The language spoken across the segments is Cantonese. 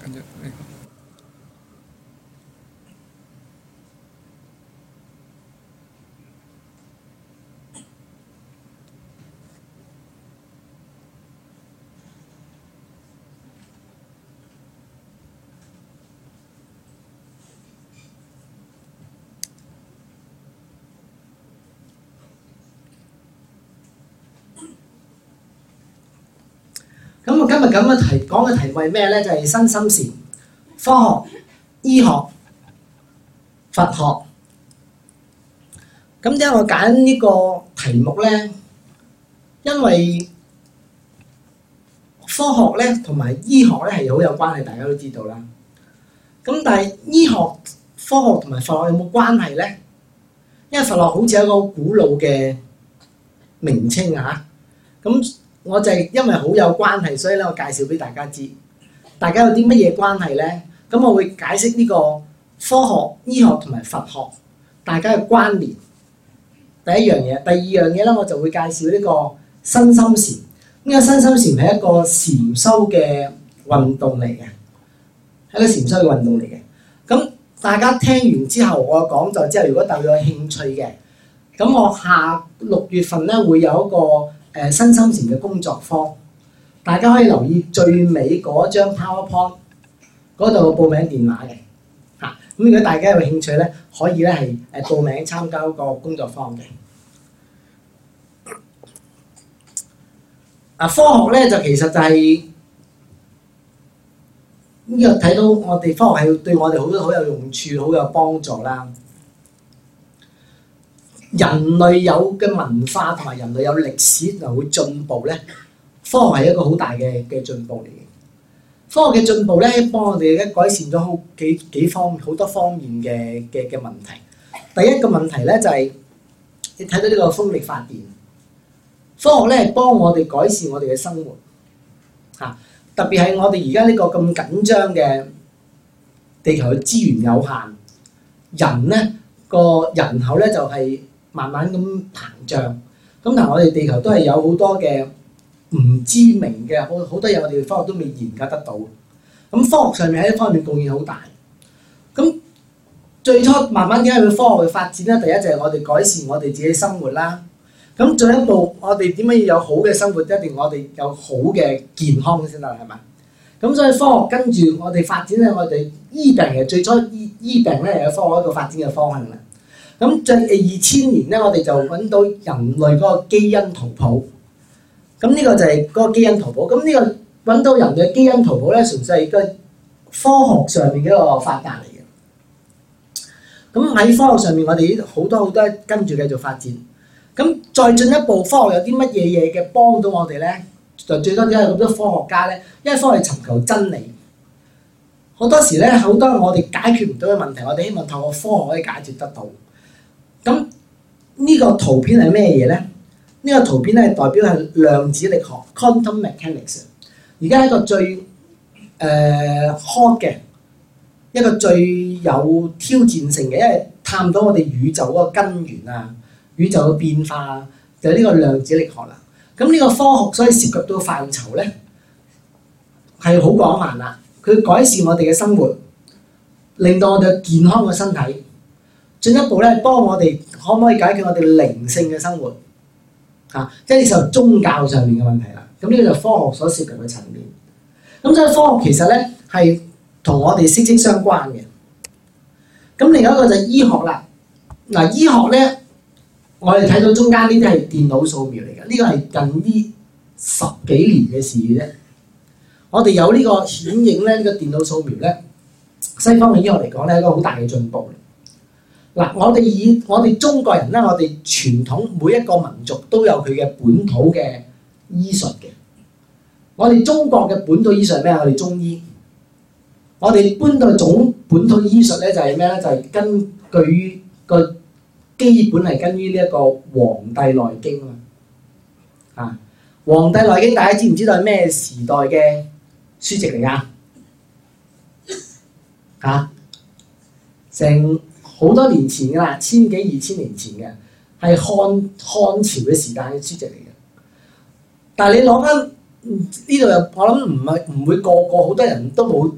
感覺嗰個？咁啊，今日咁嘅題講嘅題目係咩咧？就係、是、身心禪、科學、醫學、佛學。咁點解我揀呢個題目咧？因為科學咧同埋醫學咧係好有關係，大家都知道啦。咁但係醫學、科學同埋佛學有冇關係咧？因為佛學好似有一個古老嘅名稱啊，咁。我就係因為好有關係，所以咧我介紹俾大家知，大家有啲乜嘢關係咧？咁我會解釋呢個科學、醫學同埋佛學大家嘅關聯。第一樣嘢，第二樣嘢咧，我就會介紹呢個身心禪。呢個，身心禪係一個禪修嘅運動嚟嘅，係個禪修嘅運動嚟嘅。咁大家聽完之後，我講咗之後，如果大家有興趣嘅，咁我下六月份咧會有一個。誒身心禪嘅工作坊，大家可以留意最尾嗰張 PowerPoint 嗰度報名電話嘅嚇。咁、啊、如果大家有興趣咧，可以咧係誒報名參加嗰個工作坊嘅。啊，科學咧就其實就係咁又睇到我哋科學係對我哋好多好有用處，好有幫助啦。人類有嘅文化同埋人類有歷史，就會進步咧。科學係一個好大嘅嘅進步嚟嘅。科學嘅進步咧，幫我哋而家改善咗好幾幾方好多方面嘅嘅嘅問題。第一個問題咧就係你睇到呢個風力發電，科學咧幫我哋改善我哋嘅生活嚇，特別係我哋而家呢個咁緊張嘅地球嘅資源有限，人呢，人咧個人口咧就係、是。慢慢咁膨脹，咁，嗱我哋地球都係有好多嘅唔知名嘅，好好多嘢我哋科學都未研究得到。咁科學上面喺呢方面貢獻好大。咁最初慢慢點解去科學去發展咧？第一就係我哋改善我哋自己生活啦。咁進一步，我哋點樣要有好嘅生活？一定我哋有好嘅健康先得，係咪？咁所以科學跟住我哋發展咧，我哋醫病嘅最初醫醫病咧，係科學一個發展嘅方向啦。咁進二千年咧，我哋就揾到人類嗰個，個基因圖譜。咁呢個就係嗰個基因圖譜。咁呢個揾到人類嘅基因圖譜咧，純粹係一個科學上面嘅一個發達嚟嘅。咁喺科學上面，我哋好多好多跟住繼續發展。咁再進一步，科學有啲乜嘢嘢嘅幫到我哋咧？就最多點解咁多科學家咧，因為科學係尋求真理。好多時咧，好多我哋解決唔到嘅問題，我哋希望透過科學可以解決得到。咁呢個圖片係咩嘢咧？呢、這個圖片咧係代表係量子力學 quantum mechanics）。而家係一個最誒、呃、hot 嘅一個最有挑戰性嘅，因為探到我哋宇宙嗰個根源啊，宇宙嘅變化啊，就係、是、呢個量子力學啦。咁、嗯、呢、這個科學所以涉及到嘅範疇咧係好廣泛啦。佢改善我哋嘅生活，令到我哋健康嘅身體。進一步咧，幫我哋可唔可以解決我哋靈性嘅生活嚇、啊？即係受宗教上面嘅問題啦。咁呢個就科學所涉及嘅層面。咁所以科學其實咧係同我哋息息相關嘅。咁另外一個就係醫學啦。嗱，醫學咧，我哋睇到中間呢啲係電腦掃描嚟嘅，呢、呢個係近呢十幾年嘅事啫。我哋有個呢個顯影咧，呢、呢個電腦掃描咧，西方嘅醫學嚟講咧，一個好大嘅進步。嗱，我哋以我哋中國人咧，我哋傳統每一個民族都有佢嘅本土嘅醫術嘅。我哋中國嘅本土醫術係咩啊？我哋中醫。我哋搬到總本土醫術咧，就係咩咧？就係根據於個基本係根據於呢一個《黃帝內經》啊。啊，《黃帝內經》大家知唔知道係咩時代嘅書籍嚟噶？嚇、啊，成。好多年前㗎啦，千幾二千年前嘅，係漢漢朝嘅時代嘅書籍嚟嘅。但係你攞翻呢度，又，我諗唔係唔會個個好多人都冇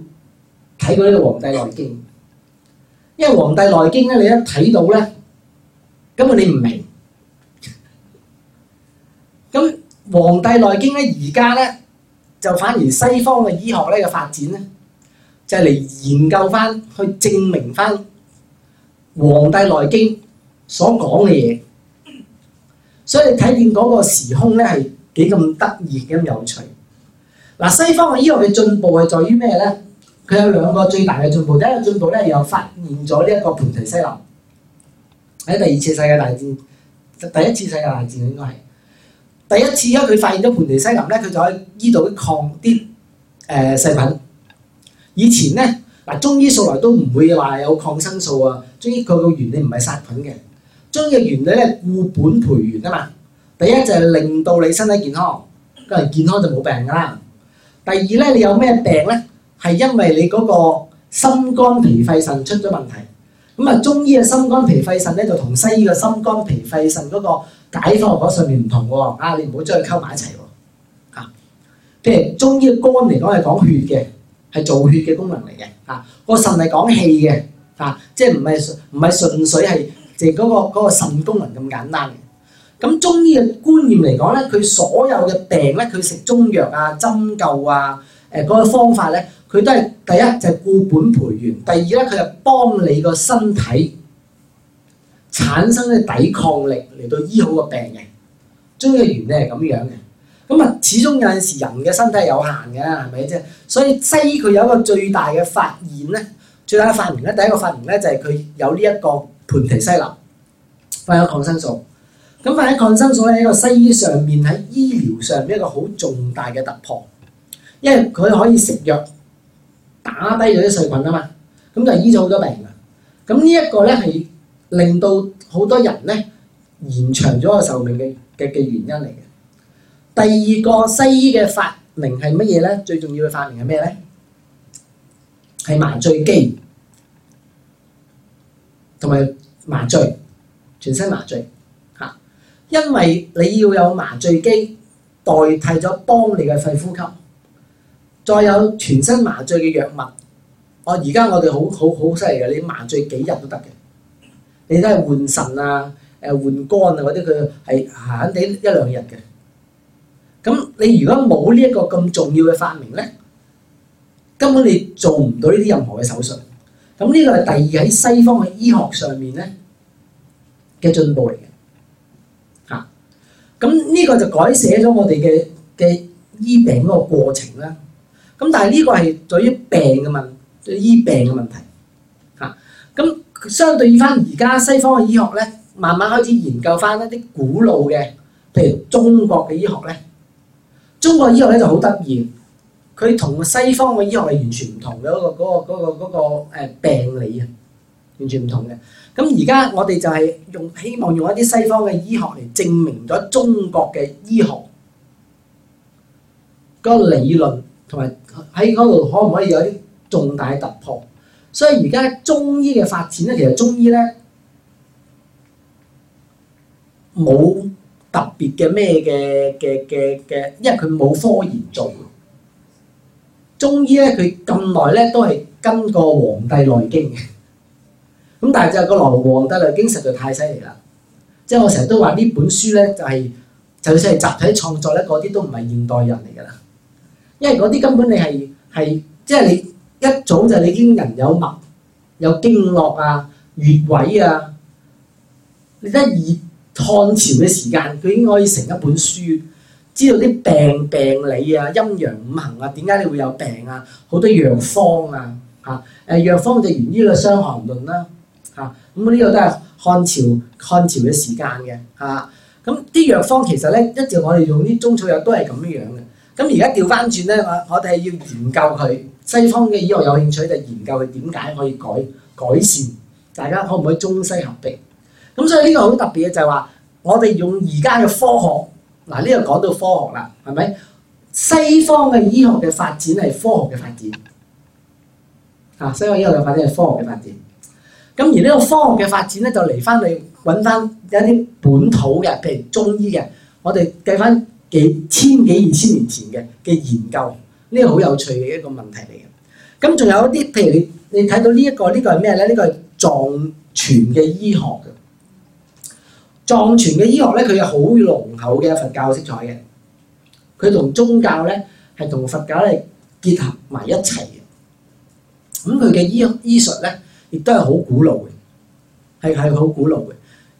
睇過呢個《黃帝內經》。因為《黃帝內經》咧，你一睇到咧，根本你唔明。咁《黃帝內經呢》咧，而家咧就反而西方嘅醫學呢個發展咧，就係嚟研究翻去證明翻。《黃帝內經》所講嘅嘢，所以你睇見嗰個時空咧係幾咁得意、幾咁有趣。嗱，西方嘅醫學嘅進步係在於咩咧？佢有兩個最大嘅進步。第一個進步咧又發現咗呢一個盤尼西林喺第二次世界大戰，第一次世界大戰應該係第一次。因為佢發現咗盤尼西林咧，佢就可以醫到啲抗啲誒細菌。以前咧，嗱，中醫素來都唔會話有抗生素啊。中醫佢個原理唔係殺菌嘅，中醫嘅原理咧，固本培元啊嘛。第一就係令到你身體健康，咁啊健康就冇病噶啦。第二咧，你有咩病咧，係因為你嗰個心肝脾肺腎出咗問題。咁啊，中醫嘅心肝脾肺腎咧就同西醫嘅心肝脾肺腎嗰個解剖嗰上面唔同喎。啊，你唔好將佢溝埋一齊喎。譬如，中醫嘅肝嚟講係講血嘅，係造血嘅功能嚟嘅。啊，個腎係講氣嘅。啊，即係唔係唔係純粹係即係嗰個嗰個腎功能咁簡單嘅。咁中醫嘅觀念嚟講咧，佢所有嘅病咧，佢食中藥啊、針灸啊、誒、呃、嗰個方法咧，佢都係第一就係固本培元，第二咧佢又幫你個身體產生嘅抵抗力嚟到醫好個病人。中醫原理係咁樣嘅。咁啊，始終有陣時人嘅身體有限嘅，係咪啫？所以西醫佢有一個最大嘅發現咧。最大嘅發明咧，第一個發明咧就係佢有呢一個盤尼西林，發現抗生素。咁發現抗生素咧係一個西醫上面喺醫療上面一個好重大嘅突破，因為佢可以食藥打低咗啲細菌啊嘛，咁就醫咗好多病啊。咁呢一個咧係令到好多人咧延長咗個壽命嘅嘅嘅原因嚟嘅。第二個西醫嘅發明係乜嘢咧？最重要嘅發明係咩咧？係麻醉機。同埋麻醉，全身麻醉嚇，因為你要有麻醉機代替咗幫你嘅肺呼吸，再有全身麻醉嘅藥物。哦、我而家我哋好好好犀利嘅，你麻醉幾日都得嘅，你都係換腎啊、誒換肝啊嗰啲，佢係閒哋一兩日嘅。咁你如果冇呢一個咁重要嘅發明咧，根本你做唔到呢啲任何嘅手術。咁呢個係第二喺西方嘅醫學上面咧嘅進步嚟嘅，嚇、啊！咁、這、呢個就改寫咗我哋嘅嘅醫病嗰個過程啦。咁但係呢個係對於病嘅問，對醫病嘅問題，嚇！咁、啊、相對翻而家西方嘅醫學咧，慢慢開始研究翻一啲古老嘅，譬如中國嘅醫學咧，中國嘅醫學咧就好得意。佢同西方嘅醫學係完全唔同嘅，嗰個嗰個嗰個嗰個誒病理啊，完全唔同嘅。咁而家我哋就係用希望用一啲西方嘅醫學嚟證明咗中國嘅醫學嗰個理論，同埋喺嗰度可唔可以有啲重大突破？所以而家中醫嘅發展咧，其實中醫咧冇特別嘅咩嘅嘅嘅嘅，因為佢冇科研做。中醫咧，佢咁耐咧都係跟過《黃帝內經》嘅，咁但係就係個《內黃帝內經》實在太犀利啦！即係我成日都話呢本書咧，就係就算係集體創作咧，嗰啲都唔係現代人嚟㗎啦，因為嗰啲根本你係係即係你一早就你已經人有脈有經絡啊、穴位啊，你一二漢朝嘅時間佢已經可以成一本書。知道啲病病理啊、陰陽五行啊，點解你會有病啊？好多藥方啊，嚇、啊！誒藥方就源自個《傷寒論》啦、啊，嚇！咁呢個都係漢朝漢朝嘅時間嘅，嚇、啊！咁啲藥方其實咧，一直我哋用啲中草藥都係咁樣樣嘅。咁而家調翻轉咧，我我哋係要研究佢西方嘅醫學，有興趣就研究佢點解可以改改善。大家可唔可以中西合璧？咁所以呢個好特別嘅就係話，我哋用而家嘅科學。嗱，呢個講到科學啦，係咪？西方嘅醫學嘅發展係科學嘅發展，嚇、啊，西方醫學嘅發展係科學嘅發展。咁而呢個科學嘅發展咧，就嚟翻你揾翻一啲本土嘅，譬如中醫嘅，我哋計翻幾千幾二千年前嘅嘅研究，呢、呢個好有趣嘅一個問題嚟嘅。咁、嗯、仲有一啲，譬如你你睇到、呢個呢個、呢一、呢個呢個係咩咧？呢個係藏傳嘅醫學嘅。藏傳嘅醫學咧，佢有好濃厚嘅佛教色彩嘅，佢同宗教咧係同佛教係結合埋一齊嘅。咁佢嘅醫醫術咧，亦都係好古老嘅，係係好古老嘅，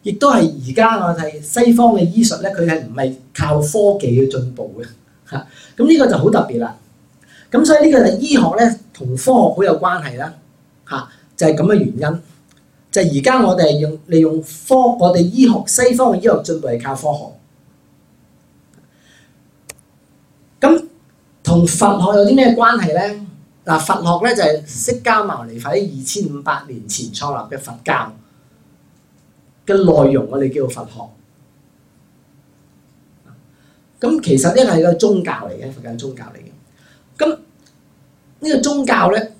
亦都係而家我哋西方嘅醫術咧，佢係唔係靠科技去進步嘅，嚇咁呢個就好特別啦。咁所以呢個係醫學咧同科學好有關係啦，嚇就係咁嘅原因。就而家我哋用利用科，我哋醫學西方嘅醫學進步係靠科學。咁同佛學有啲咩關係咧？嗱，佛學咧就係釋迦牟尼佛喺二千五百年前創立嘅佛教嘅內容，我哋叫做佛學。咁其實呢個係個宗教嚟嘅，佛教宗教嚟嘅。咁呢個宗教咧？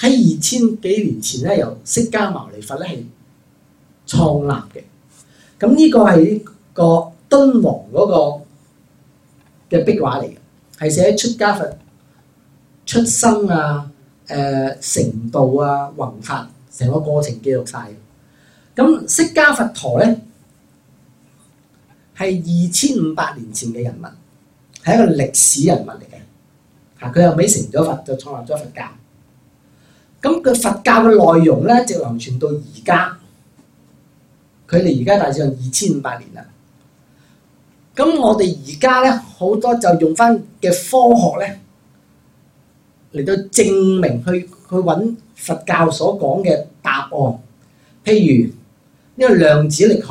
喺二千幾年前咧，由釋迦牟尼佛咧係創立嘅。咁、這、呢個係呢個敦煌嗰個嘅壁畫嚟嘅，係寫出家佛出生啊、誒、呃、成道啊、弘法成個過程記錄晒。嘅、嗯。咁釋迦佛陀咧係二千五百年前嘅人物，係一個歷史人物嚟嘅。嚇佢又尾成咗佛，就創立咗佛教。咁佢佛教嘅內容咧，就流傳到而家，佢離而家大致有二千五百年啦。咁我哋而家咧好多就用翻嘅科學咧嚟到證明去，去去揾佛教所講嘅答案。譬如呢個量子力學，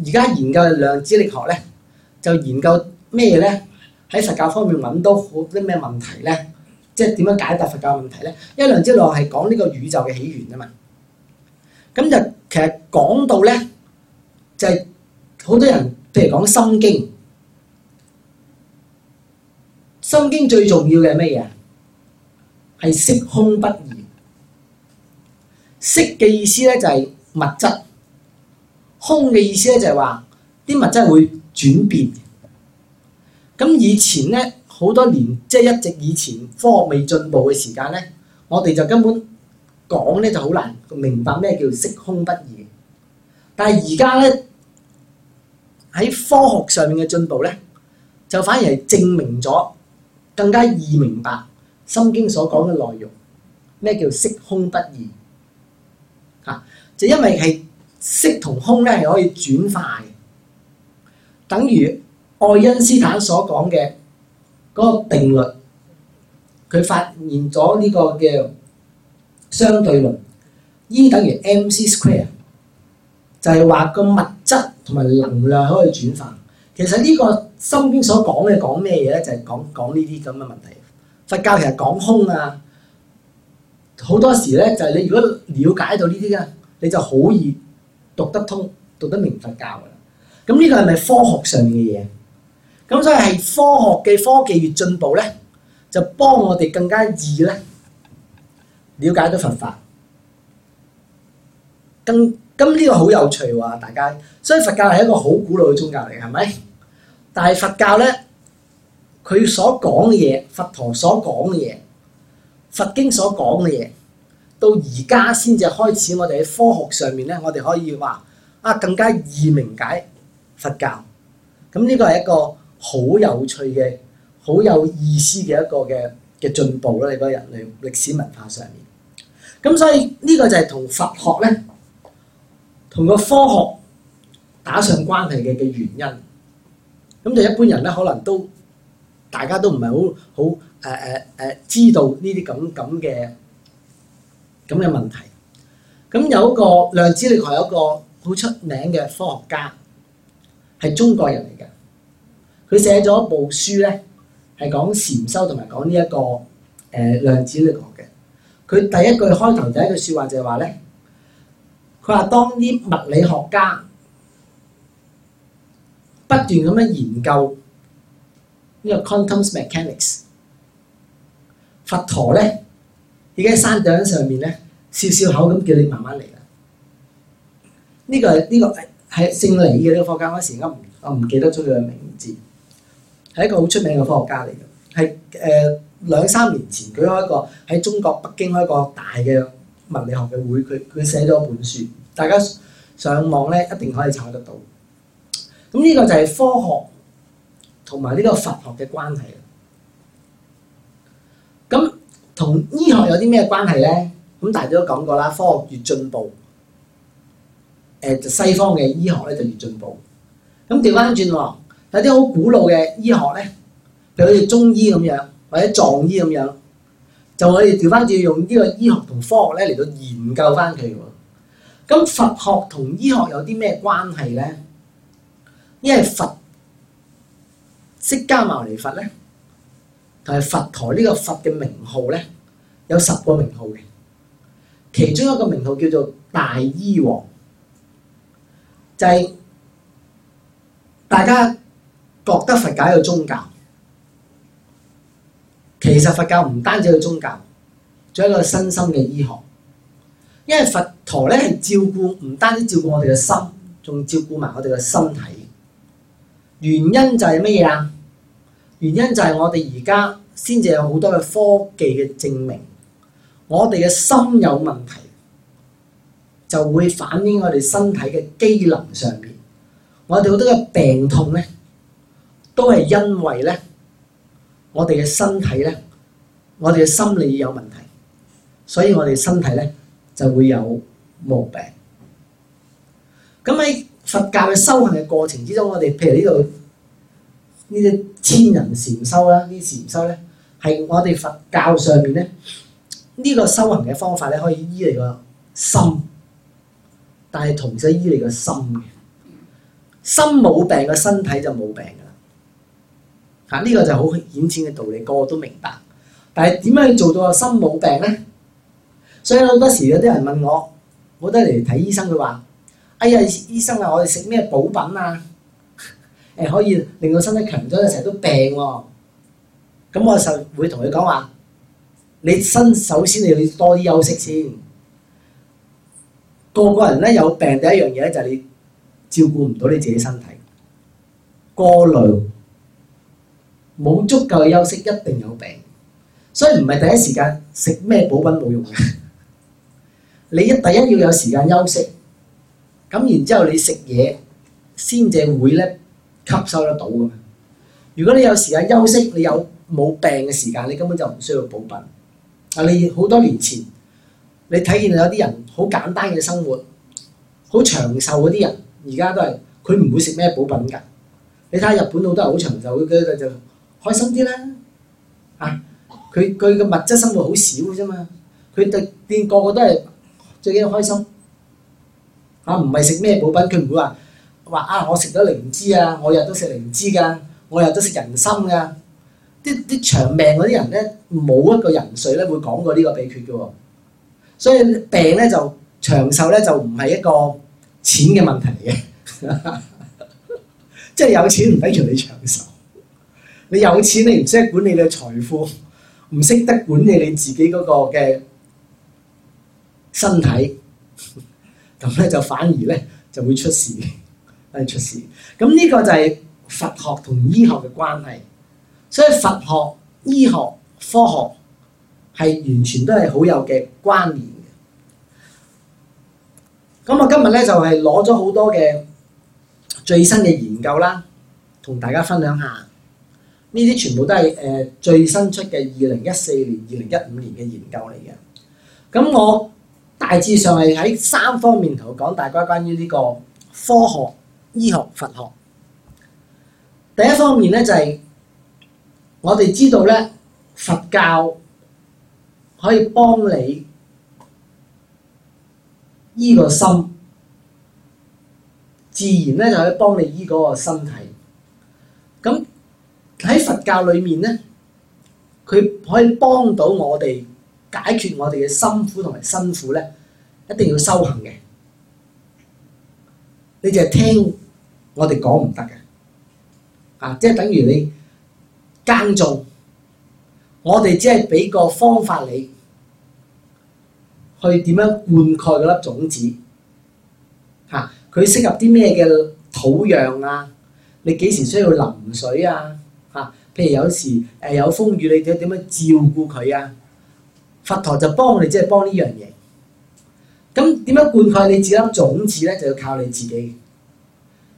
而家研究量子力學咧，就研究咩咧？喺佛教方面揾到好啲咩問題咧？即係點樣解答佛教問題咧？一兩之路係講呢個宇宙嘅起源啊嘛，咁就其實講到咧，就係好多人，譬如講《心經》，《心經》最重要嘅係咩嘢？係色空不二。色嘅意思咧就係物質，空嘅意思咧就係話啲物質會轉變。咁以前咧。好多年即係、就是、一直以前科學未進步嘅時間呢，我哋就根本講呢就好難明白咩叫色空不二。但係而家呢，喺科學上面嘅進步呢，就反而係證明咗更加易明白心經所講嘅內容，咩叫色空不二啊？就因為係色同空呢係可以轉化嘅，等於愛因斯坦所講嘅。嗰個定律，佢發現咗呢個叫相對論，E 等於 M C square，就係話個物質同埋能量可以轉化。其實呢個心經所講嘅講咩嘢咧？就係講講呢啲咁嘅問題。佛教其實講空啊，好多時咧就係、是、你如果了解到呢啲咧，你就好易讀得通、讀得明佛教噶啦。咁呢個係咪科學上面嘅嘢？咁所以係科學嘅科技越進步咧，就幫我哋更加易咧了解咗佛法更。咁咁呢個好有趣喎，啊，大家。所以佛教係一個好古老嘅宗教嚟嘅，係咪？但係佛教咧，佢所講嘅嘢，佛陀所講嘅嘢，佛經所講嘅嘢，到而家先至開始，我哋喺科學上面咧，我哋可以話啊，更加易明解佛教。咁呢個係一個。好有趣嘅、好有意思嘅一個嘅嘅進步啦！你個人類歷史文化上面，咁所以呢個就係同佛學咧、同個科學打上關係嘅嘅原因。咁就一般人咧，可能都大家都唔係好好誒誒誒知道呢啲咁咁嘅咁嘅問題。咁有一個量子力學，有一個好出名嘅科學家係中國人嚟嘅。佢寫咗一部書咧，係講禪修同埋講呢一個誒、呃、量子力學嘅。佢第一句開頭第一句説話就係話咧，佢話當啲物理學家不斷咁樣研究呢個 quantum mechanics，佛陀咧已經喺山頂上面咧笑笑口咁叫你慢慢嚟啦。呢、這個呢、這個係、這個、姓李嘅呢個科學家嗰時我，我唔我唔記得咗佢嘅名字。係一個好出名嘅科學家嚟嘅，係誒兩三年前佢開一個喺中國北京開一個大嘅物理學嘅會，佢佢寫咗本書，大家上網咧一定可以查得到。咁呢個就係科學同埋呢個佛學嘅關係啦。咁同醫學有啲咩關係咧？咁大家都講過啦，科學越進步，誒、呃、就西方嘅醫學咧就越進步。咁調返轉喎。有啲好古老嘅醫學咧，譬如好似中醫咁樣，或者藏醫咁樣，就可以調翻轉用呢個醫學同科學咧嚟到研究翻佢喎。咁佛學同醫學有啲咩關係咧？因為佛，釋迦牟尼佛咧，但係佛陀呢個佛嘅名號咧有十個名號嘅，其中一個名號叫做大醫王，就係大家覺得佛教係一個宗教，其實佛教唔單止係宗教，仲係一個身心嘅醫學。因為佛陀咧係照顧唔單止照顧我哋嘅心，仲照顧埋我哋嘅身體。原因就係乜嘢啊？原因就係我哋而家先至有好多嘅科技嘅證明，我哋嘅心有問題就會反映我哋身體嘅機能上面，我哋好多嘅病痛咧。都係因為咧，我哋嘅身體咧，我哋嘅心理有問題，所以我哋身體咧就會有毛病。咁喺佛教嘅修行嘅過程之中，我哋譬如呢度呢啲千人禪修啦，呢啲禪修咧，係我哋佛教上面咧，呢個修行嘅方法咧，可以醫你個心，但係同時醫你個心嘅。心冇病嘅身體就冇病嘅。嚇！呢個就好顯淺嘅道理，個個都明白。但係點樣做到有心冇病咧？所以好多時有啲人問我，我得嚟睇醫生，佢話，哎呀，醫生啊，我哋食咩補品啊？誒， 可以令到身體強壯，成日都病喎、啊。咁我就會同佢講話，你身首先你要多啲休息先。個個人咧有病第一樣嘢咧就係你照顧唔到你自己身體過勞。個冇足夠嘅休息，一定有病。所以唔係第一時間食咩補品，冇用嘅。 你一第一要有時間休息，咁然之後你食嘢先至會咧吸收得到㗎。如果你有時間休息，你有冇病嘅時間，你根本就唔需要補品。啊，你好多年前你睇見有啲人好簡單嘅生活，好長壽嗰啲人，而家都係佢唔會食咩補品㗎。你睇下日本好多係好長壽嘅就。開心啲啦，啊！佢佢個物質生活好少嘅啫嘛，佢對變個個都係最緊要開心，啊，唔係食咩補品，佢唔會話話啊！我食咗靈芝啊，我日日都食靈芝噶，我日日都食人參噶。啲啲長命嗰啲人咧，冇一個人瑞咧會講過呢個秘訣嘅，哦，所以病咧就長壽咧就唔係一個錢嘅問題嚟嘅，即 係有錢唔使讓你長壽。你有錢，你唔識管理你嘅財富，唔識得管理你自己嗰個嘅身體，咁 咧就反而咧就會出事，會出事。咁呢個就係佛學同醫學嘅關係，所以佛學、醫學、科學係完全都係好有嘅關聯嘅。咁我今日咧就係攞咗好多嘅最新嘅研究啦，同大家分享下。呢啲全部都係誒最新出嘅二零一四年、二零一五年嘅研究嚟嘅。咁我大致上係喺三方面度講大家關於呢個科學、醫學、佛學。第一方面咧就係、是、我哋知道咧，佛教可以幫你醫個心，自然咧就可以幫你醫嗰個身體。咁喺佛教裏面咧，佢可以幫到我哋解決我哋嘅辛苦同埋辛苦咧，一定要修行嘅。你就係聽我哋講唔得嘅啊，即係等於你耕種，我哋只係俾個方法你去點樣灌溉嗰粒種子吓，佢適合啲咩嘅土壤啊？你幾時需要淋水啊？譬如有時誒有風雨，你點，點樣照顧佢啊？佛陀就幫你，即係幫呢樣嘢。咁點樣灌溉你自己粒種子咧？就要靠你自己。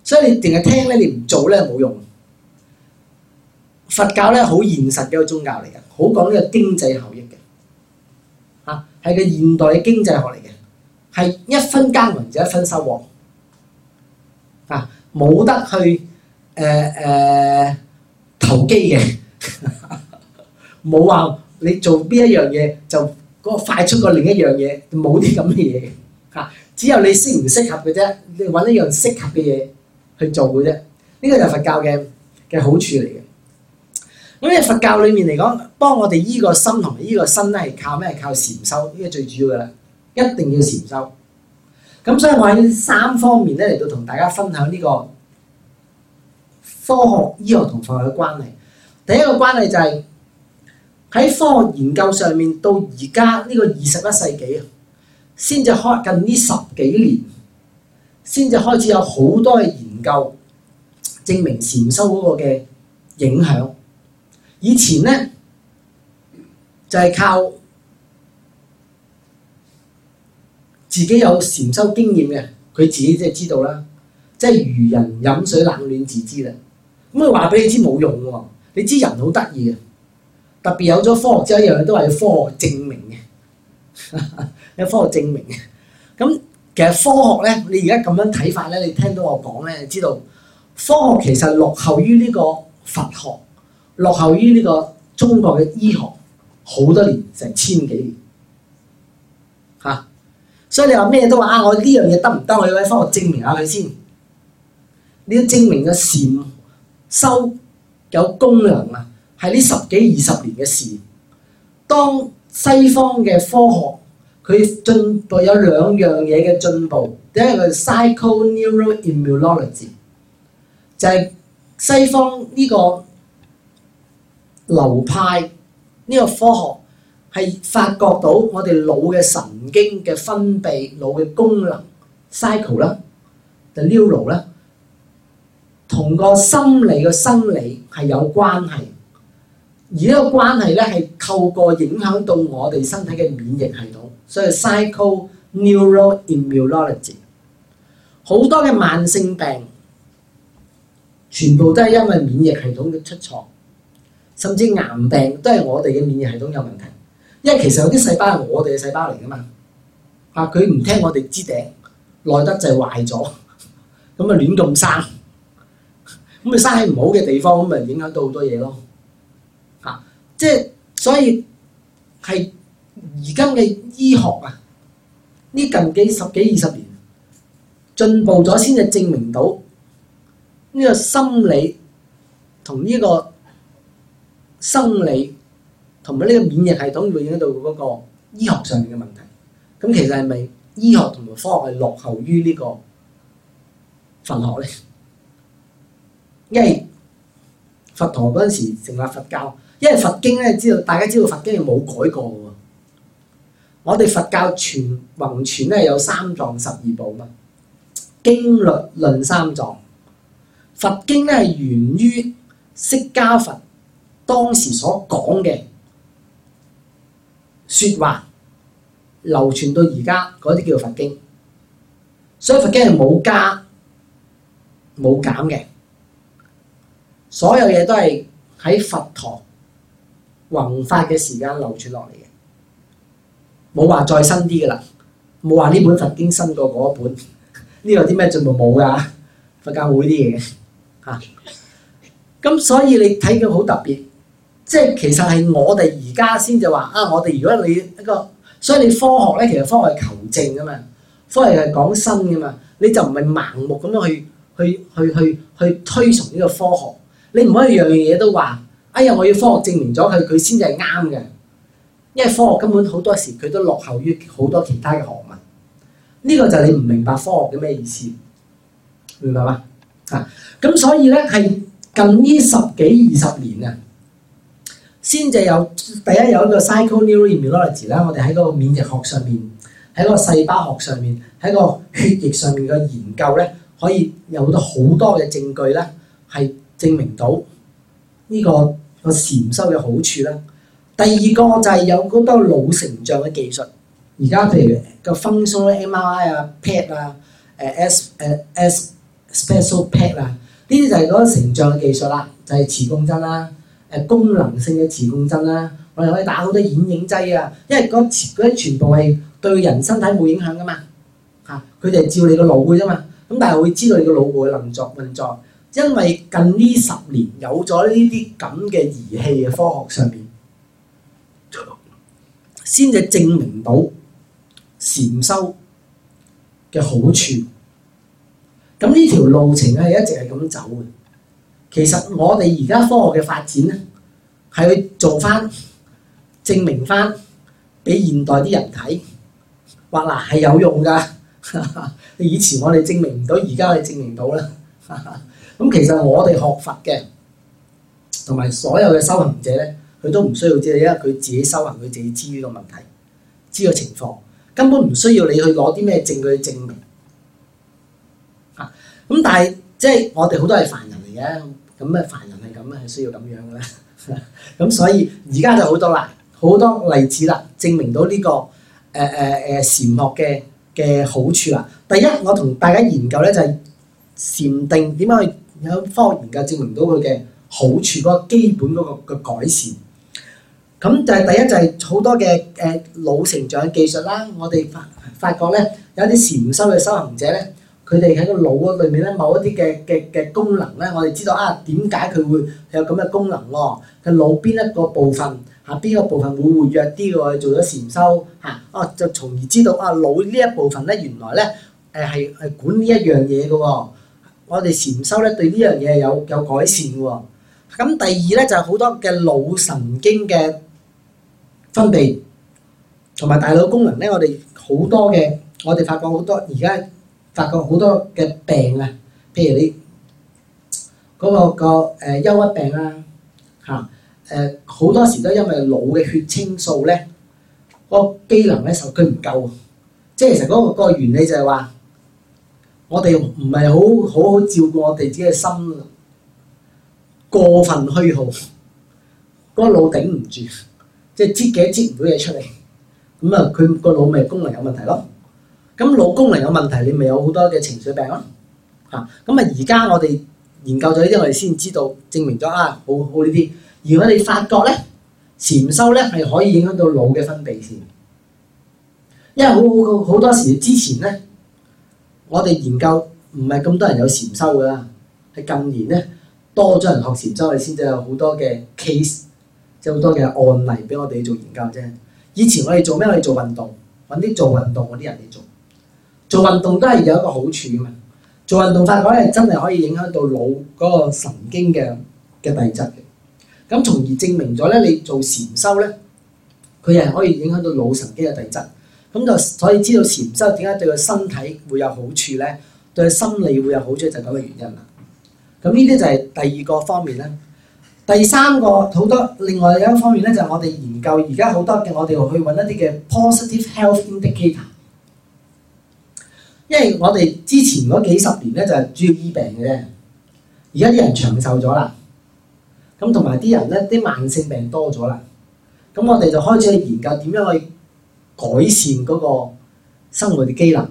所以你淨係聽咧，你唔做咧冇用。佛教咧好現實嘅一個宗教嚟嘅，好講呢個經濟效益嘅。嚇，係個現代經濟學嚟嘅，係一分耕耘就一分收穫。啊，冇得去誒誒，呃呃投機嘅，冇話 你做邊一樣嘢就個快速過另一樣嘢，冇啲咁嘅嘢，吓，只有你適唔適合嘅啫，你揾一樣適合嘅嘢去做嘅啫，呢個就佛教嘅嘅好處嚟嘅。咁啊，佛教裏面嚟講，幫我哋依個心同依個身咧，係靠咩？靠禪修，呢個最主要嘅啦，一定要禪修。咁所以我喺三方面咧嚟到同大家分享呢個。科學、醫學同佛學嘅關係。第一個關係就係、是、喺科學研究上面，到而家呢個二十一世紀啊，先至開近呢十幾年，先至開始有好多嘅研究證明禪修嗰個嘅影響。以前呢，就係、是、靠自己有禪修經驗嘅，佢自己即係知道啦，即係如人飲水冷暖自知啦。咁佢話俾你知冇用喎。你知人好得意啊，特別有咗科學之後，一樣嘢，都係科學證明嘅。要 科學證明嘅咁， 其實科學咧，你而家咁樣睇法咧，你聽到我講咧，你知道科學其實落後於呢個佛學，落後於呢個中國嘅醫學好多年，成千幾年嚇。 所以你話咩都話啊，我呢樣嘢得唔得？我要喺科學證明下佢先，你要證明咗善。收有功能啊，係呢十幾二十年嘅事。當西方嘅科學佢進步有兩樣嘢嘅進步，第一個係 psychoneuroimmunology，就係西方呢個流派呢、呢個科學係發覺到我哋腦嘅神經嘅分泌腦嘅功能，psycho 啦，the neuro 啦。同個心理嘅生理係有關係，而呢個關係咧係透過影響到我哋身體嘅免疫系統，所以 psychoneuroimmunology 好多嘅慢性病全部都係因為免疫系統嘅出錯，甚至癌病都係我哋嘅免疫系統有問題。因為其實有啲細胞係我哋嘅細胞嚟噶嘛，嚇佢唔聽我哋指定耐得滯壞咗，咁啊亂咁生。咁咪生喺唔好嘅地方，咁咪影響到好多嘢咯。嚇、啊，即係所以係而家嘅醫學啊，呢近幾十幾二十年進步咗，先至證明到呢個心理同呢、呢個生理同埋呢個免疫系統會影響到嗰個醫學上面嘅問題。咁、嗯、其實係咪醫學同埋科學係落後於個呢個佛學咧？因為佛陀嗰陣時成立佛教，因為佛經咧，知道大家知道佛經係冇改過。我哋佛教傳弘傳咧有三藏十二部嘛，經律論，論三藏。佛經咧係源於釋迦佛當時所講嘅説話，流傳到而家嗰啲叫做佛經，所以佛經係冇加冇減嘅。所有嘢都係喺佛堂弘法嘅時間流傳落嚟嘅，冇話再新啲噶啦，冇話呢本佛經新過嗰一本，呢個啲咩進步冇噶？佛教會啲嘢嚇，咁、啊、所以你睇佢好特別，即係其實係我哋而家先就話啊，我哋如果你一個，所以你科學咧，其實科學係求證噶嘛，科學係講新噶嘛，你就唔係盲目咁樣去去去去去推崇呢個科學。你唔可以樣樣嘢都話哎呀！我要科學證明咗佢，佢先至係啱嘅。因為科學根本好多時佢都落後於好多其他嘅學問。呢、這個就係你唔明白科學嘅咩意思，明白嗎？啊，咁所以咧係近呢十幾二十年啊，先至有第一有一個 psychoneuroimmunology 啦。Mm、ology，我哋喺嗰個免疫學上面，喺個細胞學上面，喺個血液上面嘅研究咧，可以有到好多嘅證據咧，係。證明到呢、這個、這個禪修嘅好處啦。第二個就係有好多腦成像嘅技術。而家譬如個 functional MRI 啊、PET 啊、誒 S 誒 S, S Special PET 啊，呢啲就係嗰啲成像嘅技術啦，就係、是、磁共振啦、誒功能性嘅磁共振啦，我哋可以打好多顯影劑啊，因為嗰啲全部係對人身體冇影響噶嘛。嚇，佢哋係照你個腦嘅啫嘛。咁但係會知道你個腦部嘅運作運作。因為近呢十年有咗呢啲咁嘅儀器嘅科學上面，先至證明到禪修嘅好處。咁呢條路程係一直係咁走嘅。其實我哋而家科學嘅發展咧，係去做翻證明翻俾現代啲人睇，話嗱係有用㗎。 以前我哋證明唔到，而家我哋證明到啦。 咁其實我哋學佛嘅，同埋所有嘅修行者咧，佢都唔需要知道，因為佢自己修行，佢自己知呢個問題，知個情況，根本唔需要你去攞啲咩證據去證明。嚇、啊！咁但係即係我哋好多係凡人嚟嘅，咁咁啊凡人係咁啊，係需要咁樣嘅啦。咁 所以而家就好多啦，好多例子啦，證明到呢、這個誒誒誒禪學嘅嘅好處啦。第一，我同大家研究咧就係禪定點樣去。有科學研究證明到佢嘅好處，嗰個基本嗰個嘅改善。咁就係第一，就係、是、好多嘅誒腦成長嘅技術啦。我哋發發覺咧，有啲禪修嘅修行者咧，佢哋喺個腦嗰裏面咧，某一啲嘅嘅嘅功能咧，我哋知道啊，點解佢會有咁嘅功能喎？佢腦邊一個部分，嚇、啊、邊個部分會活躍啲喎？做咗禪修嚇，哦、啊、就從而知道啊，腦呢一部分咧，原來咧誒係係管呢一樣嘢嘅喎。啊。我哋禪修咧對呢樣嘢有有改善喎。咁第二咧就係好多嘅腦神經嘅分泌同埋大腦功能咧，我哋好多嘅我哋發覺好多而家發覺好多嘅病啊，譬如你嗰個個誒憂鬱病啊嚇誒好多時都因為腦嘅血清素咧個機能咧受佢唔夠啊，即係其實嗰個嗰個原理就係話。我哋唔係好好好照顧我哋自己嘅心，過分虛耗，嗰個腦頂唔住，即係擠嘅擠唔到嘢出嚟，咁啊，佢個腦咪功能有問題咯。咁腦功能有問題，你咪有好多嘅情緒病咯。嚇，咁啊，而家我哋研究咗呢啲，我哋先知道證明咗啊，好好呢啲。如果你發覺咧，禪修咧係可以影響到腦嘅分泌線，因為好好，好，好多時之前咧。我哋研究唔係咁多人有禪修噶，係近年咧多咗人學禪修，你先至有好多嘅 case，即係好多嘅案例俾我哋做研究啫。以前我哋做咩？我哋做運動，揾啲做運動嗰啲人嚟做。做運動都係有一個好處嘅嘛。做運動發覺咧，真係可以影響到腦嗰個神經嘅嘅遞質嘅。咁從而證明咗咧，你做禪修咧，佢係可以影響到腦神經嘅遞質。咁就所以知道禪修點解對個身體會有好處咧，對個心理會有好處就係咁嘅原因啦。咁呢啲就係第二個方面咧。第三個好多另外一方面咧，就係我哋研究而家好多嘅，我哋去揾一啲嘅 positive health indicator，因為我哋之前嗰幾十年咧就係主要醫病嘅啫，而家啲人長壽咗啦，咁同埋啲人咧啲慢性病多咗啦，咁我哋就開始去研究點樣去。改善嗰個生活嘅機能，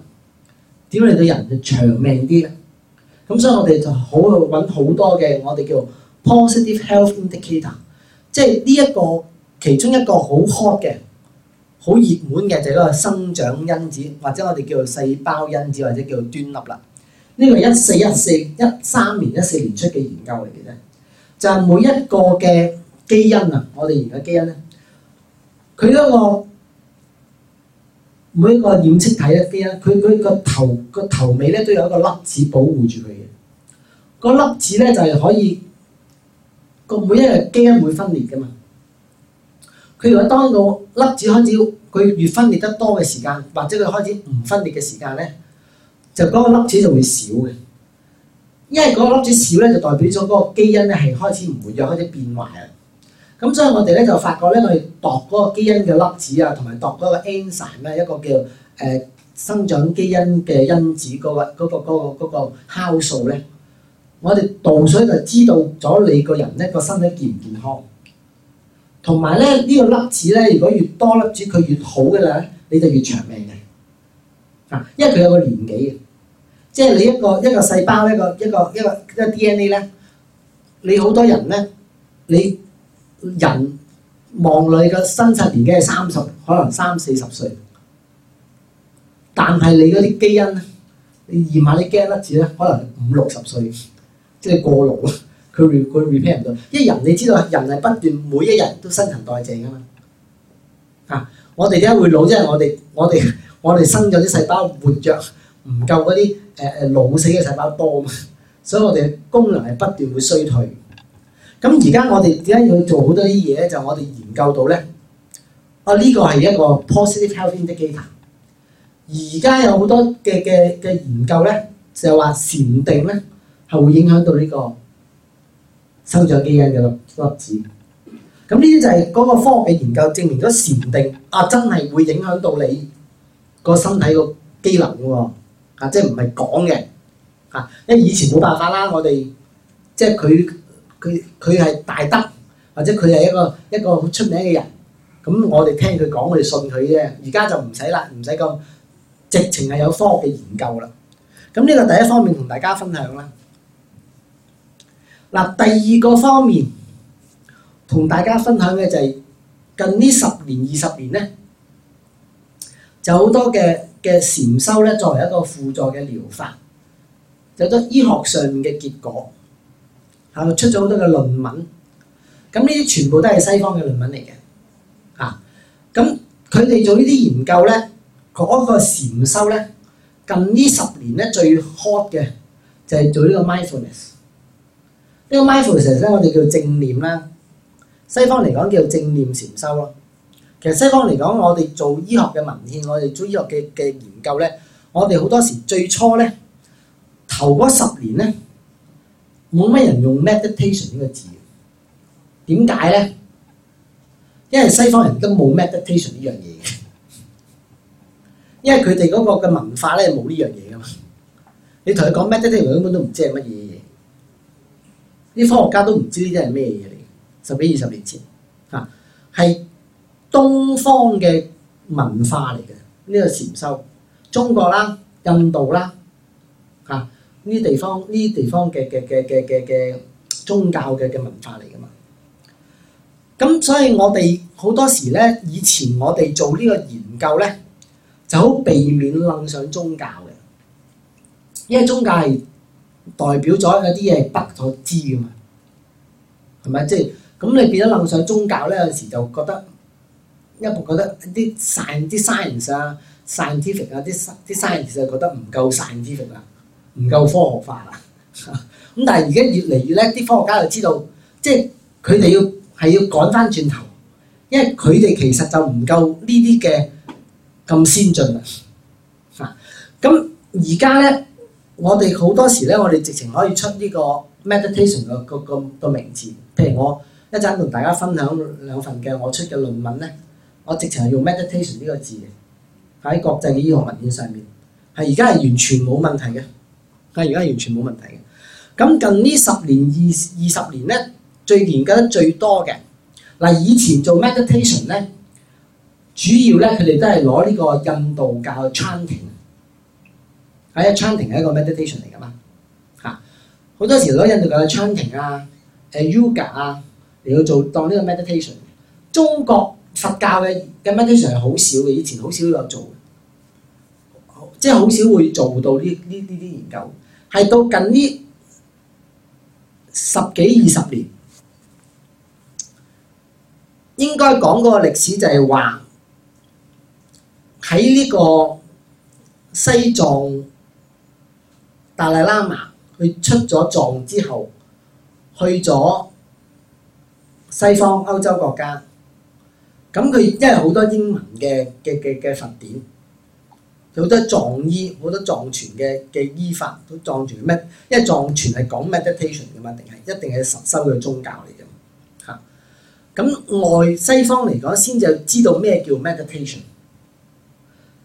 點樣令到人就長命啲咧？咁所以我哋就好去揾好多嘅，我哋叫做 positive health indicator，即係呢一個其中一個好 hot 嘅、好熱門嘅就係、係、嗰個生長因子，或者我哋叫做細胞因子，或者叫做端粒啦。呢、這個一四一四一三年一四年出嘅研究嚟嘅啫，就係、每一個嘅基因啊，我哋而家基因咧，佢嗰、那個。每一個染色體嘅基因，佢佢個頭個頭尾咧，都有一個粒子保護住佢嘅。嗰個粒子咧就係可以個每一個基因會分裂㗎嘛。佢如果當到粒子開始佢越分裂得多嘅時間，或者佢開始唔分裂嘅時間咧，就嗰個粒子就會少嘅。因為嗰個粒子少咧，就代表咗嗰個基因咧係開始唔活躍，開始變壞。咁所以，我哋咧就發覺咧，我哋度嗰個基因嘅粒子啊，同埋度嗰個 enzyme 咧，一個叫誒生長基因嘅因子嗰個嗰個嗰個嗰個酵素咧，我哋度水就知道咗你個人咧個身體健唔健康，同埋咧呢個粒子咧，如果越多粒子佢越好嘅啦，你就越長命嘅啊，因為佢有個年紀嘅，即係你一個一個細胞一個一個一個一個 D N A 咧，你好多人咧，你。人望你個生卒年紀係三十，可能三四十歲，但係你嗰啲基因咧，你驗下啲 gene 粒子咧，可能五六十歲，即係過勞啦。佢 re 佢 repair 唔到，因為人你知道，人係不斷每一日都新陳代謝噶嘛。啊，我哋點解會老？因為我哋我哋我哋生咗啲細胞活躍唔夠嗰啲誒誒老死嘅細胞多嘛，所以我哋功能係不斷會衰退。咁而家我哋點解要做好多啲嘢咧？就我哋研究到咧，啊呢個係一個 positive health indicator。而家有好多嘅嘅嘅研究咧，就話禪定咧係會影響到呢個生長基因嘅粒粒子。咁呢啲就係嗰個科學嘅研究證明咗禪定啊，真係會影響到你個身體個機能喎啊，即係唔係講嘅啊？因為以前冇辦法啦，我哋即係佢。佢佢係大德，或者佢係一個一個好出名嘅人，咁我哋聽佢講，我哋信佢啫。而家就唔使啦，唔使咁直情係有科學嘅研究啦。咁呢個第一方面同大家分享啦。嗱、啊，第二個方面同大家分享嘅就係、係、近呢十年二十年咧，就好多嘅嘅禪修咧，作為一個輔助嘅療法，就有咗醫學上面嘅結果。出咗好多嘅論文，咁呢啲全部都係西方嘅論文嚟嘅，啊！咁佢哋做呢啲研究咧，嗰個禪修咧，近呢十年咧最 hot 嘅就係做呢個 mindfulness。呢個 mindfulness 咧，我哋叫正念啦，西方嚟講叫正念禪修咯。其實西方嚟講，我哋做醫學嘅文獻，我哋做醫學嘅嘅研究咧，我哋好多時最初咧，頭嗰十年咧。冇乜人用 meditation 呢個字，點解咧？因為西方人都冇 meditation 呢樣嘢嘅，因為佢哋嗰個嘅文化咧冇呢樣嘢噶嘛。你同佢講 meditation，佢根本都唔知係乜嘢嘢。啲科學家都唔知呢啲係咩嘢嚟。十幾二十年前，嚇係東方嘅文化嚟嘅，呢個禪修，中國啦、印度啦，嚇、啊。呢啲地方，呢啲地方嘅嘅嘅嘅嘅嘅宗教嘅嘅文化嚟噶嘛？咁所以我哋好多時咧，以前我哋做呢個研究咧，就好避免楞上宗教嘅，因為宗教係代表咗有啲嘢係不可知噶嘛，係咪？即係咁你變咗楞上宗教咧，有時就覺得一部覺得啲散啲 science 啊，scientific 啊，啲啲 science 就覺得唔夠 scientific 啦。唔夠科學化啦，咁 但係而家越嚟越咧，啲科學家就知道，即係佢哋要係要趕翻轉頭，因為佢哋其實就唔夠呢啲嘅咁先進啦。嚇咁而家咧，我哋好多時咧，我哋直情可以出呢個 meditation 嘅、個個個名字。譬如我一陣同大家分享兩份嘅我出嘅論文咧，我直情係用 meditation 呢個字嘅喺國際嘅醫學文件上面，係而家係完全冇問題嘅。但而家完全冇問題嘅。咁近呢十年二二十年咧，最研究得最多嘅嗱，以前做 meditation 咧，主要咧佢哋都係攞呢個印度教嘅 chanting，係啊，chanting 係一個 meditation 嚟噶嘛，嚇好多時攞印度教嘅 chanting 啊、誒 yoga 啊嚟去做當呢個 meditation。中國佛教嘅嘅 meditation 係好少嘅，以前好少有做，即係好少會做到呢呢呢啲研究。係到近呢十幾二十年，應該講個歷史就係話喺呢個西藏達賴喇嘛佢出咗藏之後，去咗西方歐洲國家，咁佢因為好多英文嘅嘅嘅嘅佛典。好多藏醫，好多藏傳嘅嘅醫法都藏傳咩？因為藏傳係講 meditation 噶嘛，定係一定係實修嘅宗教嚟嘅。嚇、啊、咁外西方嚟講先至知道咩叫 meditation，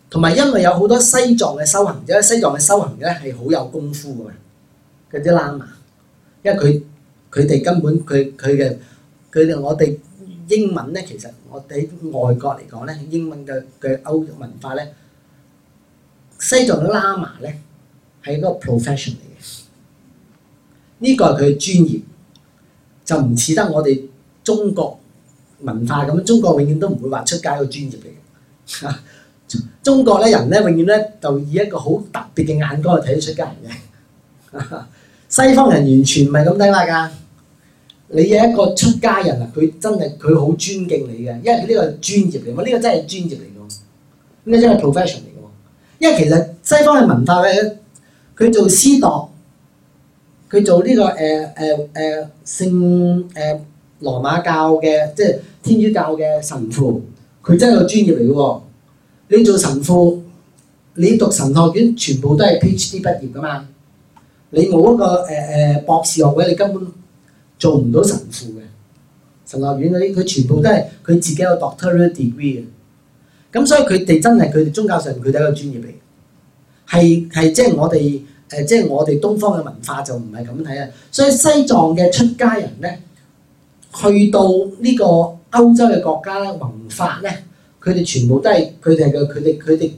同埋因為有好多西藏嘅修行者，西藏嘅修行咧係好有功夫㗎。嗰啲喇嘛，因為佢佢哋根本佢佢嘅佢我哋英文咧，其實我哋喺外國嚟講咧，英文嘅嘅歐文化咧。西藏嘅喇嘛咧係一個 profession 嚟嘅，呢、這個係佢嘅專業，就唔似得我哋中國文化咁樣。中國永遠都唔會話出家個專業嚟嘅，啊。中國咧人咧永遠咧就以一個好特別嘅眼光去睇得出家人嘅，啊。西方人完全唔係咁睇法噶。你一個出家人啊，佢真係佢好尊敬你嘅，因為佢呢個專業嚟，我、這、呢個真係專業嚟㗎，呢、這個、真、這個 profession 嚟。因為其實西方嘅文化咧，佢做司鐸，佢做呢、這個誒誒誒聖誒、呃、羅馬教嘅，即係天主教嘅神父，佢真係個專業嚟嘅喎。你做神父，你讀神學院全部都係 PhD 畢業㗎嘛，你冇一個誒誒、呃呃、博士學位，你根本做唔到神父嘅。神學院嗰啲佢全部都係佢自己有 Doctoral Degree 嘅。咁所以佢哋真係佢哋宗教上佢哋一個專業嚟，係、係即係我哋誒，即係我哋東方嘅文化就唔係咁睇啊。所以西藏嘅出家人咧，去到呢個歐洲嘅國家咧，文化咧，佢哋全部都係佢哋嘅，佢哋佢哋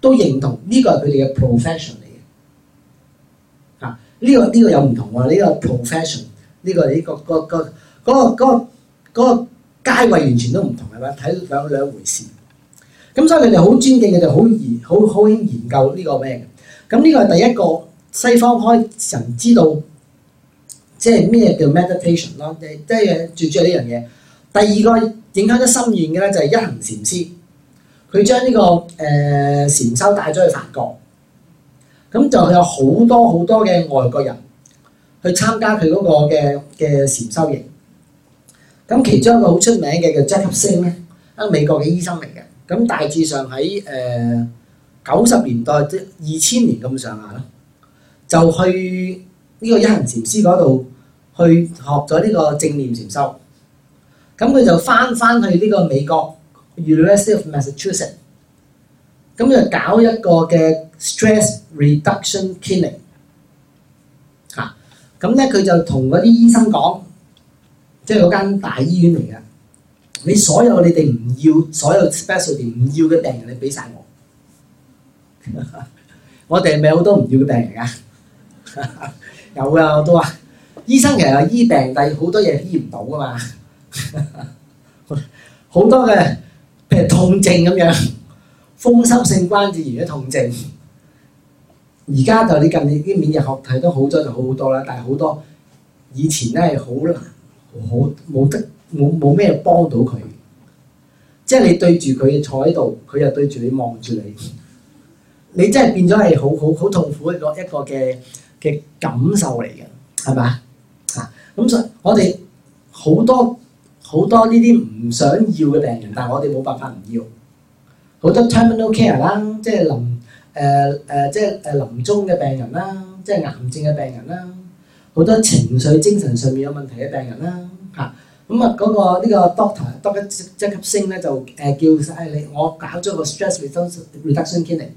都認同呢、啊呢個係佢哋嘅 profession 嚟嘅嚇。呢個呢個又唔同喎，呢、呢個 profession 呢、呢個呢、呢個、嗰個、嗰個嗰、嗰個嗰、嗰個嗰、嗰個階位完全都唔同係嘛？睇兩兩回事。咁所以佢哋好尊敬佢哋好研好好興研究呢個咩。咁呢個係第一個西方開神知道即係咩叫 meditation 咯，即係最主要呢樣嘢。第二個影響得深遠嘅咧就係一行禪師，佢將呢個誒禪修帶咗去法國，咁就有好多好多嘅外國人去參加佢嗰個嘅嘅禪修營。咁其中一個好出名嘅叫 Jon Kabat-Zinn 咧，係美國嘅醫生嚟嘅。咁大致上喺誒九十年代即二千年咁上下啦，就去呢個一行禪師嗰度去學咗呢個正念禪修，咁佢就返返去呢個美國 University of Massachusetts，咁就搞一個嘅 stress reduction clinic，嚇、啊，咁咧佢就同嗰啲醫生講，即係嗰間大醫院嚟嘅。你所有你哋唔要，所有 special 啲唔要嘅病人，你俾晒我。 我哋咪好多唔要嘅病人噶， 有啊，我都話。醫生其實醫病，但係好多嘢醫唔到啊嘛。好 多嘅譬如痛症咁樣，風濕性關節炎嘅痛症。而 家就你近啲免疫學睇都好咗就好好多啦，但係好多以前咧係好難，好冇得。冇冇咩幫到佢，即係你對住佢坐喺度，佢又對住你望住你，你真係變咗係好好好痛苦一個一個嘅嘅感受嚟嘅，係咪啊？嚇，咁所以我哋好多好多呢啲唔想要嘅病人，但係我哋冇辦法唔要，好多 terminal care 啦、呃，即係臨誒誒，即係誒臨終嘅病人啦，即係癌症嘅病人啦，好多情緒精神上面有問題嘅病人啦，嚇、嗯。咁啊，嗰個,個 Doctor, Doctor 呢個 doctor，doctor 一級升咧就誒叫晒你，我搞咗個 stress reduction clinic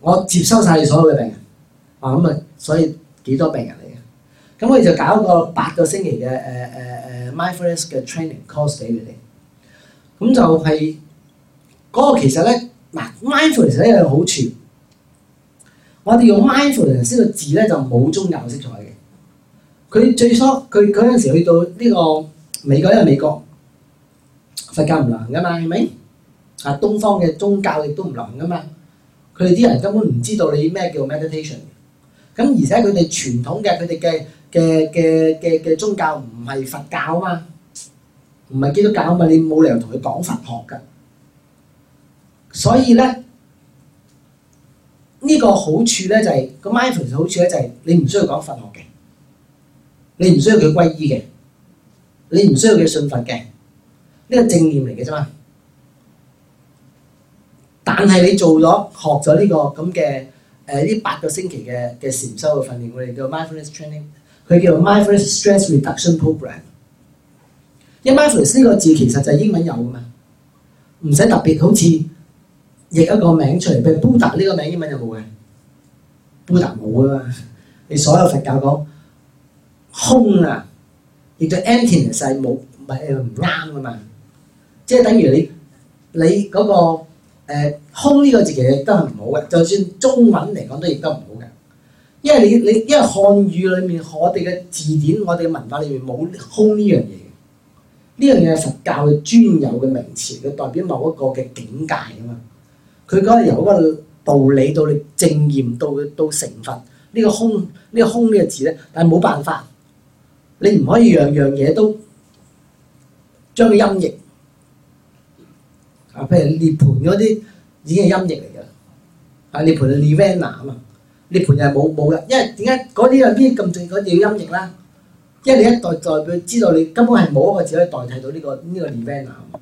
我接收晒你所有嘅病人，啊咁啊、嗯，所以幾多病人嚟嘅？咁我哋就搞個八個星期嘅誒誒、啊、誒、啊、mindfulness 嘅 training course 俾你哋，咁就係、是、嗰、那個其實咧，嗱、啊、mindfulness 咧有一個好處，我哋用 mindfulness 個字咧就冇宗教色彩嘅，佢最初佢嗰陣時去到呢、這個。美國因為美國佛教唔流行噶嘛，係咪？啊，東方嘅宗教亦都唔流行噶嘛。佢哋啲人根本唔知道你咩叫 meditation 咁，而且佢哋傳統嘅佢哋嘅嘅嘅嘅嘅宗教唔係佛教啊嘛，唔係基督教啊嘛，你冇理由同佢講佛學噶。所以咧，呢、這個好處咧就係、是，個 mindfulness 嘅好處咧就係你唔需要講佛學嘅，你唔需要佢皈依嘅。你唔需要佢信佛嘅，呢個正念嚟嘅啫嘛。但係你做咗學咗呢個咁嘅誒呢八個星期嘅嘅禪修嘅訓練，我哋叫 mindfulness training，佢叫 mindfulness stress reduction program。因為 mindfulness 呢個字其實就係英文有啊嘛，唔使特別好似譯一個名出嚟，譬如 Buddha 呢個名英文有冇嘅？Buddha 冇啊嘛，你所有佛教講空啊。亦都 empty 其實係冇唔係唔啱噶嘛。即係等於你你嗰、那個、呃、空呢個字其實都係唔好嘅，就算中文嚟講都亦都唔好嘅，因為你你因為漢語裡面我哋嘅字典、我哋嘅文化裡面冇空呢樣嘢，呢樣嘢係佛教嘅專有嘅名詞，佢代表某一個嘅境界噶嘛，佢講由一個道理，道理到你證驗到到成佛，呢、這個空呢、這個空呢個字咧，但係冇辦法。你唔可以樣樣嘢都將佢音譯啊！譬如涅槃嗰啲已經係音譯嚟嘅，啊涅槃係 Nirvana 啊嘛，涅槃又係冇冇嘅，因為點解嗰啲有啲咁正啲音譯啦？因為你一代代表知道你根本係冇一個字可以代替到呢、呢個呢、呢個 Nirvana 嘛，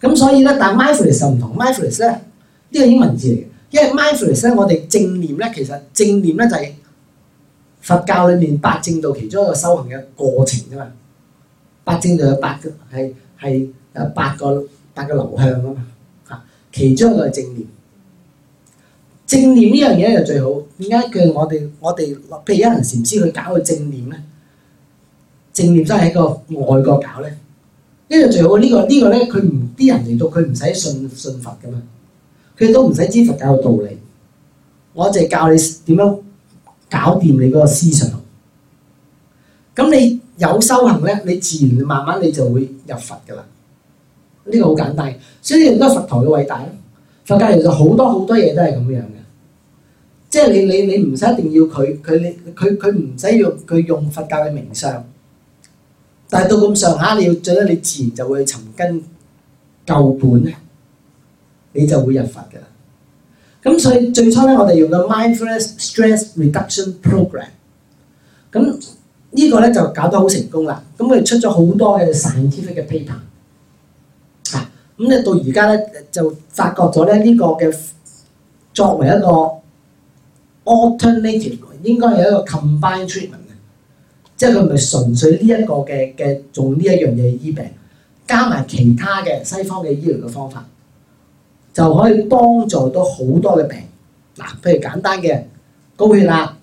咁所以咧，但 Mindfulness 就唔同 Mindfulness 咧，呢個英文字嚟嘅，因為 Mindfulness 咧，我哋正念咧，其實正念咧就係、係。佛教裏面八正道其中一個修行嘅過程啫嘛，八正道有八個係係有八個八個流向啊嘛，嚇，其中一個就係正念。正念呢樣嘢就最好，點解佢我哋我哋譬如一行禪師去搞個正念咧？正念真係喺個外國搞咧，呢個最好呢個呢個咧佢唔啲人嚟到佢唔使信信佛噶嘛，佢都唔使知佛教嘅道理，我就係教你點樣。搞掂你嗰個思想，咁你有修行咧，你自然慢慢你就會入佛㗎喇。呢個好簡單，所以亦都係佛陀嘅偉大，佛教其實好多好多嘢都係咁樣嘅，即係你你你唔使一定要佢佢你佢佢唔使用佢用，用佛教嘅名相，但係到咁上下，你要做得你自然就會尋根舊本咧，你就會入佛㗎喇。咁所以最初咧，我哋用嘅 Mindfulness Stress Reduction Program，咁呢個咧就搞得好成功啦。咁佢出咗好多嘅 scientific 嘅 paper，啊，咁咧到而家咧就發覺咗咧呢個嘅作為一個 alternative，應該係一個 combined treatment 啊，即係佢唔係純粹呢一個嘅嘅做呢一樣嘢醫病，加埋其他嘅西方嘅醫療嘅方法。就可以幫助到好多嘅病，嗱，譬如簡單嘅高血壓、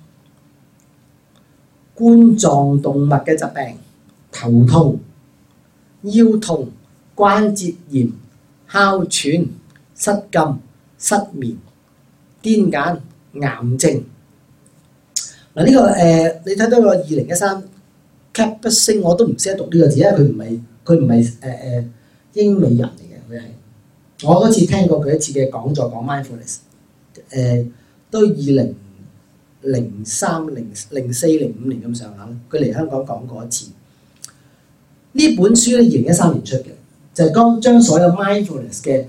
冠狀動脈嘅疾病、頭痛、腰痛、關節炎、哮喘、失禁、失眠、癲癇、癌症。嗱、這、呢個誒、呃，你睇到個二零一三 cap 不升，我都唔識得讀呢個字，因為佢唔係佢唔係誒誒英美人嚟嘅，佢係。我嗰次聽過佢一次嘅講座講 fulness,、呃，講 mindfulness，誒都二零零三、零零四、零五年咁上下啦。佢嚟香港講過一次。呢本書咧二零一三年出嘅，就係將將所有 mindfulness 嘅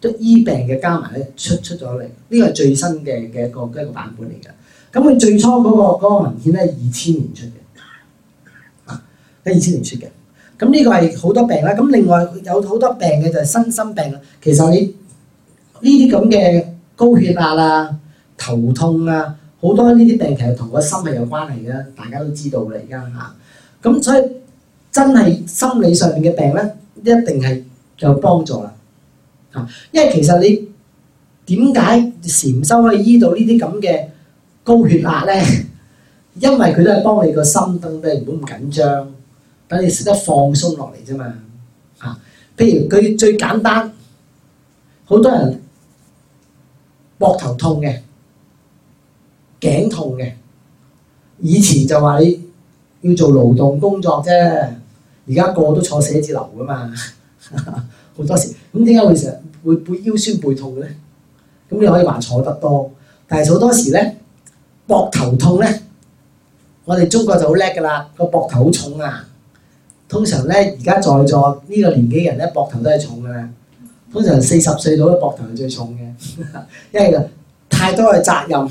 都醫病嘅加埋咧出出咗嚟。呢個係最新嘅嘅一個一個版本嚟嘅。咁佢最初嗰、嗰個那個文件咧二千年出嘅，啊，二千年出嘅。咁呢個係好多病啦，咁另外有好多病嘅就係身心病啦。其實你呢啲咁嘅高血壓啊、頭痛啊，好多呢啲病其實同個心係有關係嘅，大家都知道啦而家嚇。咁、啊、所以真係心理上面嘅病咧，一定係有幫助啦嚇、啊。因為其實你點解禪修可以醫到呢啲咁嘅高血壓咧？ 因為佢都係幫你個心燈，令你唔好咁緊張。等你識得放鬆落嚟啫嘛，啊，譬如佢最簡單，好多人膊頭痛嘅，頸痛嘅，以前就話你要做勞動工作啫，而家個個都坐寫字樓噶嘛，好多時咁點解會成日會背，背腰酸背痛嘅咧？咁你可以話坐得多，但係好多時咧膊頭痛咧，我哋中國就好叻㗎啦，個膊頭好重啊！通常咧，而家在，在座呢、呢個年紀人咧，膊頭都係重嘅。通常四十歲到嘅膊頭係最重嘅，因為太多嘅責任，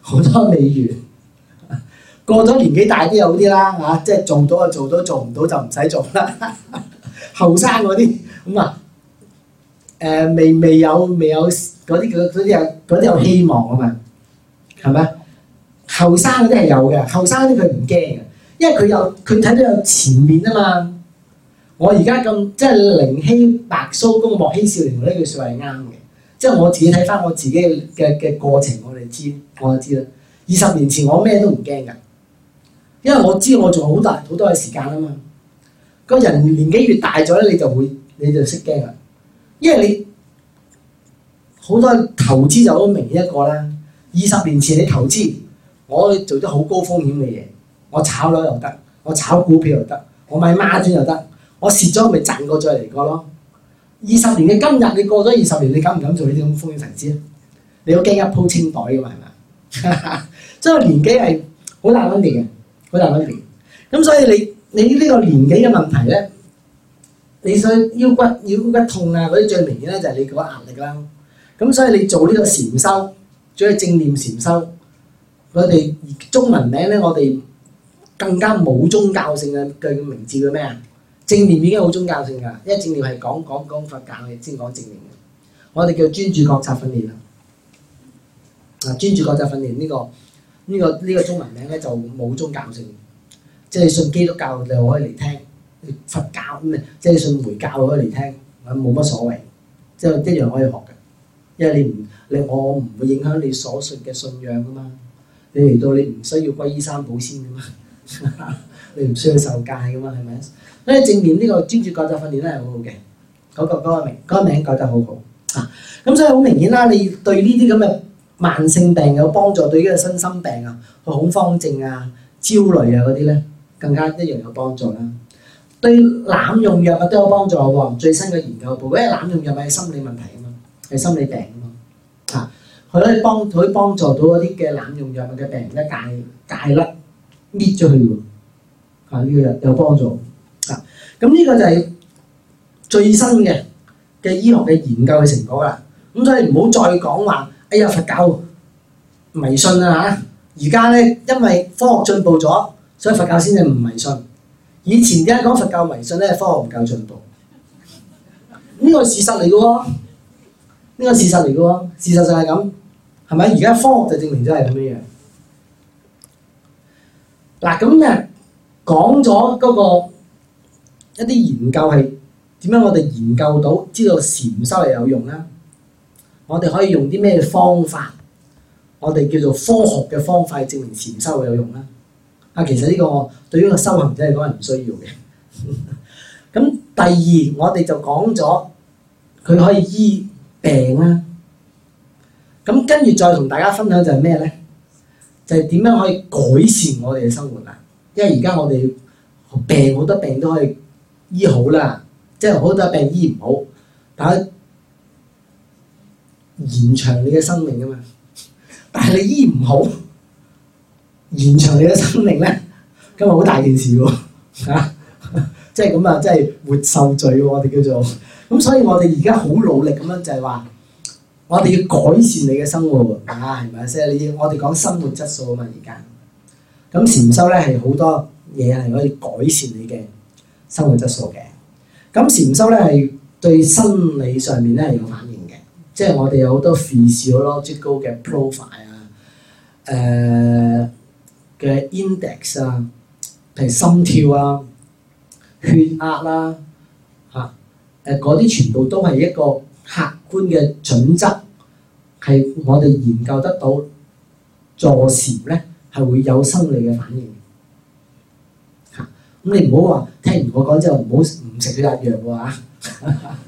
好多未完。過咗年紀大啲又好啲啦，嚇、啊，即係做到就做到，做唔到就唔使做啦。後生嗰啲咁啊，誒、呃、未未有未有嗰啲嗰啲有嗰啲有希望啊嘛，係咪啊？後生嗰啲係有嘅，後生啲佢唔驚嘅。因為佢有佢睇到有前面啊嘛，我而家咁，即係靈犀白須公莫欺少年，呢句説話係啱嘅。即係我自己睇翻我自己嘅嘅過程，我哋知我就知啦。二十年前我咩都唔驚噶，因為我知我仲好大好多嘅時間啊嘛。個人年紀越大咗咧，你就會你就識驚啦。因為你好多投資就好明顯一個啦。二十年前你投資，我做咗好高風險嘅嘢。我炒樓又得，我炒股票又得，我買孖展又得，我蝕咗咪賺過再嚟過咯。二十年嘅今日，你過咗二十年，你敢唔敢做呢啲咁風險投資？你要驚一鋪清袋噶嘛？係咪啊？即 係年紀係好大分別嘅，好大分別咁，所以你你呢個年紀嘅問題咧，你想腰骨腰骨痛啊？嗰啲最明顯咧就係你嗰壓力啦。咁所以你做呢個禪修，做呢個正念禪修，我哋中文名咧，我哋。更加冇宗教性嘅，佢個名字叫咩啊？正念已經好宗教性噶，因為正念係講講講佛教嘅，先講正念我哋叫專注覺察訓練啦。啊，專注覺察訓練呢個、呢個、呢個中文名咧就冇宗教性，即係信基督教你可以嚟聽，佛教咩，即係信回教你可以嚟聽，冇乜所謂，即係一樣可以學嘅。因為你唔你我唔會影響你所信嘅信仰噶嘛。你嚟到你唔需要皈依三寶先噶嘛。 你唔需要受戒噶嘛？係咪？那個那個那個啊、所以正念呢個專注覺察訓練咧係好好嘅。嗰個名嗰名改得好好啊！咁所以好明顯啦，你對呢啲咁嘅慢性病有幫助，對呢個身心病啊、恐慌症啊、焦慮啊嗰啲咧更加一樣有幫助啦。對濫用藥物都有幫助喎。最新嘅研究報告，因為濫用藥物係心理問題啊嘛，係心理病啊嘛啊，佢可以幫可以幫助到一啲嘅濫用藥物嘅病人咧戒戒甩。搣咗佢喎，啊呢、呢個有有幫助啊！咁、這、呢個就係最新嘅嘅醫學嘅研究嘅成果啦。咁、嗯、所以唔好再講話，哎呀佛教迷信啊！而家咧，因為科學進步咗，所以佛教先至唔迷信。以前點解講佛教迷信咧，科學唔夠進步。呢、嗯呢個事實嚟嘅喎，呢、呢個事實嚟嘅喎，事實就係咁，係咪？而家科學就證明咗係咁樣樣。嗱，咁誒，講咗嗰個一啲研究係點樣？我哋研究到知道禪修係有用啦。我哋可以用啲咩方法？我哋叫做科學嘅方法證明禪修係有用啦。啊，其實呢個對於個修行者嚟講係唔需要嘅。咁 第二，我哋就講咗佢可以醫病啦。咁跟住再同大家分享就係咩咧？就係點樣可以改善我哋嘅生活啦？因為而家我哋病好多病都可以醫好啦，即係好多病醫唔好，但係延長你嘅生命啊嘛。但係你醫唔好，延長你嘅生命咧，今日好大件事喎嚇！即係咁啊，即係活受罪喎、啊！我哋叫做咁，所以我哋而家好努力咁樣就係話。我哋要改善你嘅生活，啊，係咪先？你要我哋講生活質素啊嘛，而家咁禪修咧係好多嘢係可以改善你嘅生活質素嘅。咁禪修咧係對生理上面咧係有反應嘅，即係我哋有好多 physiological 嘅 profile 啊、呃，誒嘅 index 啊，譬如心跳啊、血壓啦，吓，誒、啊、啲全部都係一個客觀嘅準則係我哋研究得到助禪咧，係會有生理嘅反應嚇。咁、啊、你唔好話聽完我講之後唔好唔食佢一樣喎嚇。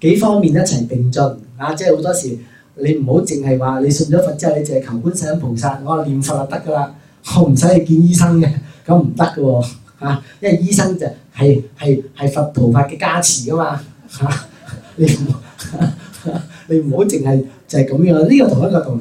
幾方面一齊並進啊！即係好多時你唔好淨係話你信咗佛之後，你淨係求觀世音菩薩，我念佛就得㗎啦，我唔使去見醫生嘅，咁唔得㗎喎，因為醫生就係係係佛菩薩嘅加持㗎嘛嚇。啊你唔， 你唔好淨係就係咁樣。呢、這個同一個道理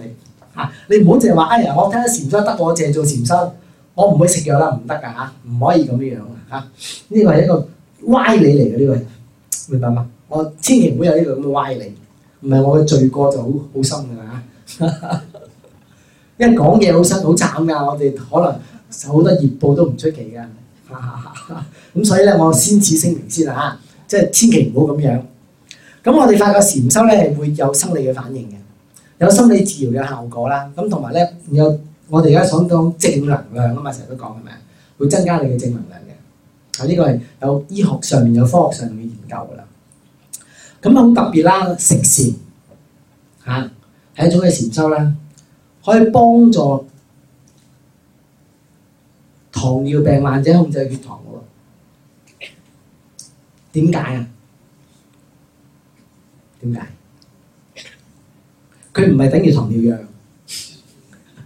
嚇、啊。你唔好淨係話哎呀，我聽禪修得我淨係做禪修，我唔會食藥啦，唔得噶嚇，唔、啊、可以咁樣啊嚇。呢個係一個歪理嚟嘅，呢、這個明白嗎？我千祈唔好有呢個咁嘅歪理，唔係我嘅罪過就好好深㗎嚇、啊啊。因為講嘢好深好慘㗎，我哋可能好多業報都唔出奇㗎。咁、啊啊、所以咧，我先此聲明先啦嚇，即、啊、係、就是、千祈唔好咁樣。咁我哋發覺禪修咧會有生理嘅反應嘅，有心理治療嘅效果啦。咁同埋咧有我哋而家想講正能量啊嘛，成日都講係咪啊？會增加你嘅正能量嘅啊！呢個係有醫學上面有科學上面研究噶啦。咁好特別啦，食禪嚇係一種嘅禪修啦，可以幫助糖尿病患者控制血糖喎。點解啊？點解？佢唔係等於糖尿藥，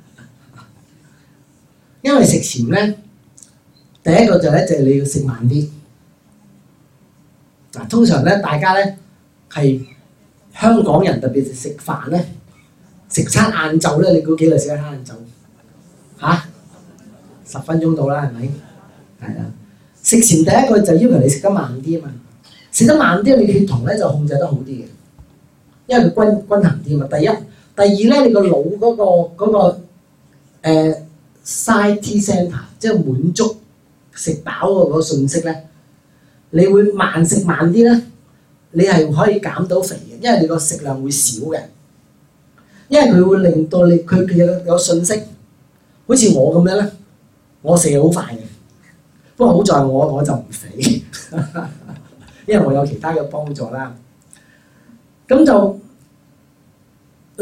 因為食前咧，第一個就咧就你要食慢啲嗱、啊。通常咧，大家咧係香港人，特別食飯咧，食餐晏晝咧，你估幾耐食一餐晏晝？嚇、啊，十分鐘到啦，係咪？係啊，食前第一個就要求你食得慢啲啊嘛，食得慢啲，你血糖咧就控制得好啲嘅。因為佢均均衡啲嘛，第一、第二咧，你個腦嗰個嗰個、呃、誒 satiety centre，即係滿足食飽嗰個訊息咧，你會慢食慢啲咧，你係可以減到肥嘅，因為你個食量會少嘅，因為佢會令到你佢佢有有訊息，好似我咁樣咧，我食得好快嘅，不過好在我我就唔肥， 因為我有其他嘅幫助啦。咁就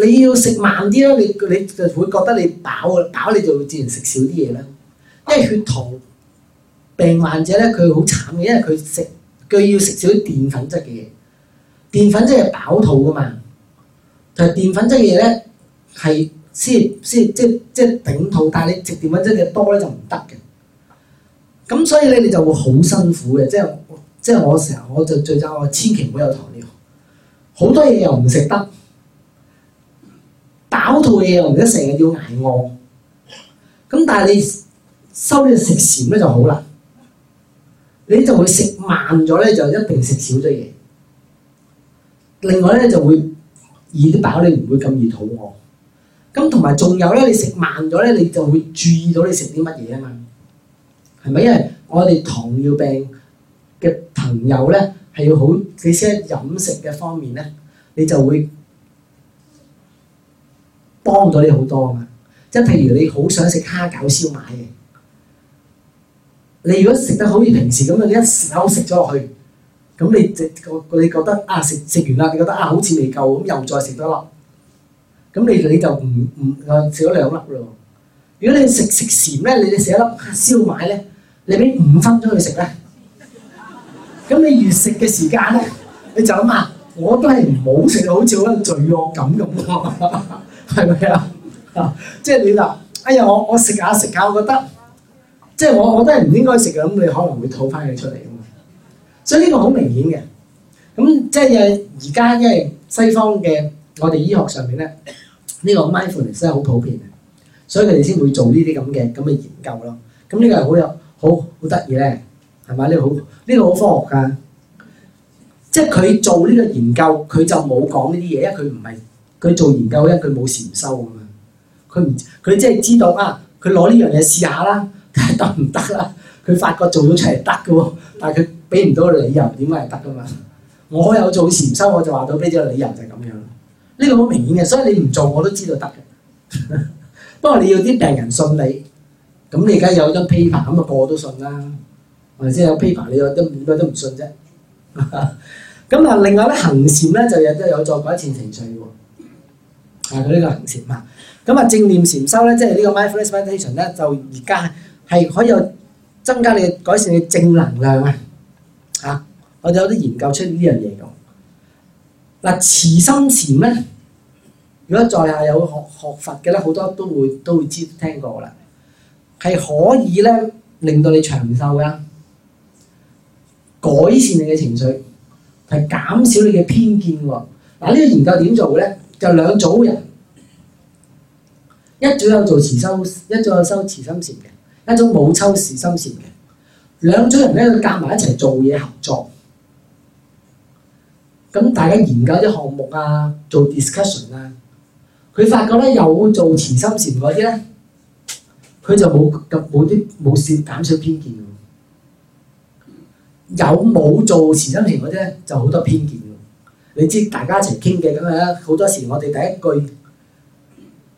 你要食慢啲囉，你你就會覺得你飽啊，飽你就自然食少啲嘢啦。因為血糖病患者咧，佢好慘嘅，因為佢食佢要食少啲澱粉質嘅嘢，澱粉質係飽肚㗎嘛。就係澱粉質嘅嘢咧，係先先即即，即頂肚，但係你食澱粉質嘅多咧就唔得嘅。咁所以咧你就會好辛苦嘅，即係即係我成日我，我，我就，我我就我最憎我千祈唔好有糖好多嘢又唔食得，飽肚嘢又唔得，成日要挨餓。咁但係你收啲食時咧就好啦，你就會食慢咗咧，就一定食少咗嘢。另外咧就會易啲飽，你唔會咁易肚餓。咁同埋仲有咧，你食慢咗咧，你就會注意到你食啲乜嘢啊嘛？係咪？因為我哋糖尿病嘅朋友咧。係要好，你喺飲食嘅方面咧，你就會幫到你好多啊嘛！即係譬如你好想食蝦餃燒賣嘅，你如果食得好似平時咁樣你一手食咗落去，咁你即個嗰覺得啊食食完啦，你覺得啊，覺得啊好似未夠咁，又再食多粒，咁你你就唔唔啊食咗兩粒咯。如果你食食前咧，你食一粒蝦燒賣咧，你俾五分鐘去食咧。咁你越食嘅時間咧，你就諗下，我都係唔好食，好似好有罪惡感咁咯，係咪啊？即係你話，哎呀，我我食下食下，我覺得，即係我我都係唔應該食嘅，咁你可能會吐翻佢出嚟啊嘛。所以呢個好明顯嘅，咁即係而家因為西方嘅我哋醫學上面咧，呢個 mindfulness 真係好普遍嘅，所以佢哋先會做呢啲咁嘅咁嘅研究咯。咁呢個係好有好好得意咧。係嘛？呢、這個好呢個好科學㗎，即係佢做呢個研究，佢就冇講呢啲嘢，因為佢唔係佢做研究，因為佢冇禪修啊嘛。佢唔佢即係知道啊，佢攞呢樣嘢試下啦，睇下得唔得啦。佢發覺做咗出嚟得㗎喎，但係佢俾唔到個理由，點解係得㗎嘛？我有做禪修，我就話到俾咗個理由就係咁樣。呢、這個好明顯嘅，所以你唔做我都知道得。嘅。 不過你要啲病人信你，咁你而家有咗 paper，咁啊個 paper，個都信啦。我哋先有 paper，你又都點解都唔信啫？咁 啊，另外咧行禪咧就有都有助改善情緒喎。啊，佢、這、呢個行禪嘛，咁啊正念禪修咧，即係呢個 Mindfulness Meditation 咧，就而家係可以有增加你改善你正能量啊嚇。我哋有啲研究出呢樣嘢用。嗱、啊，慈心禪咧，如果在下有學學佛嘅咧，好多都會都會知聽過啦，係可以咧令到你長壽㗎。改善你嘅情緒，係減少你嘅偏見喎。嗱，呢個研究點做咧？就兩組人，一組有做慈心，一組有修慈心禪嘅，一組冇修慈心禪嘅。兩組,組人咧夾埋一齊做嘢合作，咁大家研究啲項目啊，做 discussion 啊，佢發覺咧有做慈心禪嗰啲咧，佢就冇咁冇啲冇少減少偏見。有冇做慈善啲啫，就好多偏見㗎。你知大家一齊傾偈咁樣，好多時我哋第一句，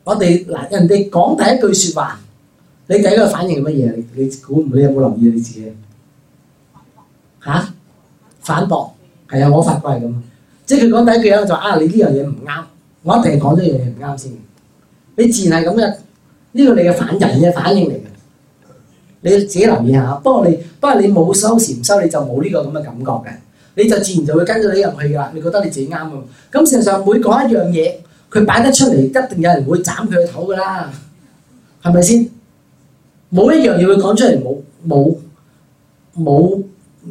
我哋嗱人哋講第一句説話，你第一個反應係乜嘢？你估唔你，你有冇留意你自己？嚇、啊？反駁，係啊，我發覺係咁，即係佢講第一句咧，就啊你呢樣嘢唔啱，我一定係講咗樣嘢唔啱先。你自然係咁嘅，呢、這個你嘅反人嘅反應嚟你自己留意下，不過你不過你冇收時唔收，你就冇呢個咁嘅感覺嘅，你就自然就會跟咗你入去㗎啦。你覺得你自己啱啊？咁事實上每講一樣嘢，佢擺得出嚟，一定有人會斬佢嘅頭㗎啦，係咪先？冇一樣嘢會講出嚟，冇冇冇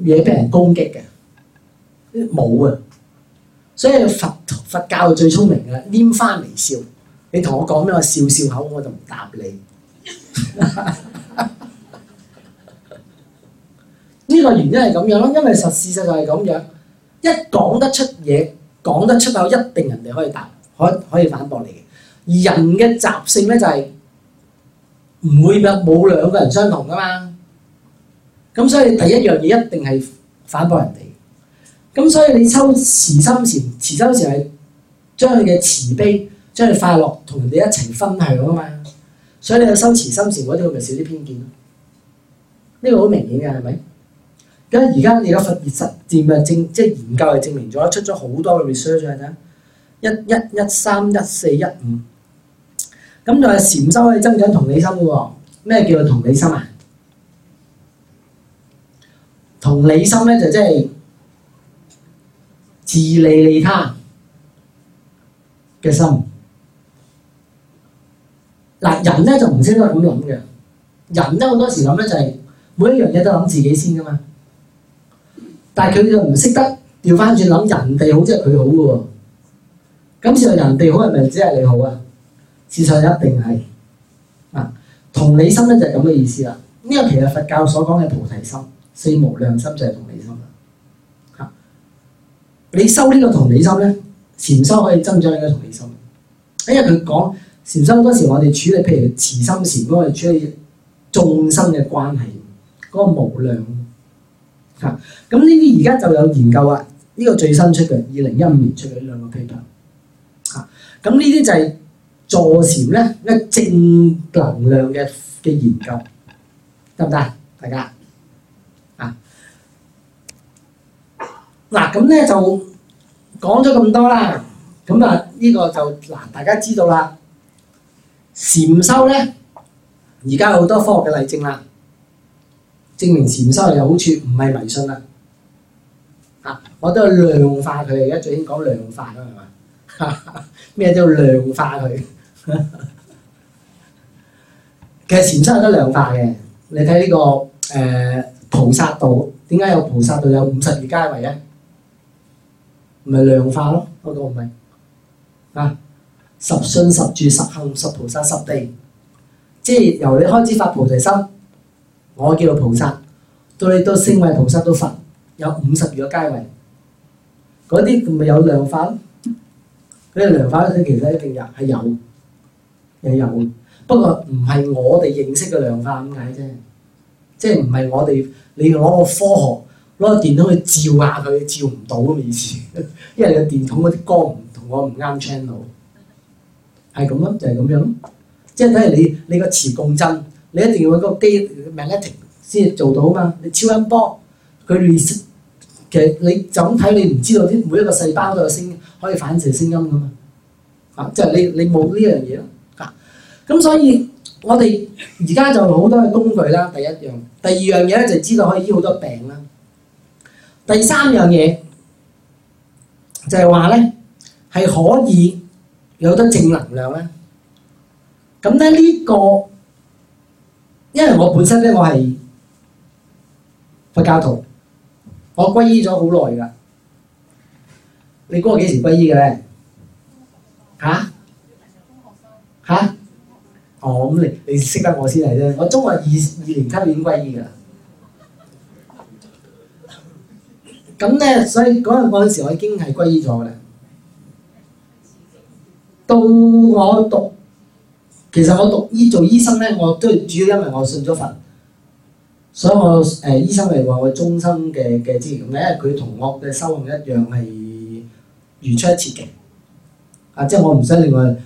嘢俾人攻擊嘅，冇啊！所以佛佛教係最聰明嘅，拈花微笑。你同我講咩？我笑笑口，我就唔答你。 呢個原因係咁樣咯，因為實事實就係咁樣。一講得出嘢，講得出口，一定人哋可以答，可以可以反駁你嘅，而人嘅習性咧、就係，就係唔會冇兩個人相同噶嘛。咁所以第一樣嘢一定係反駁人哋。咁所以你修慈心禪，慈心禪係將佢嘅慈悲、將佢快樂同人哋一齊分享啊嘛。所以你收慈心禪嗰啲，咪少啲偏見咯。呢、呢個好明顯嘅係咪？咁而家你個實驗實驗啊，證即係研究係證明咗出咗好多嘅 research 咧，一、一、一三、一四、一五。咁就係禪修可以增長同理心嘅喎、哦。咩叫同理心啊？同理心咧就即、係、係自利利他嘅心嗱。人咧就唔應得唔識得咁諗嘅。人咧好多時諗咧就係每一樣嘢都諗自己先㗎嘛。但係佢又唔識得調翻轉諗人哋好即係佢好嘅喎，咁時候人哋好係咪只係你好啊？事實上一定係啊，同理心咧就係咁嘅意思啦。呢個其實佛教所講嘅菩提心、四無量心就係同理心啦。嚇，你修呢個同理心咧，禪修可以增長你嘅同理心，因為佢講禪修嗰時我哋處理，譬如慈心禪，嗰個處理眾生嘅關係嗰、那個無量。嚇！咁呢啲而家就有研究啊，呢、這個最新出嘅二零一五年出嘅、啊、呢兩個 paper，嚇！咁呢啲就係坐禪咧，咧正能量嘅嘅研究，得唔得？大家啊，嗱、啊，咁咧就講咗咁多啦，咁啊呢、這個就嗱大家知道啦，禪修咧，而家好多科學嘅例證啦。證明潛修有好處，唔係迷信啦嚇、啊！我都要量化佢，而家最先講量化啦，係嘛？咩都要量化佢。 其實潛修得量化嘅，你睇呢、這個誒、呃、菩薩道，點解有菩薩道有五十二階位咧？咪量化咯，我都唔明啊！十信十住十行十菩薩十地，即係由你開始發菩提心。我叫做菩薩，到你都升為菩薩都佛，有五十二個階位，嗰啲咪有量化咯？佢啲量化咧其實一定有，係有，又有。不過唔係我哋認識嘅量化咁解啫，即係唔係我哋你攞個科學攞個電筒去照下佢，照唔到咁嘅意思，因為你個電筒嗰啲光唔同我唔啱 channel，係咁咯，就係、是、咁樣，即係睇下你你個磁共振。你一定要嗰個機 managing 先至做到嘛？你超音波佢，其實你總體，你唔知道啲每一個細胞都有聲音可以反射聲音噶嘛啊，即係你你冇呢樣嘢咯啊，咁所以我哋而家就好多嘅工具啦。第一樣，第二樣嘢咧，就知道可以醫好多病啦。第三樣嘢就係話咧，係可以有得正能量咧。咁咧呢個。因為我本身咧，我係佛教徒，我皈依咗好耐噶。你估我幾時皈依嘅咧？吓、啊？吓、啊？哦，咁你你識得我先嚟啫。我中學二二年級 已經皈依噶啦。咁咧，所以嗰陣嗰時，我已經係皈依咗啦。到我讀。其實我讀醫做醫生咧，我都係主要因為我信咗佛，所以我誒、呃、醫生係話我終身嘅嘅資源。因為佢同我嘅修行一樣係如出一轍嘅啊，即係我唔使另外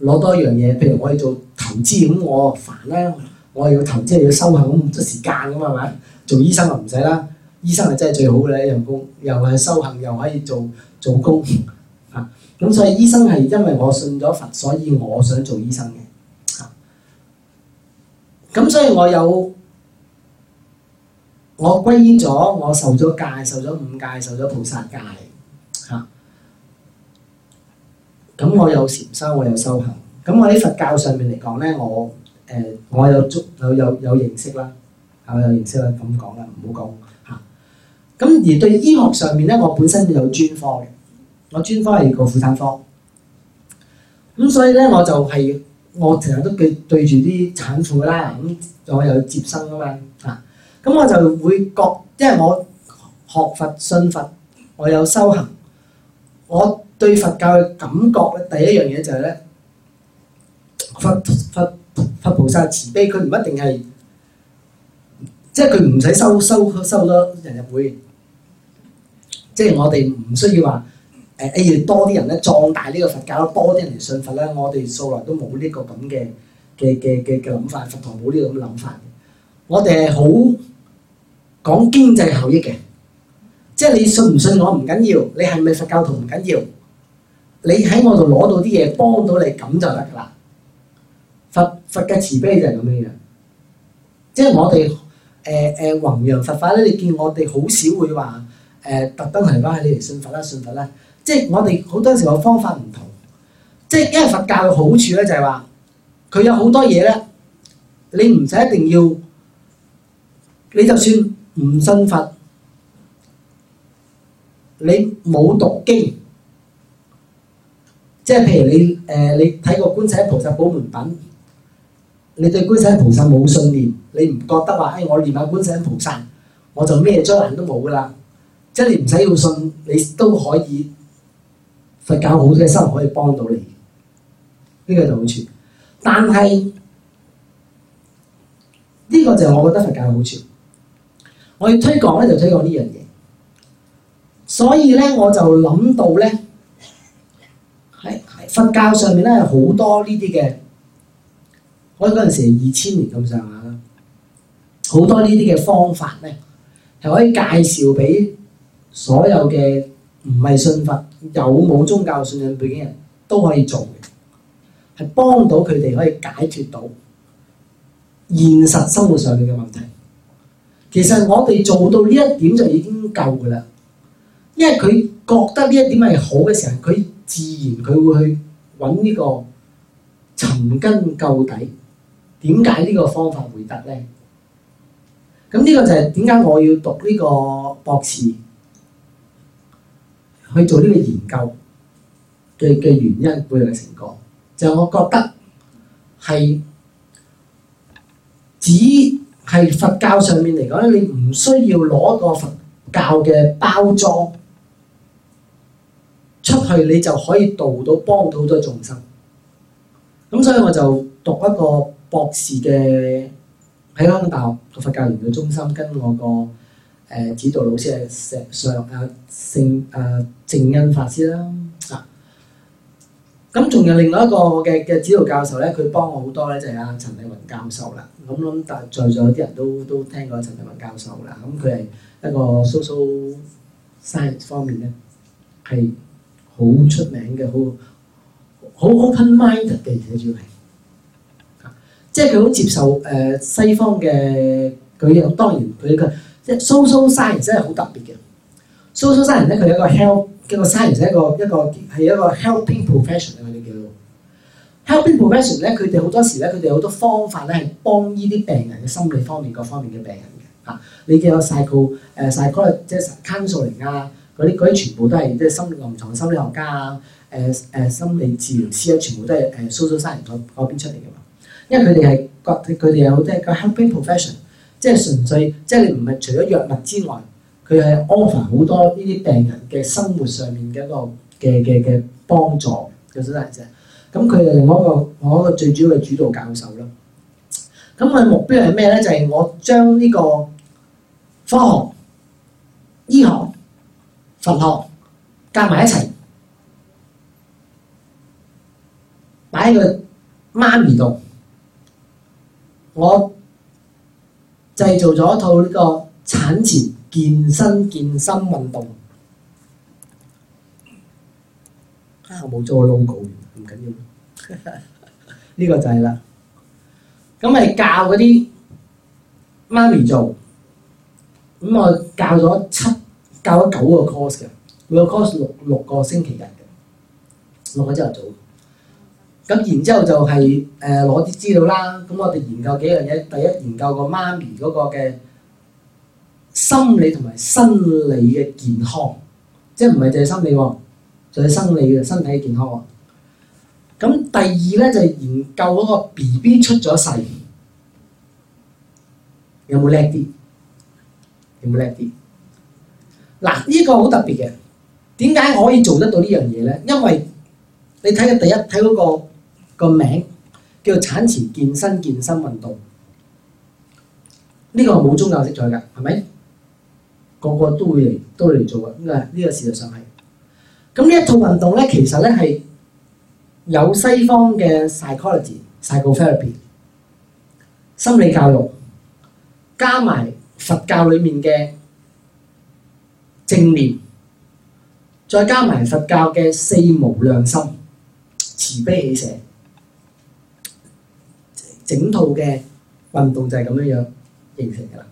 攞多一樣嘢。譬如我去做投資咁，我煩啦，我又要投資又要修行咁，得時間㗎嘛，係咪？做醫生就唔使啦，醫生係真係最好嘅一樣工又係修行又可以做做工啊。咁所以醫生係因為我信咗佛，所以我想做醫生。咁所以我有我歸依咗，我受咗戒，受咗五戒，受咗菩薩戒，嚇、啊。咁我有禪修，我有修行。咁我喺佛教上面嚟講咧，我誒、呃、我有足有有有認識啦，係咪有認識啦？咁講啦，唔好講嚇。咁、啊、而對醫學上面咧，我本身有專科嘅，我專科係個婦產科。咁所以咧，我就係、是。我成日都對對住啲產婦啦，咁我有接生啊嘛，啊，咁我就會覺，因為我學佛信佛，我有修行，我對佛教嘅感覺嘅第一樣嘢就係咧，佛佛佛、佛菩薩慈悲，佢唔一定係，即係佢唔使收收收多人入會，即係我哋唔需要話。誒，例如多啲人咧，壯大呢個佛教，多啲人嚟信佛咧。我哋素來都冇呢個咁嘅嘅嘅嘅嘅諗法，佛堂冇呢個咁嘅諗法嘅。我哋係好講經濟效益嘅，即係你信唔信我唔緊要，你係咪佛教徒唔緊要，你喺我度攞到啲嘢，幫到你咁就得㗎啦。佛佛嘅慈悲就係咁樣樣，即係我哋誒誒弘揚佛法咧。你見我哋好少會話誒、呃，特登同人講，你嚟信佛啦，信佛啦。即係我哋好多時候方法唔同，即係因為佛教嘅好處咧，就係話佢有好多嘢咧，你唔使一定要你就算唔信佛，你冇讀經，即係譬如你誒、呃、你睇個觀世音菩薩普門品，你對觀世音菩薩冇信念，你唔覺得話誒、哎、我念下觀世音菩薩，我就咩災難都冇㗎啦，即係你唔使要信，你都可以。佛教好嘅生活可以幫到你，呢、這個就好處。但係呢、這個就我覺得佛教好處。我要推廣咧，就推廣呢樣嘢。所以咧，我就諗到咧，係、哎、佛教上面咧好多呢啲嘅，我嗰陣時二千年咁上下啦，好多呢啲嘅方法咧係可以介紹俾所有嘅唔係信佛。有冇宗教信仰背景，人都可以做嘅，係幫到佢哋可以解決到現實生活上面嘅問題。其實我哋做到呢一點就已經夠噶啦，因為佢覺得呢一點係好嘅時候，佢自然佢會去揾呢個尋根究底，點解呢個方法回答咧？咁呢個就係點解我要讀呢個博士。去做呢個研究嘅、嘅原因背後嘅成果，就係、我覺得係只係佛教上面嚟講咧，你唔需要攞個佛教嘅包裝出去，你就可以度到幫到好多眾生。咁所以我就讀一個博士嘅喺香港大學個佛教研究中心，跟我個。誒、呃、指導老師係石上啊聖啊靜、呃呃、恩法師啦啊，咁仲有另外一個嘅嘅指導教授咧，佢幫我好多咧，就係、是、阿陳麗雲教授啦。咁咁在在座啲人都都聽過陳麗雲教授啦。咁佢係一個 social science 方面咧係好出名嘅，好好 open-minded 嘅嘢，主要係即係佢好接受誒、呃、西方嘅佢。咁當然佢嘅。so science 真係好特別嘅 social science 咧，佢有一個 help 叫個 science 一個一個係一個 helping profession 嘅，佢哋叫 helping profession 咧，佢哋好多時咧，佢哋好多方法咧，係幫呢啲病人嘅心理方面各方面嘅病人嘅。吓你叫我晒誒晒即係 counseling 嚟啊，啲啲全部都係即係心臨床心理學家啊誒誒心理治療師啊全部都係誒 social science 嗰邊出嚟噶嘛，因為佢哋係覺佢哋有好多個 helping profession 即係純粹，即係你唔係除咗藥物之外，佢係 offer 好多呢啲病人嘅生活上面嘅一個嘅嘅嘅幫助，有、就是、真係啫，子。咁佢係我個我個最主要嘅主導教授啦。咁佢目標係咩咧？就係、是、我將呢個科學、醫學、佛學加埋一齊擺喺佢媽咪度，我。製造咗一套呢、這個產前健身健身運動啊！我冇做個 logo，唔緊要。呢 個就係啦。咁咪教嗰啲媽咪做咁，我教咗七教咗九個 course 嘅，每個 course 六六個星期日嘅六個朝頭早。咁然之後就係誒攞啲資料啦。咁我哋研究幾樣嘢，第一研究媽媽個媽咪嗰個嘅心理同埋生理嘅健康，即係唔係淨係心理喎，就係生理嘅身體健康啊。咁第二咧就係研究嗰個 BB 出咗世有冇叻啲，有冇叻啲？嗱，呢、呢個好特別嘅，點解可以做得到呢樣嘢咧？因為你睇下第一睇嗰、嗰個。個名叫做產前健身健身運動，呢個冇宗教色彩噶，係咪？個個都會嚟都嚟做噶，應該係呢個事實上係咁，呢一套運動咧，其實咧係有西方嘅 psychology、psychotherapy 心理教育，加埋佛教裏面嘅正念，再加埋佛教嘅四無量心慈悲喜捨。整套嘅運動就係咁樣樣形成噶啦。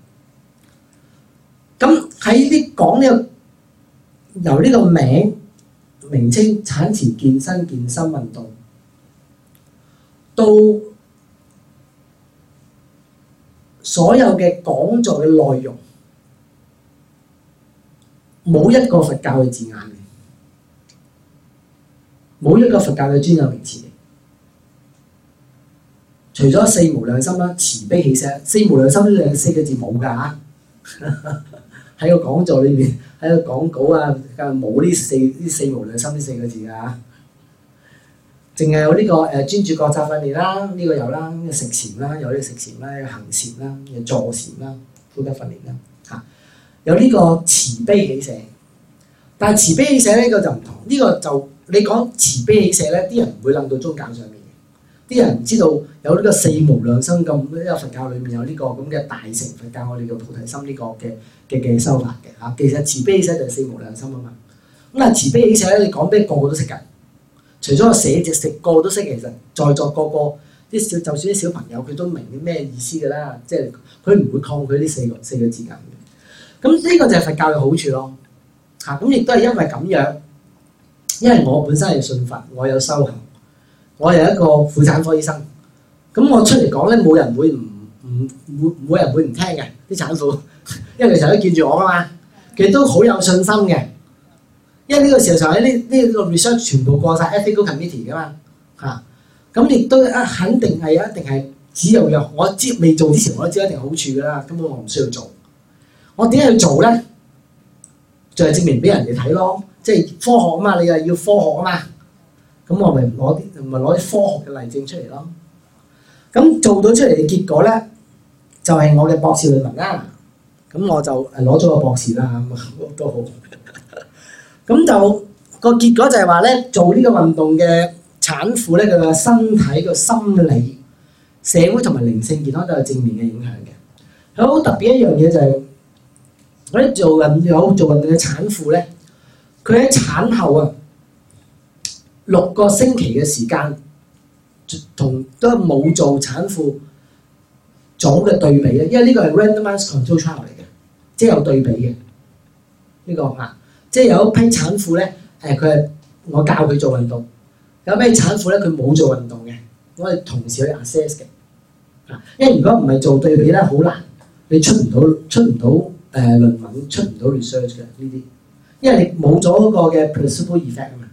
咁喺啲講呢個由呢個名，名稱產前健身、健身運動，到所有嘅講座嘅內容，冇一個佛教嘅字眼嘅，冇一個佛教嘅專有名詞。除咗四無量心啦、慈悲喜捨，四無量心呢兩四個字冇㗎嚇，喺 個講座裏面，喺個講稿啊，冇呢四呢四無量心呢四個字㗎嚇，淨係有呢、這個誒、呃、專注覺察訓練啦，呢、這個有啦，食禪啦，有呢個食禪啦，有行禪啦，有坐禪啦，呼吸訓練啦，嚇、啊，有呢個慈悲喜捨，但係慈悲喜捨呢、這個就唔同，呢、這個就你講慈悲喜捨咧，啲人唔會諗到宗教上。啲人知道有呢個四無量心咁，喺佛教裏面有呢個咁嘅大乘佛教，我哋叫菩提心呢個嘅嘅嘅修法嘅嚇、啊。其實慈悲其實就係四無量心啊嘛。咁但慈悲呢？其實你講咩個個都識噶，除咗寫字食個個都識。其實在座個個啲小，就算啲小朋友佢都明啲咩意思噶啦。即係佢唔會抗拒呢四個四個字噶。咁呢個就係佛教嘅好處咯嚇。咁、啊、亦都係因為咁樣，因為我本身係信佛，我有修行，我係一個婦產科醫生，咁我出嚟講咧，冇人會唔唔冇冇人會唔聽嘅啲產婦， 因為其實都見住我噶嘛，其實都好有信心嘅，因為呢個時候就喺呢呢個 research 全部過晒 ethical committee 噶嘛，嚇、啊，咁亦都啊肯定係一定係只有藥，我知未做之前我都知一定好處噶啦，根本我唔需要做，我點去做咧？就係、是、證明俾人哋睇咯，即係科學啊嘛，你又要科學啊嘛。咁我咪攞啲，咪攞啲科學嘅例證出嚟咯。咁做到出嚟嘅結果咧，就係、是、我嘅博士論文啦。咁我就誒攞咗個博士啦，咁都好。咁 就個結果就係話咧，做個運呢個運動嘅產婦咧，佢嘅身體、個心理、社會同埋靈性健康都有正面嘅影響嘅。佢好特別一樣嘢就係、是，喺做人有做運動嘅產婦咧，佢喺產後啊。六個星期嘅時間，同都係冇做產婦組嘅對比咧，因為呢個係 randomised control trial 嚟嘅，即係有對比嘅呢個吓，即係有一批產婦咧，係佢係我教佢做運動，有咩產婦咧，佢冇做運動嘅，我係同時去 assess 嘅啊，因為如果唔係做對比咧，好難，你出唔到出唔到誒論文，出唔到 research 嘅呢啲，因為你冇咗個嘅 presupposed effect 啊嘛。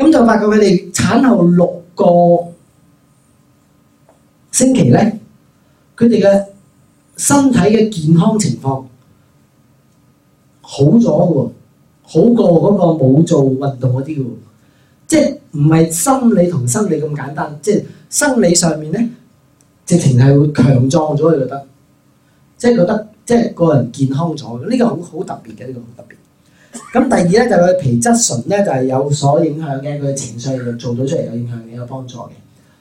咁就發覺佢哋產後六個星期咧，佢哋嘅身體嘅健康情況好咗嘅喎，好過嗰個冇做運動嗰啲嘅喎，即係唔係心理同生理咁簡單？即係生理上面咧，直情係會強壯咗，你覺得，即係覺得即係個人健康咗，呢個好好特別嘅，呢個好特別。咁第二咧就佢皮質醇咧就係有所影響嘅，佢情緒做咗出嚟有影響嘅，有幫助嘅，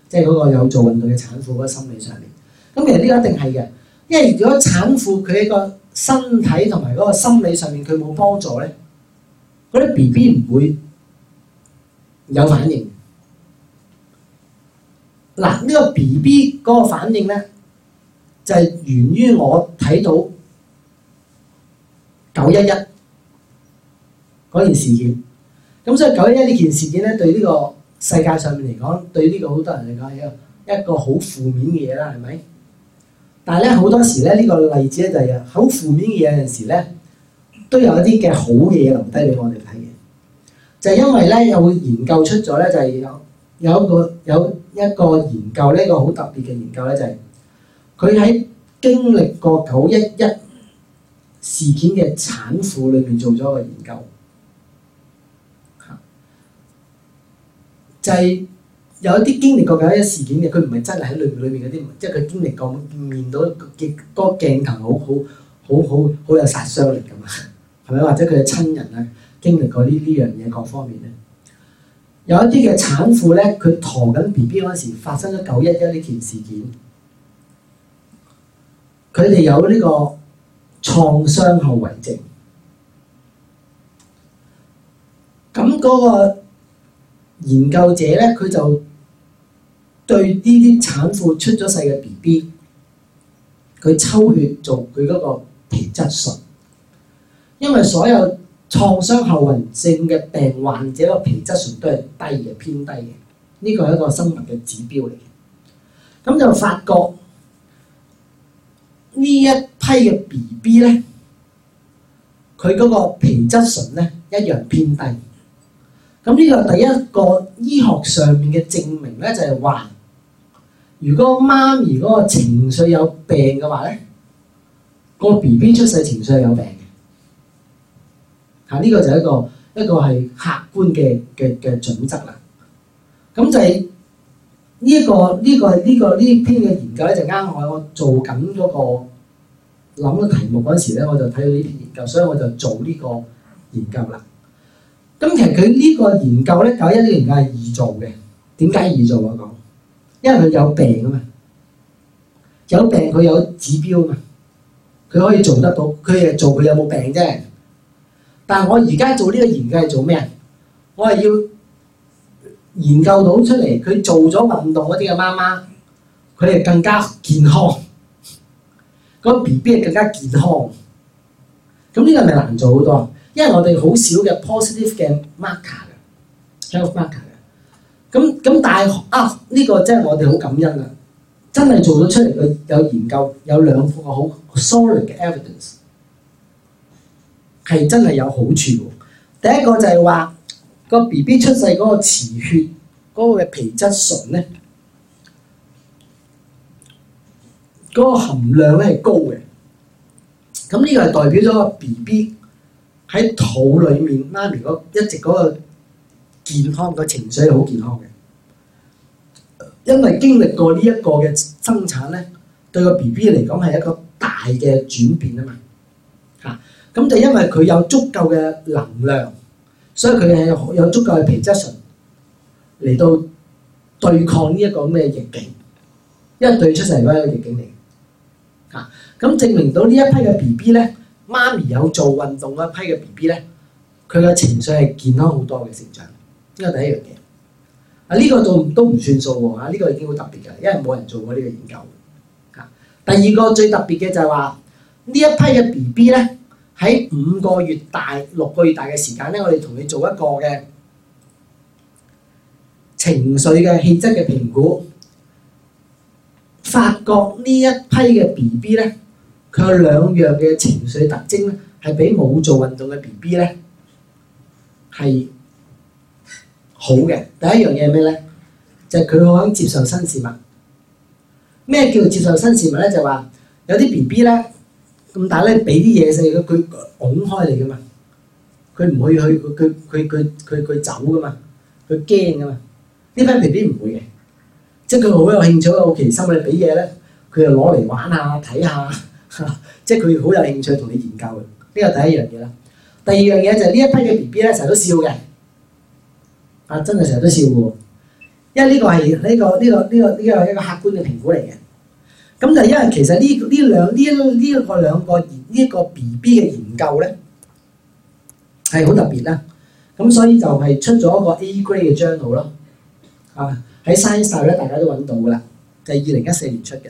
即係嗰個有做運動嘅產婦嗰個心理上面。咁其實呢個一定係嘅，因為如果產婦佢喺個身體同埋嗰個心理上面佢冇幫助咧，嗰啲 B B 唔會有反應。嗱呢個 B B 嗰個反應咧就係源於我睇到九一一。嗰件事件，咁所以九一一呢件事件咧，對呢個世界上面嚟講，對呢個好多人嚟講，係一個好負面嘅嘢啦，係咪？但係咧，好多時咧，呢個例子咧就係啊，好負面嘅嘢，有陣時咧都有一啲嘅好嘅嘢留低俾我哋睇嘅，就係因為咧有會研究出咗咧，就係有有一個有一個研究呢個好特別嘅研究咧，就係佢喺經歷過九一一事件嘅產婦裏邊做咗一個研究。就係有一啲經歷過九一一事件嘅，佢唔係真係喺裏面裏面嗰啲，即係佢經歷過見面到個鏡頭，好好好好好有殺傷力噶嘛，係咪？或者佢嘅親人呀經歷過呢呢樣嘢各方面咧，有一啲嘅產婦咧，佢佗緊 B B 嗰時發生咗九一一呢件事件，佢哋有呢個創傷後遺症，咁、那、嗰個。研究者咧，佢就對呢啲產婦出咗世嘅 BB，佢抽血做佢嗰個皮質醇，因為所有創傷後遺症嘅病患者個皮質醇都係低嘅，偏低嘅，呢個係一個生物嘅指標嚟嘅。咁就發覺呢一批嘅 BB 咧，佢嗰個皮質醇咧一樣偏低。咁呢個第一個醫學上面嘅證明咧，就是，就係話，如果媽咪嗰個情緒有病嘅話咧，個 B B 出世情緒有病嘅，嚇、這、呢個就係一個一個係客觀嘅嘅嘅準則啦。咁、嗯、就係、是、呢、這個呢、這個呢、這個呢、這個、篇嘅研究咧，就啱我。我做緊、那、嗰個諗嘅題目嗰時咧，我就睇到呢篇研究，所以我就做呢個研究啦。咁其實佢呢個研究咧，搞一啲研究係易做嘅。點解易做啊？我講，因為佢有病啊嘛，有病佢有指標啊嘛，佢可以做得到。佢係做佢有冇病啫。但係我而家做呢個研究係做咩？我係要研究到出嚟，佢做咗運動嗰啲嘅媽媽，佢係更加健康，嗰個 B B 係更加健康。咁呢個係咪難做好多？因為我哋好少嘅 positive 嘅 marker 嘅 positive marker 嘅，咁咁但係啊，呢個真係我哋好感恩啊！真係做咗出嚟嘅，有研究有兩個好 solid 嘅 evidence 係真係有好處喎。第一個就係話嗰個 B B 出世嗰個臍血嗰個嘅皮質醇咧，嗰個含量咧係高嘅。咁呢個係代表咗個 B B。喺肚裏面，媽咪一直嗰個健康嘅情緒係好健康嘅，因為經歷過呢一個嘅生產咧，對個 B B 嚟講係一個大嘅轉變啊嘛，嚇咁就因為佢有足夠嘅能量，所以佢係有足夠嘅皮質醇嚟到對抗呢一個咩逆境，因為對出世嗰個逆境嚟，嚇咁證明到呢一批嘅 B B 咧。媽咪有做運動一批嘅 B B 咧，佢嘅情緒係健康好多嘅成長。呢個第一樣嘢啊，呢個都都唔算數喎，呢個已經好特別嘅，因為冇人做過呢個研究㗎。第二個最特別嘅就係話，呢一批嘅 B B 咧，喺五個月大、六個月大嘅時間咧，我哋同你做一個嘅情緒嘅氣質嘅評估，發覺呢一批嘅 B B 咧。佢有兩樣嘅情緒特徵咧，係比冇做運動嘅 B B 咧係好嘅。第一樣嘢係咩咧？就係佢好肯接受新事物。咩叫接受新事物咧？就係話有啲 B B 咧咁但大咧，俾啲嘢食佢，佢拱開嚟噶嘛。佢唔會去，佢佢佢佢佢佢走噶嘛，佢驚噶嘛。呢班 B B 唔會嘅，即係佢好有興趣、好奇心。你俾嘢咧，佢就攞嚟玩下、睇下。即係佢好有興趣同你研究嘅，呢個第一樣嘢啦。第二樣嘢就係呢一批嘅 B B 咧，成日都笑嘅，啊真係成日都笑嘅，因為呢個係呢個呢個呢個呢個一個客觀嘅評估嚟嘅。咁就係因為其實呢呢兩呢呢個兩個呢一個 B B 嘅研究咧係好特別啦，咁所以就係出咗一個 A Grade 嘅 journal 咯。Jour nal，啊，喺《Science》咧大家都揾到噶啦，就係二零一四年出嘅。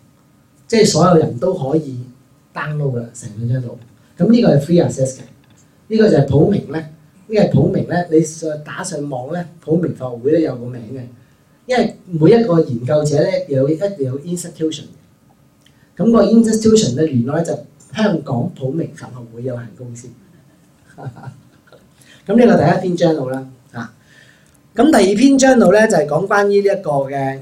即係所有人都可以 download 噶啦，成兩張圖。咁呢個係 free access 嘅，呢個就係普明咧。呢個普明咧，你再打上網咧，普明法學會咧都有個名嘅。因為每一個研究者咧，有一定有 institution 嘅。咁個 institution 咧，原來咧就香港普明法學會有限公司。咁呢個第一篇 journal 啦，嚇。咁第二篇 journal 咧，就係講關於呢一個嘅。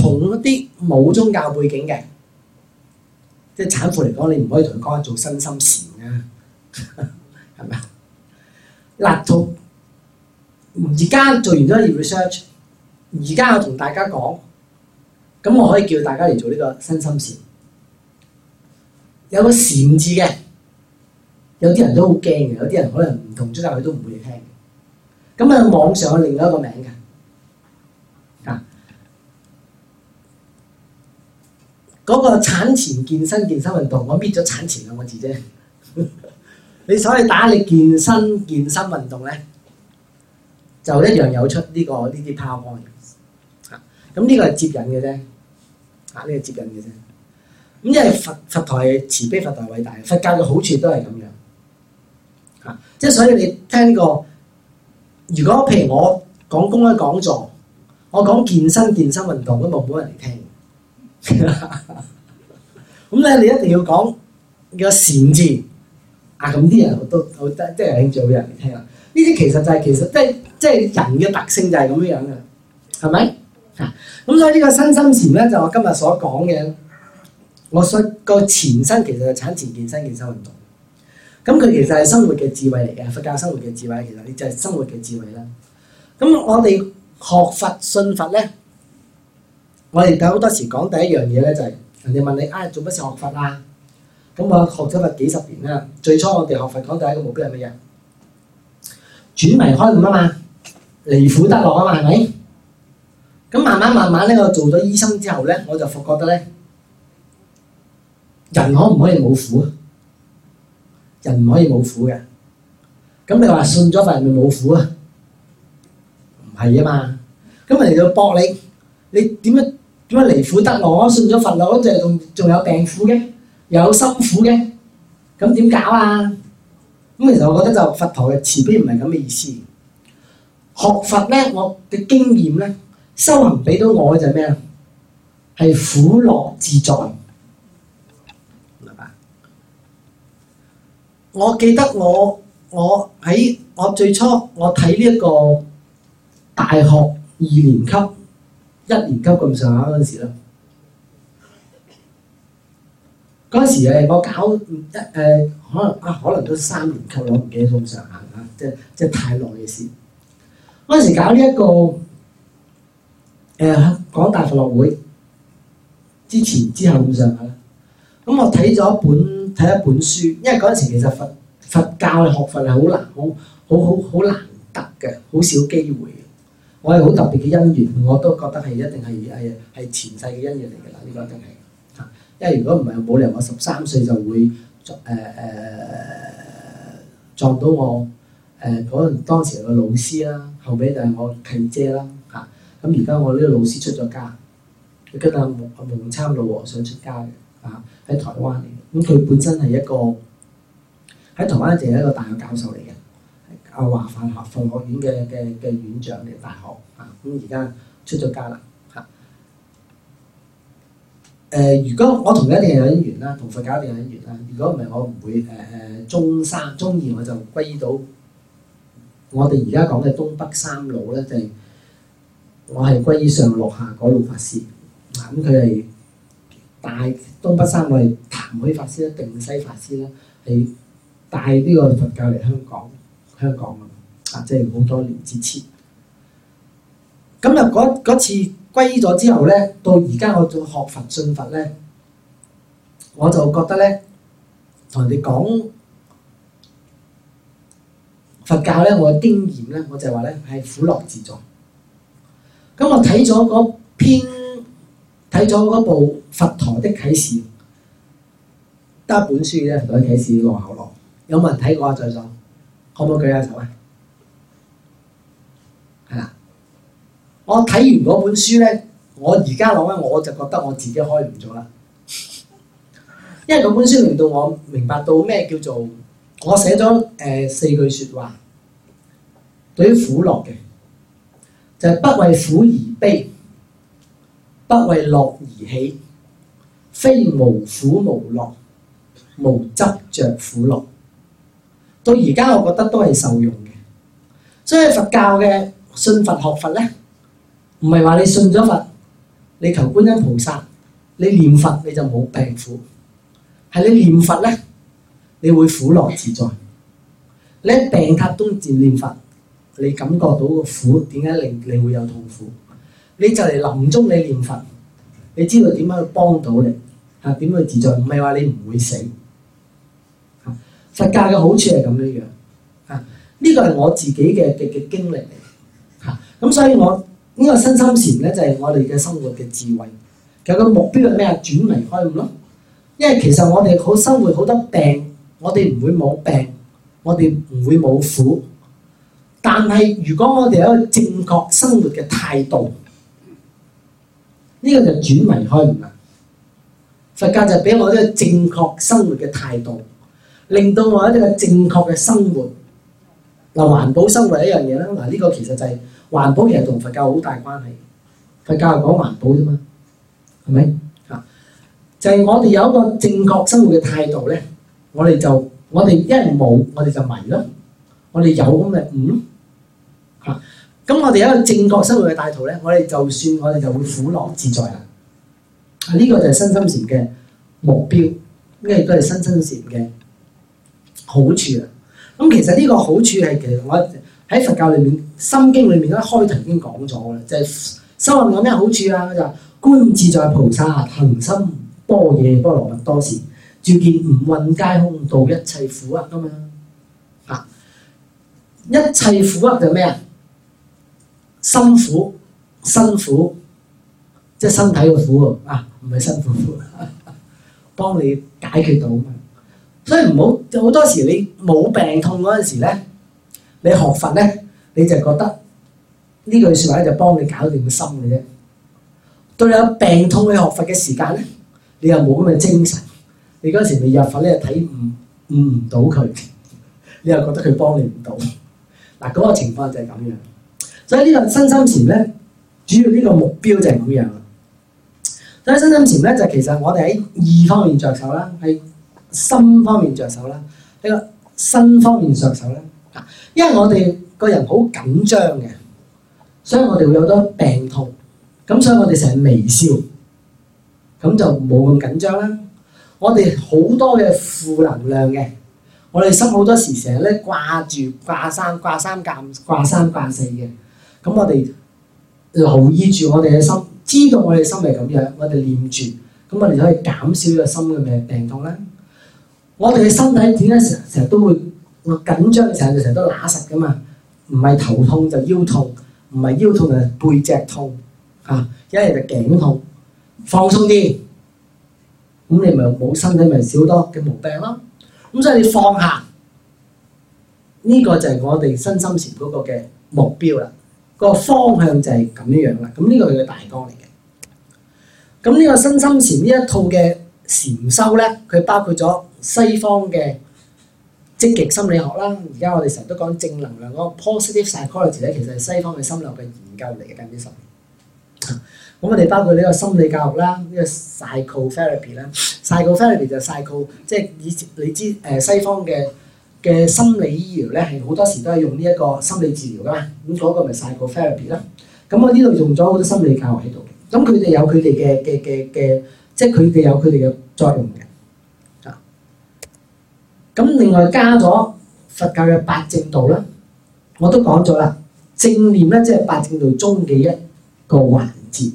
同一啲冇宗教背景嘅，即係產婦嚟講，你唔可以同佢講做身心禪啊，係咪啊？嗱，同而家做完咗一啲 research，而家我同大家講，咁我可以叫大家嚟做呢個身心禪，有個禪字嘅，有啲人都好驚嘅，有啲人可能唔同宗教佢都唔會聽嘅，咁啊網上有另一個名嘅。嗰個產前健身健身運動，我搣咗產前兩個字啫。 你所謂打你健身健身運動咧，就一樣有出呢、這個呢啲 PowerPoint 嚇。咁呢、啊嗯這個係接引嘅啫，嚇、啊、呢、這個接引嘅啫。咁、嗯、因為佛佛台慈悲，佛台偉大偉大佛教嘅好處都係咁樣嚇。即、啊、係、嗯、所以你聽過如果譬如我講公開講座，我講健身健身運動，都冇冇人嚟聽。咁咧， 你一定要講個善字啊！咁啲人好多好得，即係興做俾人聽啊！呢啲其實就係、是、其實即係即係人嘅特性就係咁樣樣嘅，係咪？啊！咁所以呢個身心禪咧就是、我今日所講嘅，我所個前身其實係產前健身健身運動，咁佢其實係生活嘅智慧嚟嘅，佛教生活嘅智慧其實你就係生活嘅智慧啦。咁我哋學佛信佛咧。我哋好多時講第一樣嘢咧，就係人哋問你啊，做乜嘢學佛啊？咁我學咗佛幾十年啦。最初我哋學佛講第一個目標係乜嘢？轉迷開悟啊嘛，離苦得樂啊嘛，係咪？咁慢慢慢慢咧，我做咗醫生之後咧，我就發覺得咧，人可唔可以冇苦？人唔可以冇苦嘅。咁你話信咗佛係咪冇苦啊？唔係啊嘛。咁人哋就駁你，你點樣？咁解離苦得我？信咗佛咯，就仲仲有病苦嘅，又有心苦嘅，咁點搞啊？咁其實我覺得就佛陀嘅慈悲唔係咁嘅意思。學佛咧，我嘅經驗咧，修行俾到我嘅就係咩咧？係苦樂自在，明白？我記得我我喺我最初我睇呢一個大學二年級。一年級咁上下嗰陣時啦，嗰陣時我搞一誒、呃、可能啊可能都三年級我唔記得咁上下啦、啊，即係即係太耐嘅事。嗰陣時搞呢、這、一個誒廣、呃、大佛樂會之前之後咁上下啦，咁我睇咗一本睇一本書，因為嗰陣時其實佛佛教嘅學佛係好難，好好好好難得嘅，好少機會。我係好特別嘅姻緣，我都覺得係一定係係係前世嘅姻緣嚟㗎啦，呢、呢個一定係嚇。因為如果唔係冇理由我十三歲就會撞誒撞到我誒嗰陣當時嘅老師啦，後尾就係我契姐啦嚇。咁而家我呢個老師出咗家，跟阿夢參老和尚出家嘅嚇，喺、啊、台灣嚟嘅。咁佢本身係一個喺台灣就係一個大學教授嚟嘅。阿華範哈鳳學院嘅嘅嘅院長嘅大學啊，咁而家出咗家啦嚇。誒、啊，如果我同一定有因緣啦，同佛教一定有因緣啦。如果唔係，我唔會誒誒中三、中二，我就歸到我哋而家講嘅東北三老咧，就係、是、我係歸上落下嗰老法師啊。咁佢係大東北三，我係倓虛法師啦、定西法師啦，係帶呢個佛教嚟香港。香港啊，即係好多年之前咁啊。嗰次歸咗之後咧，到而家我做學佛信佛咧，我就覺得咧，同人哋講佛教咧，我嘅經驗咧，我就係話咧，係苦樂自助。咁我睇咗嗰篇，睇咗部《佛陀的啟示》，得一本書咧，《佛陀啟示》羅口羅，有冇人睇過啊？在座，可唔可以舉下手啊？係啦，我睇完嗰本書咧，我而家諗咧，我就覺得我自己開唔咗啦。因為嗰本書令到我明白到，咩叫做我寫咗誒四句説話，對於苦樂嘅就係、是、不為苦而悲，不為樂而喜，非無苦無樂，無執著苦樂。到而家，我覺得都係受用嘅。所以佛教嘅信佛學佛咧，唔係話你信咗佛，你求觀音菩薩，你念佛你就冇病苦。係你念佛咧，你會苦樂自在。你喺病榻中自念佛，你感覺到個苦，點解你你會有痛苦？你就嚟臨終你念佛，你知道點樣去幫到你嚇？點去自在？唔係話你唔會死。佛教嘅好處係咁樣樣，啊，呢、這個係我自己嘅嘅嘅經歷嚟嘅，咁、啊、所以我呢、這個身心禪咧就係、是、我哋嘅生活嘅智慧，佢嘅目標係咩啊？轉迷開悟咯，因為其實我哋好生活好多病，我哋唔會冇病，我哋唔會冇苦，但係如果我哋有一個正確生活嘅態度，呢、這個就轉迷開悟啦。佛教就俾我呢個正確生活嘅態度。令到我一嘅正確嘅生活嗱，環保生活一樣嘢啦。嗱，呢個其實就係環保，其實同佛教好大關係。佛教係講環保啫嘛，係咪啊？就係、是、我哋有一個正確生活嘅態度咧，我哋就我哋一係冇我哋就迷咯，我哋有咁咪悟。嚇、嗯、咁，我哋有一個正確生活嘅態度咧，我哋就算我哋就會苦樂自在啦。啊，呢個就係身心禪嘅目標，咁亦都係身心禪嘅。好處啊！咁其實呢個好處係，其實我喺佛教裏面《心經》裏面一開頭已經講咗啦，就係修學有咩好處啊？就是、觀自在菩薩行深般若，波羅蜜多時，照見五蘊皆空，度一切苦厄噶嘛啊！一切苦厄就咩啊？辛苦辛苦，即係身體嘅苦啊，唔係辛苦，幫 你解決到所以唔好，好多時你冇病痛嗰陣時咧，你學佛咧，你就覺得呢句説話咧就幫你搞掂個心嘅啫。到有病痛去學佛嘅時間咧，你又冇咁嘅精神，你嗰時你入佛咧睇唔悟唔到佢，你又覺得佢幫你唔到。嗱、那、嗰個情況就係咁樣。所以呢個身心禪咧，主要呢個目標就係咁樣。所以身心禪咧，就其實我哋喺二方面着手啦，喺心方面着手啦，呢個身方面着手啦，因為我哋個人好緊張嘅，所以我哋會有多病痛。咁所以我哋成日微笑，咁就冇咁緊張啦。我哋好多嘅負能量嘅，我哋心好多時成日咧掛住掛三掛三間掛三掛四嘅。咁我哋留意住我哋嘅心，知道我哋心係咁樣，我哋念住，咁我哋就可以減少個心嘅病痛啦。我哋嘅身體點解成成日都會緊張嘅時候就成日都乸實嘅嘛？唔係頭痛就腰痛，唔係腰痛就背脊痛啊，一係就頸痛。放鬆啲，咁你咪冇身體咪少多嘅毛病咯。咁所以你放下呢個就係我哋身心禪嗰個嘅目標啦。個方向就係咁樣樣啦。咁呢個係佢大綱嚟嘅。咁呢個身心禪呢一套嘅禪修咧，佢包括咗。西方嘅積極心理學啦，而家我哋成日都講正能量嗰個 positive psychology 咧，其實係西方嘅心理學嘅研究嚟嘅近幾十年。咁我哋包括呢個心理教育啦，呢、這個 psychotherapy 啦，psychotherapy 就係 psycho，即係以前你知誒西方嘅嘅心理醫療咧，係好多時都係用呢一個心理治療噶嘛，咁、那、嗰個咪 psychotherapy 啦。咁我呢度用咗好多心理教育喺度，咁佢哋有佢哋嘅嘅嘅嘅，即係佢哋有佢哋嘅作用嘅。咁另外加咗佛教嘅八正道啦，我都講咗啦，正念咧即係八正道中嘅一個環節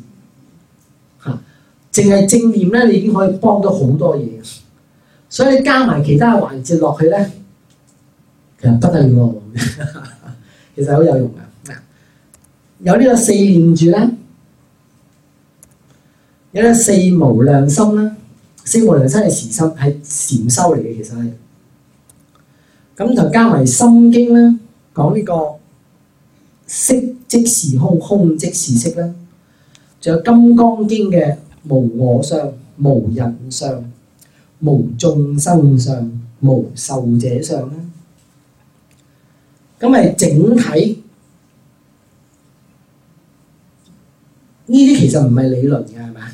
嚇，淨、啊、係正念咧，你已經可以幫到好多嘢。所以你加埋其他環節落去咧，其實不得了，其實好有用㗎、啊。有呢個四念住咧，有呢個四無量心啦。四無量心係慈心，係禪修嚟嘅，其實係。咁就加埋《心經》啦，講呢個色即是空，空即是色啦。仲有《金剛經》嘅無我相、無人相、無眾生相、無受者相啦。咁咪整體呢啲其實唔係理論嘅，係咪？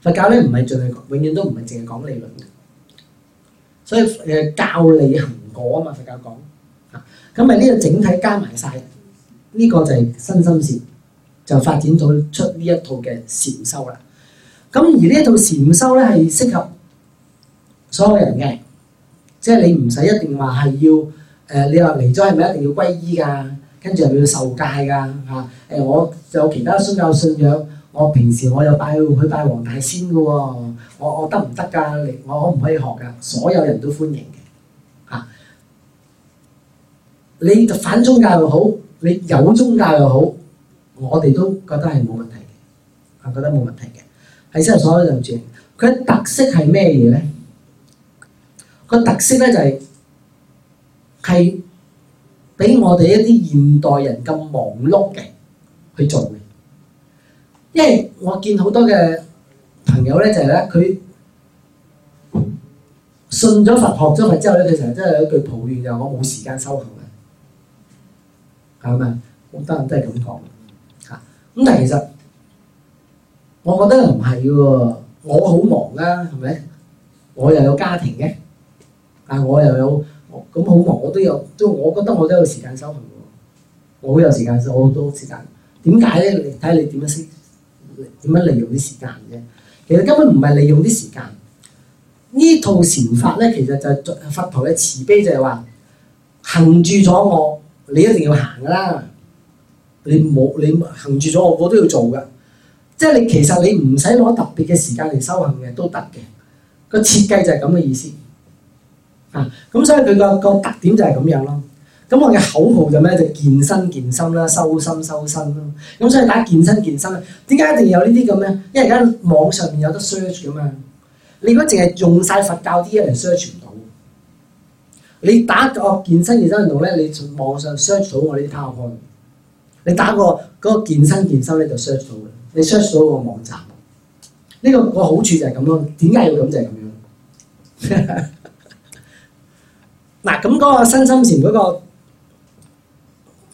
佛教咧唔係淨係永遠都唔係淨係講理論嘅。所以誒教理行果啊嘛，佛教講嚇，咁咪呢個整體加埋晒，呢、這個就係身心禪，就發展到出呢一套嘅禪修啦。咁、嗯、而呢一套禪修咧，係適合所有人嘅，即係你唔使一定話係要誒、呃，你話嚟咗係咪一定要皈依㗎？跟住又要受戒㗎嚇？誒、嗯，我有其他宗教信仰。我平時我又拜去拜黃大仙嘅喎，我我得唔得㗎？嚟我可唔可以學㗎？所有人都歡迎嘅嚇、啊。你反宗教又好，你有宗教又好，我哋都覺得係冇問題嘅，係、啊、覺得冇問題嘅。係真係所有人士，佢嘅特色係咩嘢咧？個特色咧就係係俾我哋一啲現代人咁忙碌嘅去做。因為我見好多嘅朋友咧，就係咧佢信咗佛、學咗佛之後咧，佢成日真係有一句抱怨，就係我冇時間修行嘅，係咪？好多人都係咁講嚇。咁但係其實我覺得唔係喎，我好忙啦、啊，係咪？我又有家庭嘅、啊，但我又有咁好忙，我都有都，我覺得我都有時間修行喎。我好有時間，我好多時間。點解咧？看看你睇你點樣先？點樣利用啲時間嘅？其實根本唔係利用啲時間。呢套禪法咧，其實就係、是、佛陀嘅慈悲就，就係話行住咗我，你一定要行噶啦。你冇你行住咗我，我都要做噶。即係你其實你唔使攞特別嘅時間嚟修行嘅都得嘅。個設計就係咁嘅意思啊。咁所以佢個個特點就係咁樣咯。咁我嘅口號就咩？就健身健身啦，修心修身啦。咁所以打健身健身，點解一定要有呢啲咁咧？因為而家網上面有得 search 嘅嘛。你如果淨係用晒佛教啲嘢嚟 search 唔到，你打個健身健身運動咧，你從網上 search 到我呢啲 topic。你打個嗰個健身健身咧就 search 到你 search 到個網站。呢個個好處就係咁咯，點解要咁就係咁樣。嗱，咁 嗰個身心禪嗰個。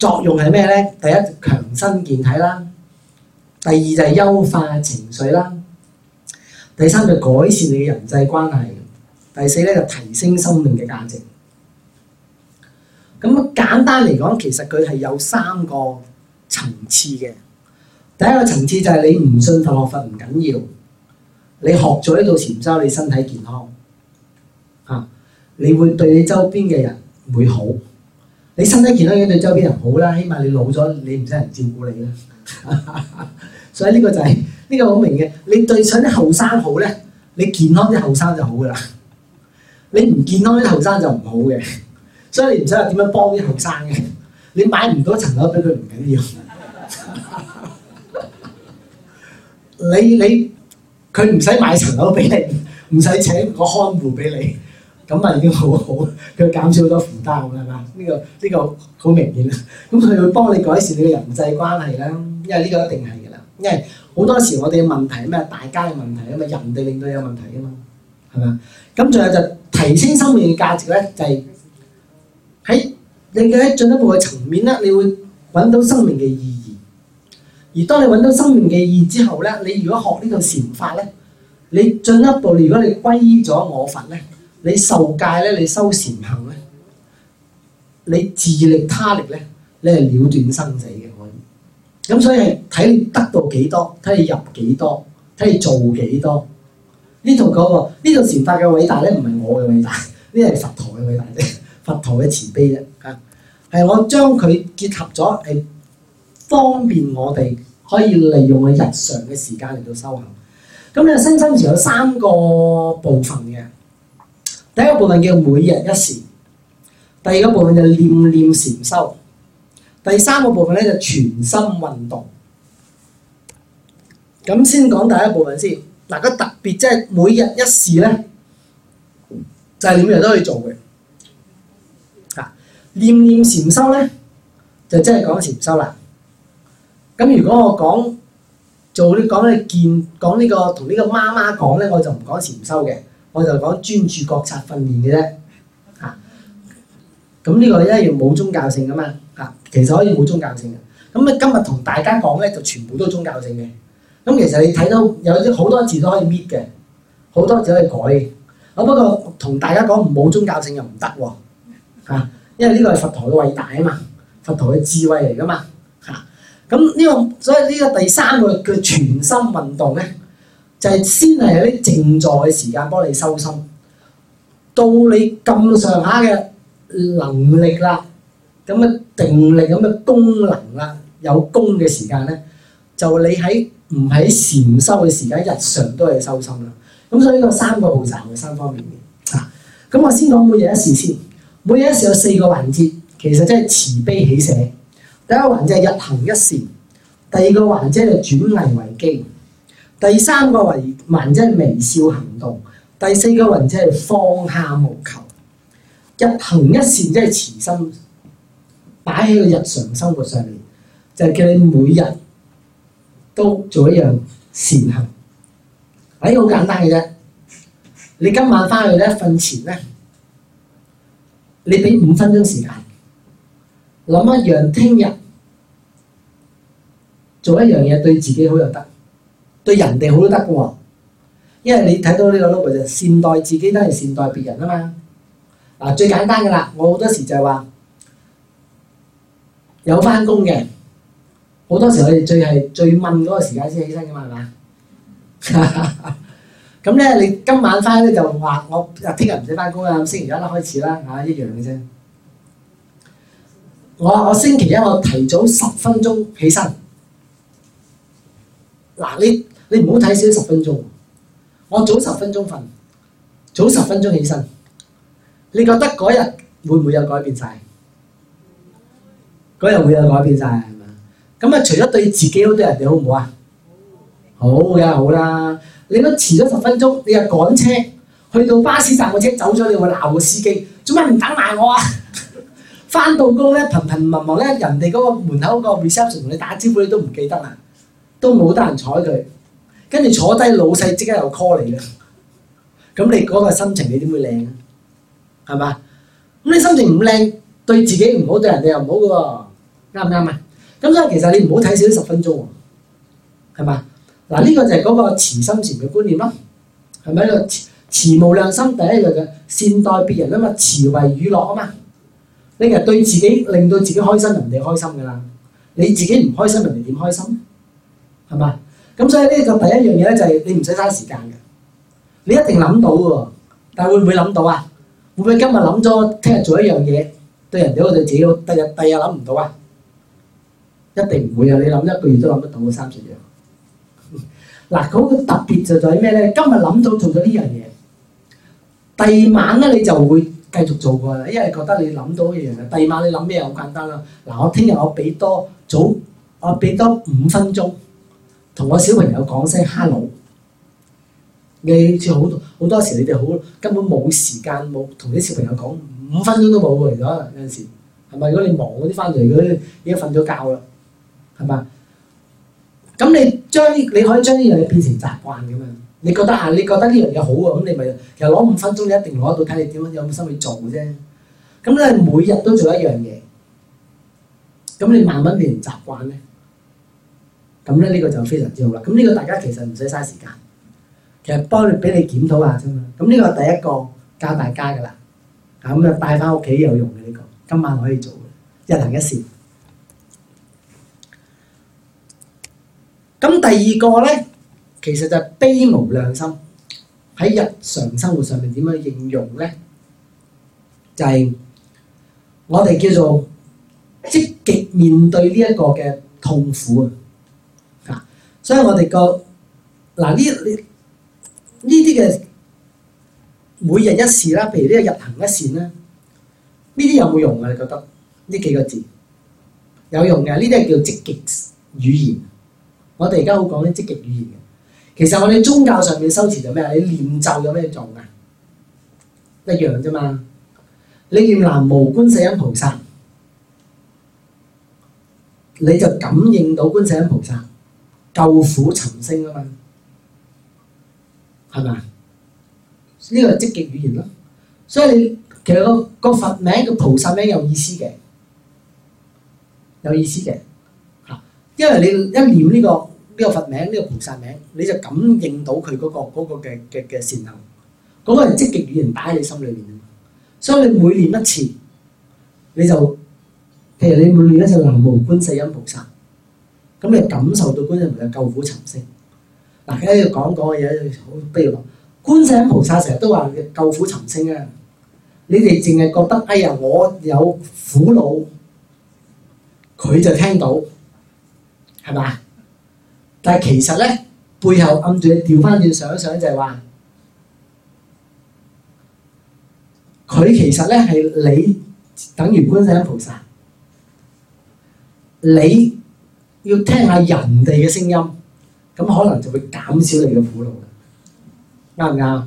作用係咩咧？第一強身健體啦，第二就係優化情緒啦，第三就改善你嘅人際關係，第四咧就提升生命嘅價值。咁簡單嚟講，其實佢係有三個層次嘅。第一個層次就係你唔信佛學佛唔緊要，你學咗呢度，潛修，你身體健康，嚇，你會對你周邊嘅人會好。你身體健康已經對周邊人好啦，起碼你老咗你唔使人照顧你啦。所以呢個就係呢個好明嘅。你對上啲後生好咧，你健康啲後生就好噶啦。你唔健康啲後生就唔好嘅。所以你唔使話點樣幫啲後生嘅。你買唔到層樓俾佢唔緊要。你你佢唔使買層樓俾你，唔使請個看護俾你。咁啊，已經好好，佢減少好多負擔，係嘛？呢、呢個呢、呢個好明顯啦。咁 佢會幫你改善你嘅人際關係啦，因為呢個一定係㗎啦。因為好多時我哋嘅問題咩，大家嘅問題啊嘛，人哋令到有問題啊嘛，係咪？咁仲有就係、提升生命嘅價值咧，就係喺你嘅喺進一步嘅層面啦，你會揾到生命嘅意義。而當你揾到生命嘅意義之後咧，你如果學個呢個禪法咧，你進一步，如果你歸依咗我佛咧。你受戒咧，你修禪行咧，你自力他力咧，你係了斷生死嘅可以。咁所以係睇你得到幾多，睇你入幾多，睇你做幾多。呢度講喎，呢度禪法嘅偉大咧，唔係我嘅偉大，呢係佛陀嘅偉大啫，佛陀嘅慈悲啫。嚇，係我將佢結合咗，係方便我哋可以利用我日常嘅時間嚟到修行。咁咧，身心禪有三個部分嘅。第一個部分叫每日一禪，第二個部分就念念禪修，第三個部分咧就全身運動。咁先講第一個部分先。嗱、那，個特別即係每日一禪咧，就係、是、每日都可以做嘅。啊，念念禪修咧，就真係講禪修啦。咁如果我講做你講你見講呢、這個同呢個媽媽講咧，我就唔講禪修嘅。我就講專注覺察訓練嘅啫，嚇、啊！咁、這、呢個一要冇宗教性噶嘛，嚇、啊！其實可以冇宗教性嘅。咁啊，今日同大家講咧，就全部都係宗教性嘅。咁、啊、其實你睇到有啲好多字都可以搣嘅，好多字可以改嘅。不過同大家講冇宗教性又唔得喎，因為呢個係佛陀嘅偉大啊嘛，佛陀嘅智慧嚟噶嘛，嚇、啊！咁、啊、呢、這個所以呢個第三個叫全身運動咧。就係先係有啲靜坐嘅時間幫你收心，到你咁上下嘅能力啦，咁嘅定力咁嘅功能啦，有功嘅時間咧，就你喺唔喺禪修嘅時間，日常都係收心啦。咁所以呢個三個步驟嘅三方面嘅啊。咁我先講每日一時先，每日一時有四個環節，其實真係慈悲喜捨第一個環節就係日行一善，第二個環節就轉危為機。第三個雲即係微笑行動。第四個雲即係放下無求。日行一善即係慈心，擺喺個日常生活上面，就係叫你每日都做一樣善行。哎，好簡單嘅啫！你今晚返去咧，瞓前咧，你俾五分鐘時間，諗一樣聽日做一樣嘢對自己好又得，對人哋好都得㗎喎，因為你睇到呢個 logo，就善待自己都係善待別人啊嘛。嗱，最簡單㗎啦，我好多時就係話有翻工嘅，好多時我哋最係最問嗰個時間先起身㗎嘛，係嘛？咁 咧，你今晚翻咧就話我啊，聽日唔使翻工啊，咁星期一啦開始啦，吓一樣嘅啫。我我星期一我提早十分鐘起身，嗱你。你唔好睇少十分鐘，我早十分鐘瞓，早十分鐘起身，你覺得嗰日會唔會有改變晒？嗰日，嗯、會，會有改變晒。係嘛？咁啊，除咗對自己對好，好，對人哋好唔好啊？好嘅，好啦。你都果遲咗十分鐘，你又趕車去到巴士站，個車走咗，你會鬧個司機做乜唔等埋我啊？翻 到屋咧，頻頻忙忙咧，人哋嗰個門口嗰個 reception 同你打招呼，你都唔記得啦，都冇得人睬佢。跟住坐低，老細即刻又 call 你啦。咁你嗰個心情你點會靚啊？係嘛？咁你心情唔靚，對自己唔好，對人哋又唔好嘅喎。啱唔啱啊？咁所以其實你唔好睇少咗十分鐘喎。係嘛？嗱，呢個就係嗰個慈心禪嘅觀念咯。係咪啊？慈慈無量心第一樣嘅善待別人啊嘛，慈為與樂啊嘛。你其實對自己令到自己開心，人哋開心㗎啦。你自己唔開心，人哋點開心咧？係嘛？咁所以呢個第一樣嘢咧，就係你唔使嘥時間嘅，你一定諗到喎。但係會唔會諗到啊？會唔會今日諗咗，聽日做一樣嘢對人哋好，對自己好，第日第日諗唔到啊？一定唔會啊！你諗一個月都諗得到三十樣。嗱，嗰個特別就係咩咧？今日諗到做咗呢樣嘢，第二晚咧你就會繼續做過啦，因為覺得你諗到一樣嘢。第二晚你諗咩好簡單啦？嗱，我聽日我俾多早，我俾多五分鐘。同我小朋友講聲 hello，你似好好多時你，你哋好根本冇時間冇同啲小朋友講五分鐘都冇喎，如果有陣時係咪？如果你忙嗰啲翻嚟，佢已經瞓咗覺啦，係嘛？咁你將啲你可以將呢樣嘢變成習慣嘅嘛？你覺得啊？你覺得呢樣嘢好喎？咁你咪又攞五分鐘，你一定攞到，睇你點樣有冇心去做啫。咁你每日都做一樣嘢，咁你慢慢變成習慣咧。咁咧，呢個就非常之好啦。咁、這、呢個大家其實唔使嘥時間，其實幫你俾你檢討下啫嘛。咁、這、呢個係第一個教大家噶啦，嚇咁就帶翻屋企有用嘅呢、這個，今晚可以做嘅一行一事。咁第二個咧，其實就係悲無量心喺日常生活上面點樣應用咧，就係、是、我哋叫做積極面對呢一個嘅痛苦啊。所以我哋個嗱呢呢呢啲嘅每日一善啦，譬如呢個日行一善啦，呢啲有冇用啊？你覺得呢幾個字有用嘅、啊？呢啲係叫積極語言。我哋而家好講啲積極語言嘅。其實我哋宗教上面修持做咩啊？你唸咒有咩做啊？一樣啫嘛。你念南無觀世音菩薩，你就感應到觀世音菩薩。救苦尋聲啊嘛，係咪？呢個係積極語言咯。所以你其實個個佛名、個菩薩名有意思嘅，有意思嘅嚇。因為你一念呢個呢個佛名、呢個菩薩名，你就感應到佢嗰個嗰個嘅嘅嘅善行，嗰個係積極語言打喺你心裏面，所以你每念一次，你就譬如你每念一次南無觀世音菩薩。咁你感受到觀世音菩薩救苦尋聲嗱，大家要講講嘅嘢，好不如話觀世音菩薩成日都話嘅救苦尋聲啊！你哋淨係覺得哎呀，我有苦惱，佢就聽到係嘛？但係其實咧，背後暗住你調翻轉想一想，就係話，佢其實咧係你等於觀世音菩薩，你。要聽下人哋嘅聲音，咁可能就會減少你嘅苦惱，啱唔啱？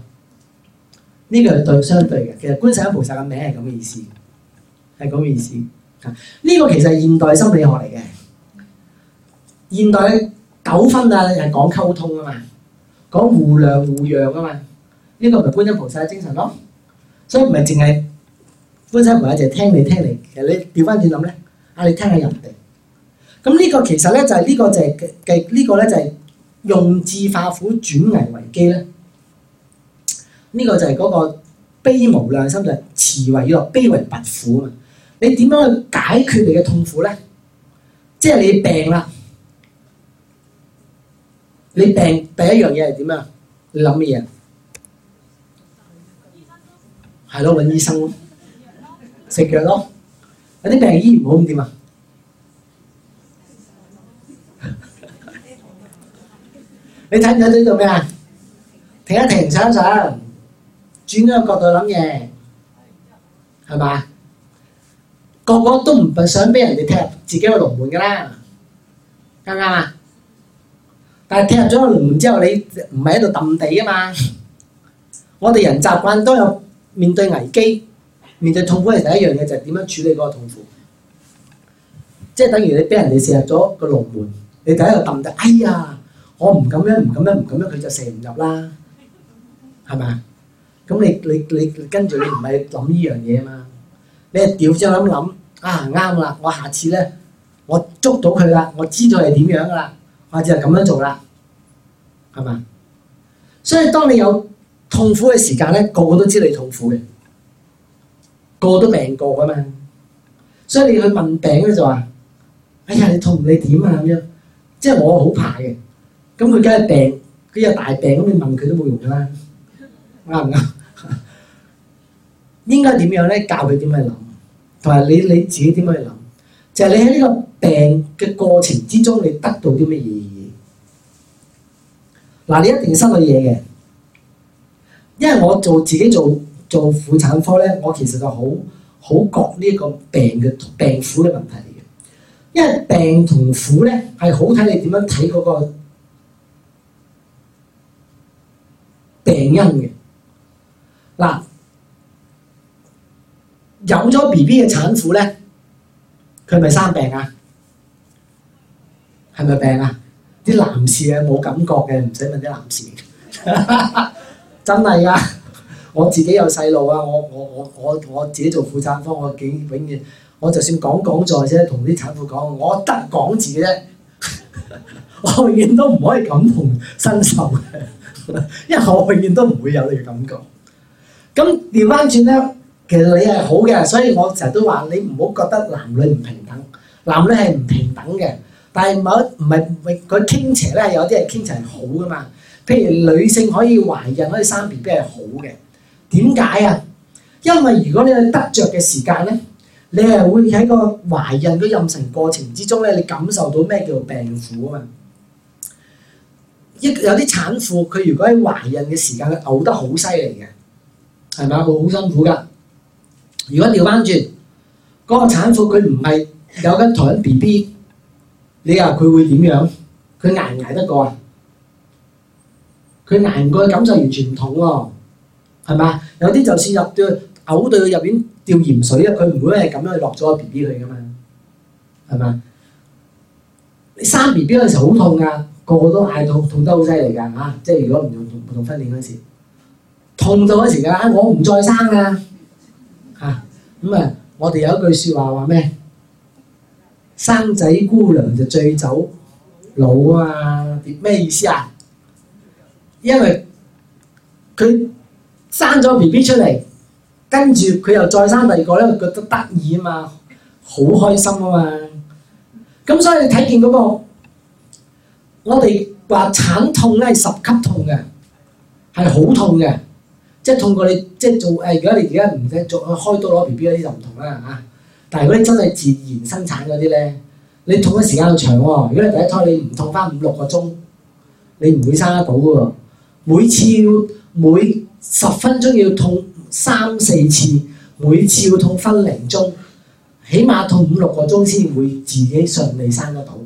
呢個係對相對嘅，其實觀世音菩薩嘅名係咁嘅意思，係咁嘅意思。啊，呢個其實係現代心理學嚟嘅，現代嘅糾紛啊係講溝通啊嘛，講互諒互讓啊嘛，呢個咪觀音菩薩嘅精神咯。所以唔係淨係觀世音菩薩淨係聽你聽你，其實你調翻轉諗咧，啊你聽下人哋。咁呢個其實咧就係、是、呢、這個就係嘅嘅呢個咧就係用智化苦，轉危為機咧。呢、這個就係嗰個悲無量心，就係、慈為與樂，悲為拔苦啊嘛。你點樣去解決你嘅痛苦咧？即係你病啦，你病第一樣嘢係點啊？你諗嘅嘢係咯，揾醫生咯，食藥咯。有啲病，醫唔好咁點啊？你睇唔睇到呢度咩啊？停一停、想一想，轉咗個角度諗嘢，係嘛？個個都唔想俾人哋踢入自己個龍門㗎啦，啱唔啱啊？但係踢入咗個龍門之後，你唔係喺度揼地啊嘛？我哋人習慣都有面對危機、面對痛苦嘅第一樣嘢，就係點樣處理嗰個痛苦。即係等於你俾人哋射入咗個龍門，你第一度揼地哎呀！我唔咁樣，唔咁樣，唔咁樣，佢就射唔入啦，係咪啊？咁你你你跟住你唔係諗呢樣嘢啊嘛？你掉轉咁諗啊，啱啦！我下次咧，我捉到佢啦，我知道係點樣噶啦，下次就咁樣做啦，係嘛？所以當你有痛苦嘅時間咧，個個都知你痛苦嘅，個個都病過噶嘛，所以你去問病咧就話：哎呀，你痛你點啊？咁樣即係我好怕嘅。咁佢梗係病，佢有大病咁，你問佢都冇用㗎啦，啱唔啱？應該點樣咧？教佢點樣諗，同埋你你自己點樣諗？就係你喺呢個病嘅過程之中，你得到啲咩意義？嗱，你一定失去嘢嘅，因為我做自己做做婦產科咧，我其實就好好覺呢個病嘅病苦嘅問題嚟嘅，因為病同苦咧係好睇你點樣睇嗰個。病因嘅，嗱，有咗 B B 嘅產婦咧，佢咪生病啊？係咪病啊？啲男士係冇感覺嘅，唔使問啲男士， 真係啊！我自己有細路啊，我我我我我自己做婦產科，我幾永遠我就算講講座先，同啲產婦講，我得講字啫， 我永遠都唔可以感同身受嘅。因為我永遠都唔會有呢種感覺。咁調翻轉咧，其實你係好嘅，所以我成日都話你唔好覺得男女唔平等。男女係唔平等嘅，但係某唔係佢傾斜咧，有啲係傾斜係好噶嘛。譬如女性可以懷孕，可以生 BB 係好嘅。點解啊？因為如果你有得着嘅時間咧，你係會喺個懷孕嘅妊娠過程之中咧，你感受到咩叫做病苦啊嘛。一有啲產婦，佢如果喺懷孕嘅時間，佢嘔得好犀利嘅，係咪啊？佢好辛苦噶。如果調翻轉，嗰個產婦佢唔係有緊同緊 B B，你話佢會點樣？佢捱唔捱得過，過寶寶啊？佢捱唔過嘅感受完全唔同喎，係咪啊？有啲就算入到嘔到入邊掉鹽水啊，佢唔會係咁樣落咗個 B B 佢噶嘛，係咪？你生 B B 嗰陣時好痛噶。個個都係痛，痛得好犀利㗎嚇！即係如果唔同同分娩嗰時，痛到嗰時㗎，我唔再生啊嚇！咁啊，我哋有一句説話話咩？生仔姑娘就醉酒老啊？咩意思啊？因為佢生咗 BB 出嚟，跟住佢又再生第二個咧，覺得得意啊嘛，好開心啊嘛，咁所以你睇見嗰個。我哋話產痛咧係十級痛嘅，係好痛嘅，即係痛過你即係做誒、呃。如果你而家唔使做、啊、開刀攞 B B 嗰啲就唔同啦嚇、啊。但係如果你真係自然生產嗰啲咧，你痛嘅時間又長喎、哦。如果你第一胎你唔痛翻五六個鐘，你唔會生得到噶喎。每次要每十分鐘要痛三四次，每次要痛分零鐘，起碼痛五六個鐘先會自己順利生得到。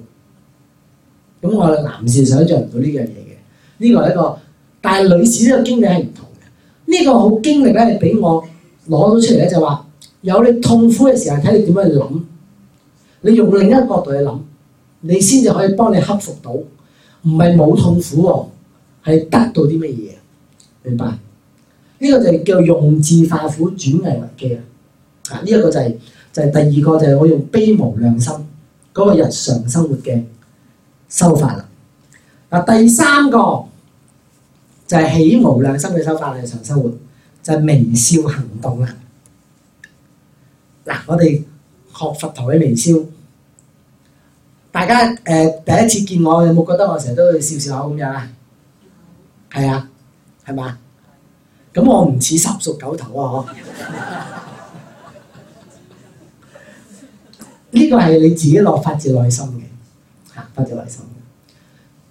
咁我哋男士想像唔到呢樣嘢嘅，呢、這個係一個，但係女士呢個經歷係唔同嘅。呢、這個好經歷咧，俾我攞咗出嚟咧，就話有你痛苦嘅時候，睇你點樣去諗，你用另一個角度去諗，你先至可以幫你克服到。唔係冇痛苦喎，係得到啲乜嘢？明白？呢、這個就係叫用字化苦轉危為機啊！啊，呢一個就係、是、就係、是、第二個就係、是、我用悲無量心嗰、那個日常生活嘅。修法啦！嗱，第三個就係、是、起無量心嘅修法日常生活，就係、是、微笑行動啦。嗱，我哋學佛陀嘅微笑，大家誒、呃、第一次見我，有冇覺得我成日都會笑笑口咁樣啊？係啊，係嘛？咁我唔似十熟九頭啊！嗬，呢個係你自己落發自內心嘅。發隻內心，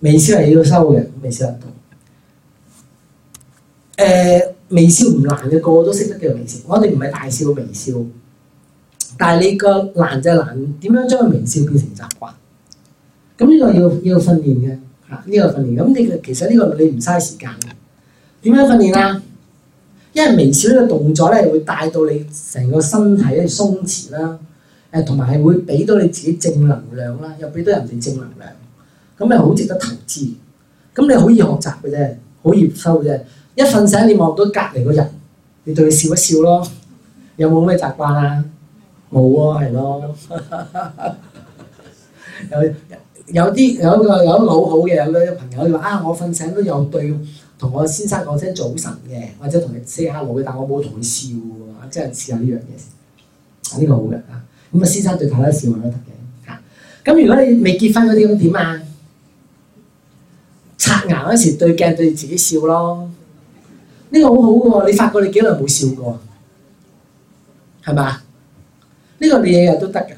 微笑係要收嘅，微笑運動。誒、呃，微笑唔難嘅，個個都識得嘅微笑。我哋唔係大笑，微笑，但係你個難就係難點樣將個微笑變成習慣。咁、這、呢個要要訓練嘅。嚇、這、呢個訓練。咁你其實呢個你唔嘥時間嘅。點樣訓練啊？因為微笑呢個動作咧，會帶到你成個身體鬆弛啦。同埋係會俾到你自己正能量啦，又俾到人哋正能量，咁係好值得投資。咁你好易學習嘅啫，好易收嘅啫。一瞓醒，你望到隔離嗰人，你對佢笑一笑咯。 有冇咩習慣啊？冇啊，係咯。有有啲有一個有腦好嘅有啲朋友，你話啊，我瞓醒都有對同我先生講聲早晨嘅，或者同你 say hello 嘅，但我冇同佢笑喎，真係試下呢樣嘢。呢個好嘅。咁啊，先生對太太笑話都得嘅吓。咁如果你未結婚嗰啲咁點啊？刷牙嗰時對鏡對自己笑咯，呢、這個好好喎。你發覺你幾耐冇笑過，係嘛？呢、這個你日日都得嘅。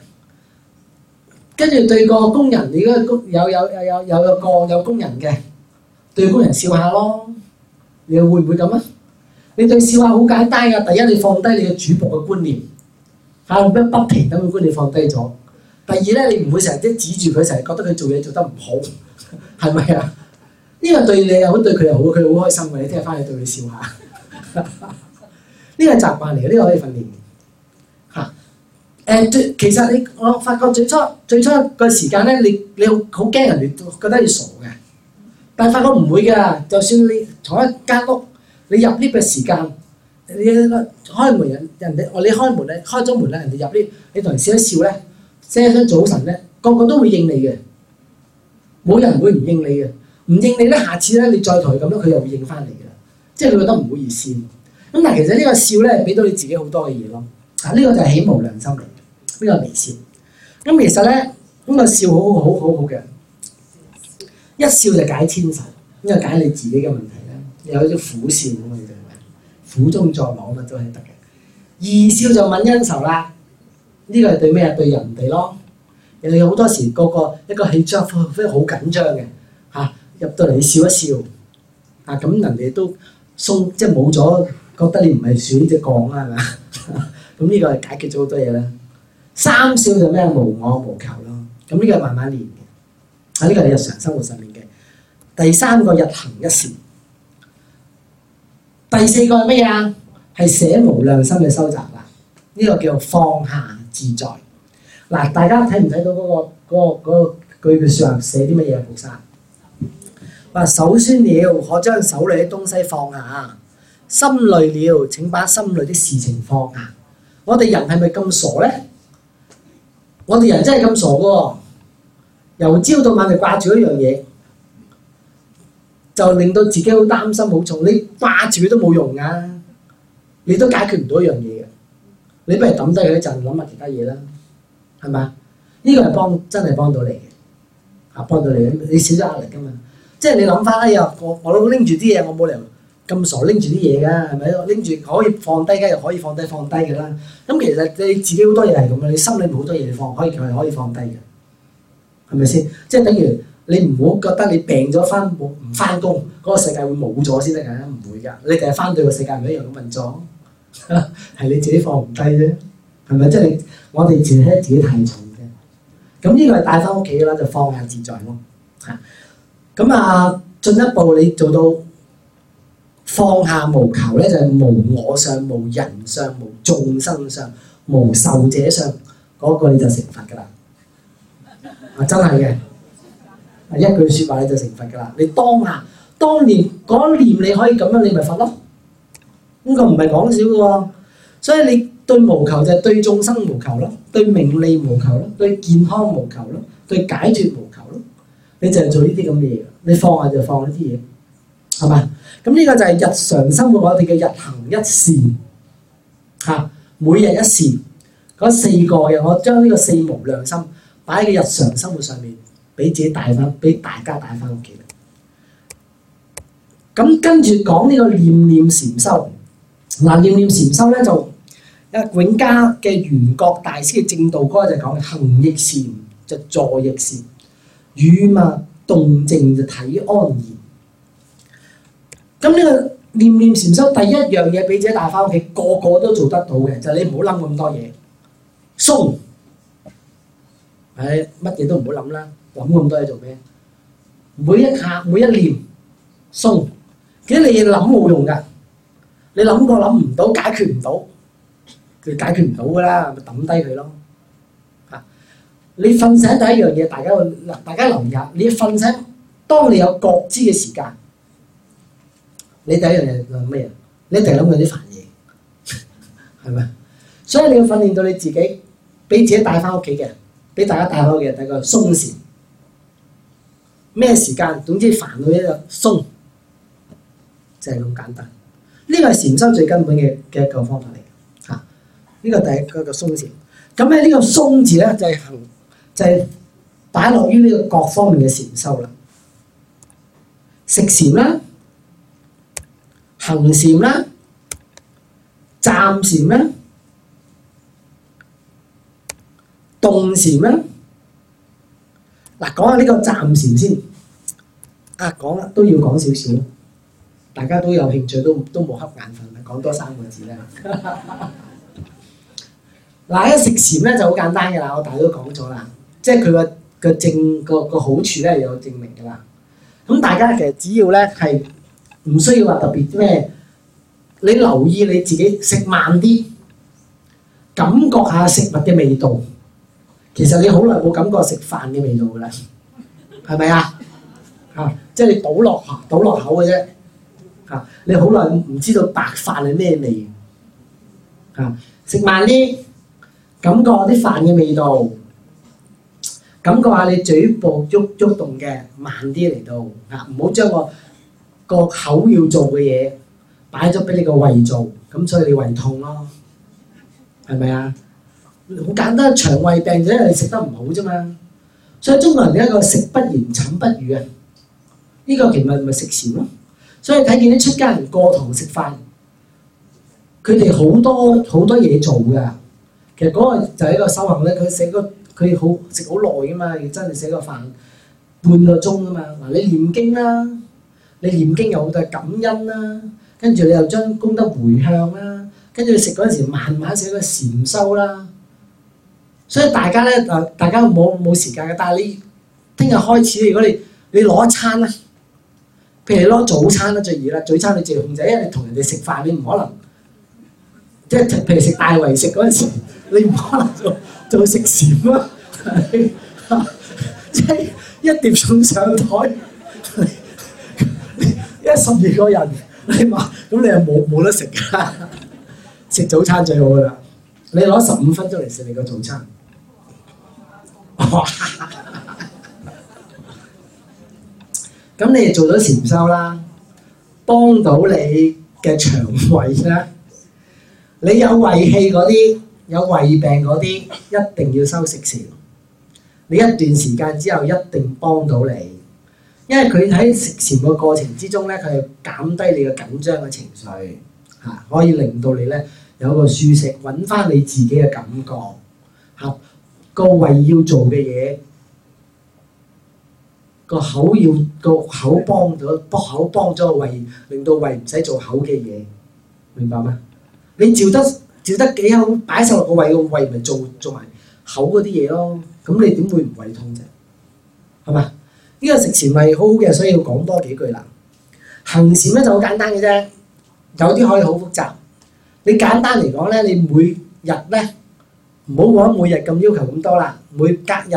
跟住對個工人，你而家工有有有有有個有工人嘅，對工人笑下咯。你會唔會咁啊？你對笑話好簡單嘅，第一你放低你嘅主僕嘅觀念。啊，不停咁個觀念放低咗。第二咧，你唔會成日即係指住佢，成日覺得佢做嘢做得唔好，係咪 啊？呢、這個對你又好，對佢又好，佢好開心嘅。你聽日翻去對佢笑下，呢 個係習慣嚟嘅，呢、這個可以訓練嘅。嚇、啊呃！其實你我發覺最初最初個時間咧，你你好驚人哋覺得你傻嘅。但係發覺唔會㗎，就算你坐一間屋，你入呢個時間。你開門人人哋哦，你開門咧，開咗門咧，人哋入呢，你同人笑一笑咧，即係一聲早晨咧，個個都會應你嘅，冇人會唔應你嘅，唔應你咧，下次咧你再同佢咁樣，佢又會應翻你嘅，即係佢覺得唔好意思。咁但係其實呢個笑咧，俾到你自己好多嘅嘢咯。嗱呢個就係喜無量心嚟嘅，呢個微笑。咁其實咧，咁個笑好好好好嘅，一笑就解千愁，因為解你自己嘅問題啦。有啲苦笑苦中作樂嘛，都係得嘅。二笑就泯恩仇啦，呢、這個係對咩？對人哋咯。人哋有好多時個個一個氣張，非係好緊張嘅嚇。入到嚟笑一笑，嚇、啊、咁人哋都鬆，即係冇咗覺得你唔係處於只降啦，係咪啊？咁呢個係解決咗好多嘢啦。三笑就咩？無我無求咯。咁、嗯、呢、這個係慢慢練嘅，啊呢、這個係日常生活上面嘅。第三個日行一善。第四個係乜嘢？係捨無量心嘅收集啦，呢、這個叫放下自在。嗱，大家睇唔睇到嗰、那個嗰、那個那個那個那個、句句上寫啲乜嘢？菩薩話：手酸了，可將手裏嘅東西放下；心累了，請把心裏的事情放下。我哋人係咪咁傻呢？我哋人真係咁傻喎，由朝到晚就掛住一樣嘢。就令到自己好擔心，好重，你掛住都冇用噶、啊，你都解決唔到一樣嘢嘅。你不如抌低佢一陣，諗下其他嘢啦，係嘛？呢、這個係幫真係幫到你嘅，啊，幫到你，你少咗壓力噶嘛。即係你諗翻啊，又，我我都拎住啲嘢，我冇理由咁傻拎住啲嘢㗎，係咪？拎住可以放低，梗係可以放低放低㗎啦。咁其實你自己好多嘢係咁嘅，你心裏好多嘢放，可以其實係可以放低嘅，係咪先？即係等於。你唔好覺得你病咗翻冇唔翻工，嗰、那個世界會冇咗先得嘅，唔會㗎。你第日翻到個世界，咪一樣咁運作，係 你自己放唔低啫，係咪？即、就、係、是、我哋自己自己太重嘅。咁呢個係帶翻屋企嘅啦，就放下自在咯。咁啊，進一步你做到放下無求咧，就係、是、無我相、無人相、無眾生相、無受者相，嗰、那個你就成佛㗎啦、啊。真係嘅。係一句説話你就成佛㗎啦！你當下當年嗰、那個、念你可以咁樣，你咪佛咯。咁、那個唔係講笑嘅喎，所以你對無求就係對眾生無求啦，對名利無求啦，對健康無求啦，對解脫無求啦。你就係做呢啲咁嘅嘢，你放下就放呢啲嘢，係嘛？咁呢個就係日常生活我哋嘅日行一善，嚇每日一善嗰四個嘅，我將呢個四無量心擺喺個日常生活上面。俾自己帶翻，俾大家帶翻屋企啦。咁跟住講呢個念念禪修嗱，念念禪修咧就阿永嘉嘅玄覺大師嘅正道歌就講行亦善，就是、坐亦善，語默動靜就體安然。咁、這、呢個念念禪修第一樣嘢，俾自己帶翻屋企，個個都做得到嘅，就是、你唔好諗咁多嘢，鬆、so, 哎，誒乜嘢都唔好諗啦。諗咁多嘢做咩？每一下，每一念鬆，其實你諗冇用噶。你諗過諗唔到，解決唔到，佢解決唔到噶啦，咪抌低佢咯。嚇、啊！你瞓醒第一樣嘢，大家會，大家留意下你瞓醒，當你有覺知嘅時間，你第一樣嘢諗咩啊？你一定諗過啲煩嘢，係 咪？所以你要訓練到你自己，俾自己帶翻屋企嘅，俾大家帶翻屋企嘅，第一個鬆弛。咩時間？總之煩到一個鬆，就係、是、咁簡單。呢個係禪修最根本嘅嘅一個方法嚟嘅嚇。呢、啊這個第一個一個鬆、這個、字。咁喺呢個鬆字咧，就係、是、行，就係擺落於呢個各方面嘅禪修啦。食禪啦、啊，行禪啦、啊，站禪咩、啊？動禪啦、啊。嗱，講下呢個暫時先。啊，講啦都要講少少，大家都有興趣，都都冇瞌眼瞓啦。講多三個字咧。嗱、 啊，一食禪咧就好簡單嘅啦，我大家都講咗啦，即係佢個個正個個好處咧有證明嘅啦。咁大家其實只要咧係唔需要話特別咩，你留意你自己食慢啲，感覺下食物嘅味道。其實你好耐冇感覺食飯嘅味道噶啦，係咪啊？啊，即係你倒落倒落口嘅啫，啊，你好耐唔知道白飯係咩味啊，食慢啲，感覺啲飯嘅味道，感覺下你嘴部喐喐動嘅，慢啲嚟到，啊，唔好將個個口要做嘅嘢擺咗俾你個胃做，咁所以你胃痛咯，係咪啊？好簡單，腸胃病就因為你食得唔好啫嘛。所以中國人嘅一個食不言，寢不語啊。呢、這個其實咪係食禪咯。所以睇見啲出家人過堂食飯，佢哋好多好多嘢做噶。其實嗰個就係一個修行咧。佢食個佢好食好耐噶嘛，要真係食個飯半個鐘啊嘛。嗱，你念經啦，你念經有好多感恩啦，跟住你又將功德回向啦，跟住你食嗰時慢慢食個禪修啦。所以大家咧，誒，大家冇冇時間嘅。但係你聽日開始，如果你你攞一餐咧，譬如攞早餐咧最易啦。早餐你自己控制，因為你同人哋食飯，你唔可能即係譬如食大圍食嗰陣時，你唔可能做做食少啦。 一碟送上台，一十二個人，你話咁你又冇冇得食嘅。食 早餐最好嘅啦，你攞十五分鐘嚟食你個早餐。咁 你又做咗禪修啦，幫到你嘅腸胃啦。你有胃氣嗰啲，有胃病嗰啲，一定要收食禪。你一段時間之後一定幫到你，因為佢喺食禪個過程之中咧，佢減低你嘅緊張嘅情緒，嚇可以令到你咧有一個舒適，揾翻你自己嘅感覺，嚇。個胃要做嘅嘢，個口要個口幫咗，口幫咗個胃，令到胃唔使做口嘅嘢，明白咩？你嚼得嚼得幾好，擺晒落個胃，個胃咪做做埋口嗰啲嘢咯。咁你點會唔胃痛啫？係嘛？呢個食禪咪好好嘅，所以要講多幾句啦。行禪咧就好簡單嘅啫，有啲可以好複雜。你簡單嚟講咧，你每日咧。唔好講每日咁要求咁多啦，每隔日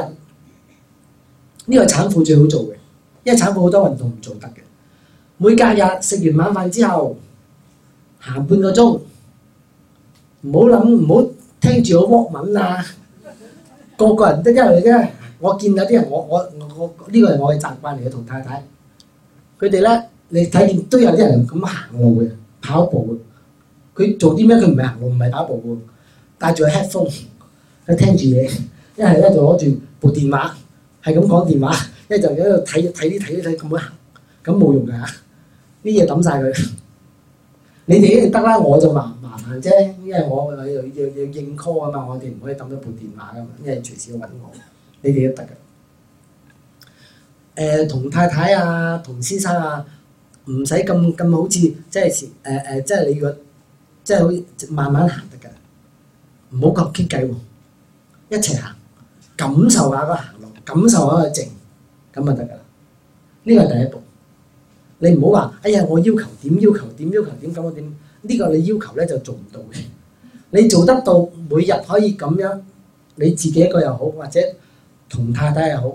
呢個產婦最好做嘅，因為產婦好多運動唔做得嘅。每隔日食完晚飯之後行半個鐘，唔好諗，唔好聽住我嗡文啊。個 個人都一樣嘅啫。我見有啲人，我我我呢、這個係我嘅習慣嚟嘅，同太太佢哋咧，你睇見都有啲人咁行路嘅，跑步。佢做啲咩？佢唔係行路，唔係跑步喎，戴住個 headphone。佢聽住嘢，一係咧就攞住部電話，係咁講電話；一係就喺度睇睇啲睇啲睇咁樣行，咁冇用噶，啲嘢抌晒佢。你哋一定得啦，我就麻麻煩啫，因為我要要 call，我要要要認 call 啊嘛，我哋唔可以抌咗部電話噶嘛，因為隨時要揾我，你哋都得噶。誒、呃，同太太啊，同先生啊，唔使咁咁好似即係前誒即係你個即係好似慢慢行得噶，唔好咁激計喎。一齊行，感受下個行路，感受下個靜，咁就得噶啦！呢個係第一步。你唔好話，哎呀，我要求點要求點要求點咁我點？呢個你要求咧就做唔到嘅。你做得到，每日可以咁樣，你自己一個又好，或者同太太又好，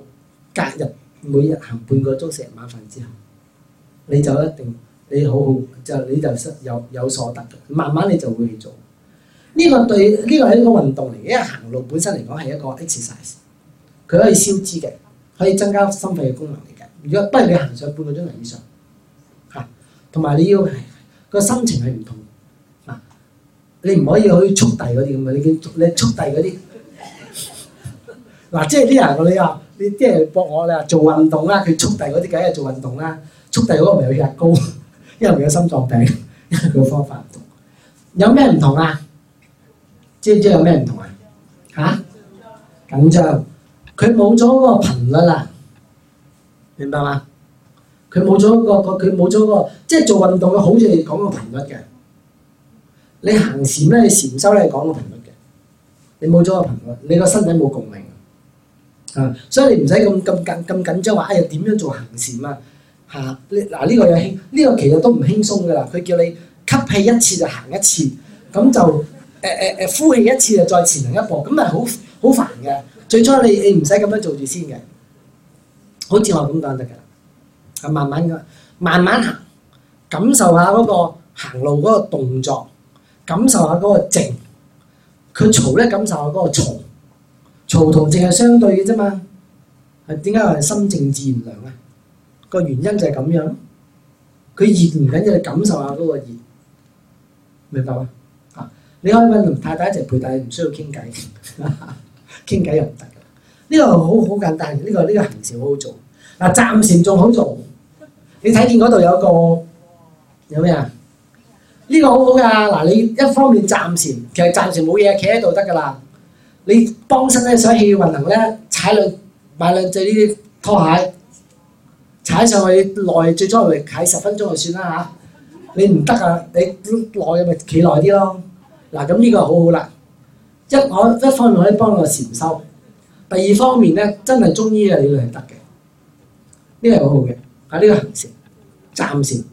隔日每日行半個鐘成晚飯之後，你就一定你好好，就你就有有所得嘅。慢慢你就會去做。呢個對呢、這個係一個運動嚟嘅，因為行路本身嚟講係一個 exercise，佢可以消脂嘅，可以增加心肺嘅功能嚟嘅。如果不如你行上半個鐘頭以上嚇，同、啊、埋你要係個、哎、心情係唔同嗱、啊，你唔可以去速遞嗰啲咁嘅，你你速遞嗰啲嗱，即係啲人你話你即係博我你話做運動啦，佢速遞嗰啲梗係做運動啦，速遞嗰個咪有血壓高，因為佢有心臟病，因為佢方法唔同，有咩唔同啊？知唔知有咩唔同啊？嚇、啊！緊張，佢冇咗個頻率啦、啊，明白嗎？佢冇咗個，佢冇咗個，即係做運動嘅，好似你講個頻率嘅。你行禪咧，你禪修咧，講個頻率嘅。你冇咗個頻率，你個身體冇共鳴啊、啊！所以你唔使咁咁緊咁緊張話，哎、啊、呀，點樣做行禪啊？嚇、啊！嗱、啊，呢、這個有輕，呢、這個其實都唔輕鬆噶啦。佢叫你吸氣一次就行一次，咁就。誒誒誒呼氣一次就再前行一步，咁咪好好煩嘅。最初你你唔使咁樣做住先嘅，好似我咁講得㗎，係慢慢嘅，慢慢行，感受下嗰個行路嗰個動作，感受下嗰個靜，佢嘈咧，感受下嗰個嘈，嘈同靜係相對嘅啫嘛。係點解係心靜自然涼咧？個原因就係咁樣，佢熱唔緊要，你感受下嗰個熱，明白嗎？你可以揾林太太一齊陪帶，但唔需要傾偈，傾偈又唔得。呢個好好簡單，呢個呢個行事好好做。嗱，暫時仲好做。你睇見嗰度有個有咩啊？呢個好好㗎。嗱，你一方面暫時其實暫時冇嘢企喺度得㗎啦。你幫身咧想氣運能咧，踩兩買兩隻呢啲拖鞋，踩上去耐，最多係踩十分鐘就算啦嚇。你唔得啊，你耐咪企耐啲咯。嗱，咁呢個好好啦，一我一方面可以幫我禪修，第二方面咧真係中醫嘅理論係得嘅，呢係、這個、好好嘅。啊，呢個行禪站禪，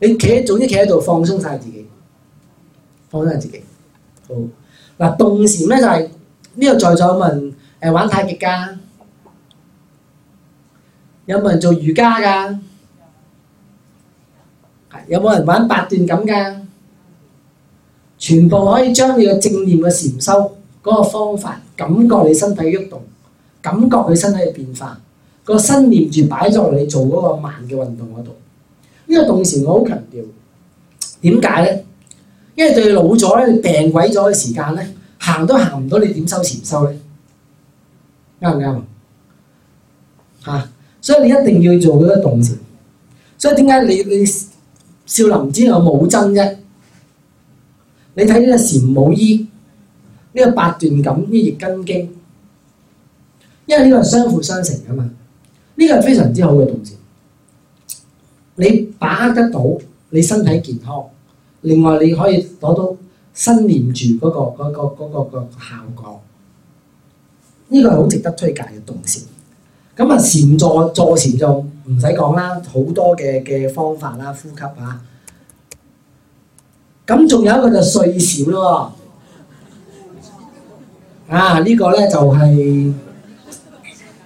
你企喺，總之企喺度放鬆晒自己，放鬆晒自己，好。嗱、啊，動禪咧就係呢度在座有冇人誒、呃、玩太極噶，有冇人做瑜伽噶，有冇人玩八段錦噶？全部可以將你嘅正念嘅禪修嗰、那個方法，感覺你身體喐動，感覺你身體嘅變化，那個身念住擺咗落你做嗰個慢嘅運動嗰度。呢、這個動禪我好強調，點解呢？因為對老咗咧，你病鬼咗嘅時間咧，行都行唔到，你點收禪修呢？啱唔啱？吓、啊，所以你一定要做嗰個動禪。所以點解你你少林寺有武僧啫？你睇呢個禪武醫呢個八段錦呢、這個易筋經，因為呢個係相輔相成噶嘛，呢、這個係非常之好嘅動作。你把握得到，你身體健康，另外你可以攞到身念住嗰、那個嗰、那個那個那個那個效果。呢、這個係好值得推介嘅動作。咁啊，禪坐坐禪就唔使講啦，好多嘅嘅方法啦，呼吸啊。咁仲有一個就睡少咯，啊呢、呢個咧就係、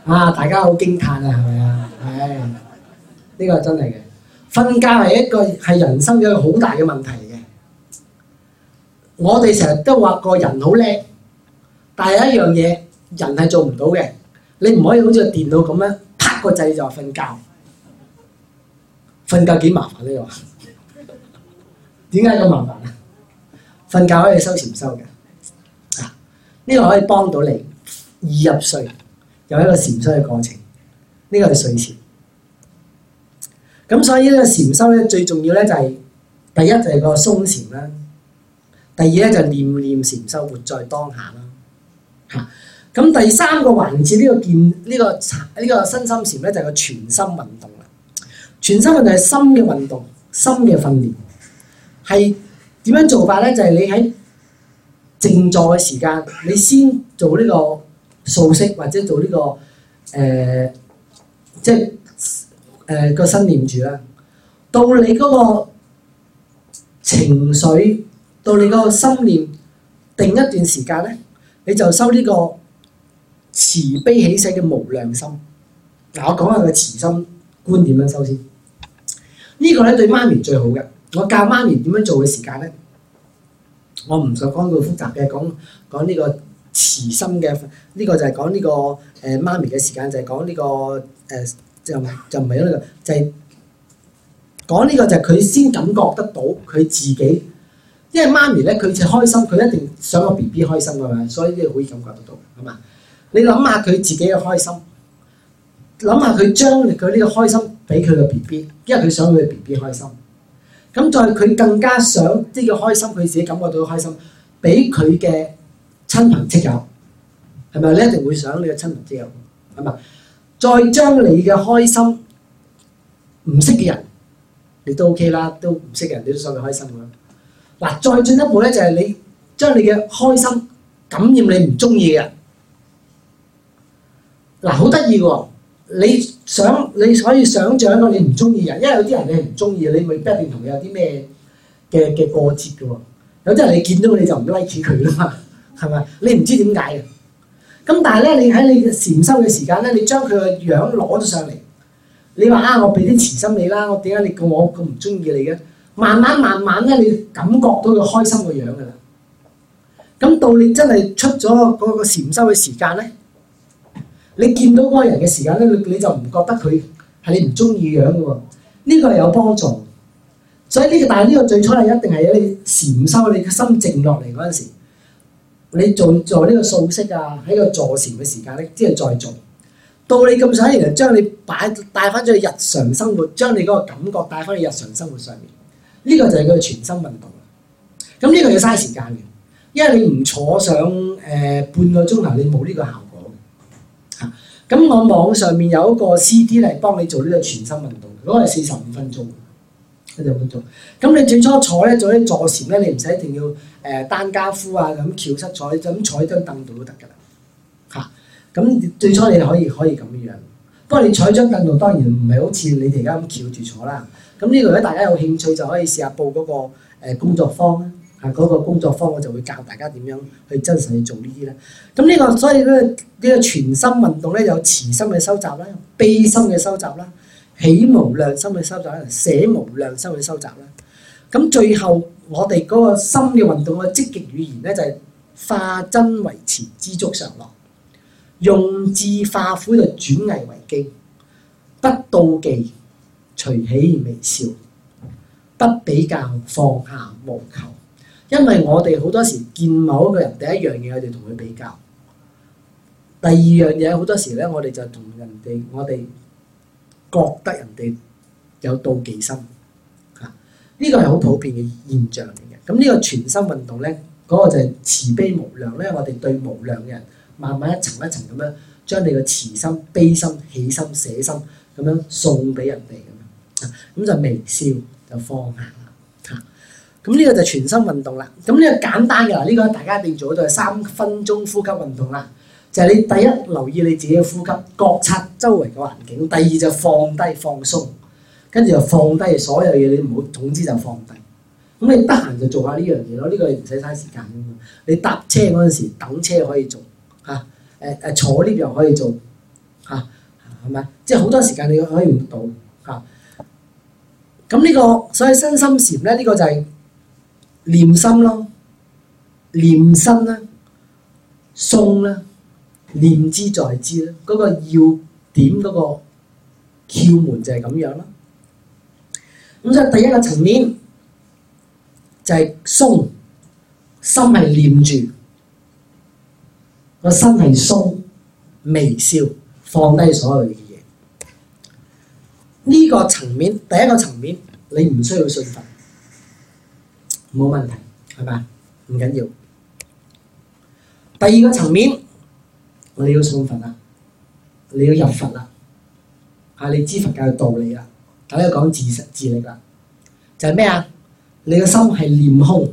係、啊大家好驚歎啊，係咪啊？係、哎、呢、呢個真係嘅，瞓覺係一個係人生嘅好大嘅問題嘅。我哋成日都話個人好叻，但係一,一樣嘢人係做唔到嘅，你唔可以好似電腦咁樣啪個掣就瞓覺，瞓覺幾麻煩呢個？點解咁麻煩咧？瞓覺可以收禪修嘅啊，呢、這個可以幫到你易入睡，有一個禪修嘅過程。呢、這個係睡前咁、啊，所以呢咧禪修咧最重要咧就係第一就係個鬆禪啦，第二咧就念念禪修，活在當下啦。嚇、啊、咁第三個環節，呢、這個健呢、這個呢、這個身心禪咧，就係個全身運動啦。全身運動係心嘅運動，心嘅訓練。係點樣做法咧？就係、是、你喺靜坐嘅時間，你先做呢個數息，或者做呢、這個誒、呃，即係誒、呃、個、個心念住啦。到你嗰個情緒，到你個心念定一段時間咧，你就收呢個慈悲喜捨嘅無量心。嗱，我講下個慈心觀點樣收先，呢、這個咧對媽咪最好嘅。我教媽咪點樣做嘅時間咧，我唔想講到複雜嘅，講講呢個慈心嘅呢、這個就係講呢個誒媽、呃、咪嘅時間，就係講呢個誒、呃、就唔、這個、就唔係呢個就係講呢個就係佢先感覺得到佢自己，因為媽咪咧佢就開心，佢一定想個 B B 開心㗎嘛，所以呢個可以感覺得到。係嘛，你諗下佢自己嘅開心，諗下佢將佢呢個開心俾佢個 B B，因為佢想佢 B B 開心。咁再佢更加想即係開心，佢自己感覺到開心，畀佢嘅親朋戚友係咪？你一定會想你嘅親朋戚友係嘛？再將你嘅開心唔識嘅人，你都 OK 啦，都唔識嘅人你都想佢開心啦。嗱，再進一步咧就係你將你嘅開心感染你唔中意嘅人，嗱，好得意喎！你想你可以想像一個你唔中意人，因為有啲人你係唔中意嘅，你未必一定同佢有啲咩嘅嘅過節嘅喎。有啲人你見到佢，你就唔 like 佢啦嘛，係咪？你唔知點解嘅。咁但係咧，你喺你嘅禪修嘅時間咧，你將佢個樣攞咗上嚟，你話啊，我俾啲慈心你啦，我點解你咁？我咁唔中意你嘅？慢慢慢慢咧，你感覺到佢開心個樣㗎啦。咁到你真係出咗嗰個禪修嘅時間咧？你見到嗰個人嘅時間咧，你你就唔覺得佢係你唔中意樣嘅喎？呢個係有幫助。所以呢個，但係呢個最初係一定係你禪修，你嘅心靜落嚟嗰陣時，你做做呢個數息啊，喺個坐禪嘅時間咧，之後再做。到你咁想，然後將你擺帶翻咗去日常生活，將你嗰個感覺帶翻去日常生活上面，呢個就係佢嘅全身運動。咁呢個要嘥時間嘅，因為你唔坐上誒、呃、半個鐘頭，你冇呢個效果。咁我網上面有一個 C D 嚟幫你做呢個全身運動，嗰個係四十五分鐘，四十五分鐘。咁你最初坐咧做啲坐禪咧，你唔使一定要誒單跏趺啊咁翹膝坐，就咁坐喺張凳度都得㗎啦嚇。咁最初你可以可以咁樣，不過你坐張凳度當然唔係好似你哋而家咁翹住坐啦。咁呢度如果大家有興趣就可以試下報嗰個誒工作坊。啊！嗰個工作方法就會教大家點樣去真實去做呢啲咧。咁呢、呢個所以咧，呢個全心運動咧，有慈心嘅收集啦，悲心嘅收集啦，喜無量心嘅收集啦，捨無量心嘅收集啦。咁最後我哋嗰個心嘅運動嘅積極語言咧，就係、是、化真為慈，知足常樂，用智化灰，就轉危為機，不妒忌，隨喜微笑，不比較，放下無求。因為我哋好多時見某一個人，第一樣嘢我哋同佢比較；第二樣嘢好多時咧，我哋就同人哋，我哋覺得人哋有妒忌心嚇。呢、啊這個係好普遍嘅現象嚟嘅。咁、啊、呢、這個全身運動咧，嗰、那個就係慈悲無量咧。我哋對無量嘅人，慢慢一層一層咁樣，將你嘅慈心、悲心、喜心、捨心咁樣送俾人哋咁樣。咁、啊、就微笑，就放下。咁呢個就全身運動啦。咁、這、呢個簡單嘅啦，呢、這個大家一定要做到係三分鐘呼吸運動啦。就係、是、你第一留意你自己嘅呼吸，覺察周圍嘅環境；第二就放低放鬆，跟住就放低所有嘢，你唔好總之就放低。咁你得閒就做下呢樣嘢咯。呢、這個你唔使嘥時間㗎嘛。你搭車嗰陣時等車可以做嚇，誒、啊、誒、呃、坐呢邊又可以做嚇，係、啊、咪？即係好多時間你可以唔到嚇。咁、啊、呢、這個所以身心禪咧，呢、這個就係、是。念心咯，念身啦，鬆啦，念之在之啦，嗰、嗰個要點嗰個竅門就係咁樣啦。咁所以第一個層面，就係、是、鬆心係念住個身係鬆，微笑放低所有嘅嘢。呢個層面第一個層面，你唔需要信佛。冇問題，係嘛？唔緊要。第二個層面，你要信佛啦，你要入佛啦，啊你知佛教嘅道理啦。第一講自實自力啦，就係咩啊？你個心係念空，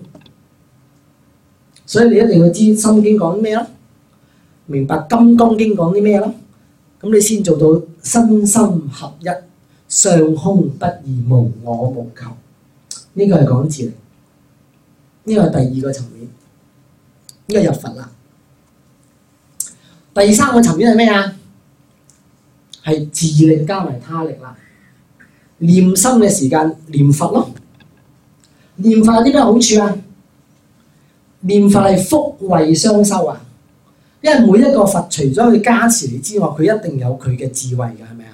所以你一定要知《心經》講咩咯，明白《金剛經》講啲咩咯，咁你先做到身心合一，上空不二，無我無求。呢個係講自力。呢個係第二個層面，呢個入佛啦。第三個層面係咩啊？係自力加埋他力啦。念心嘅時間，念佛咯。念佛有啲咩好處啊？念佛係福慧雙修啊。因為每一個佛除咗佢加持你之外，佢一定有佢嘅智慧嘅，係咪啊？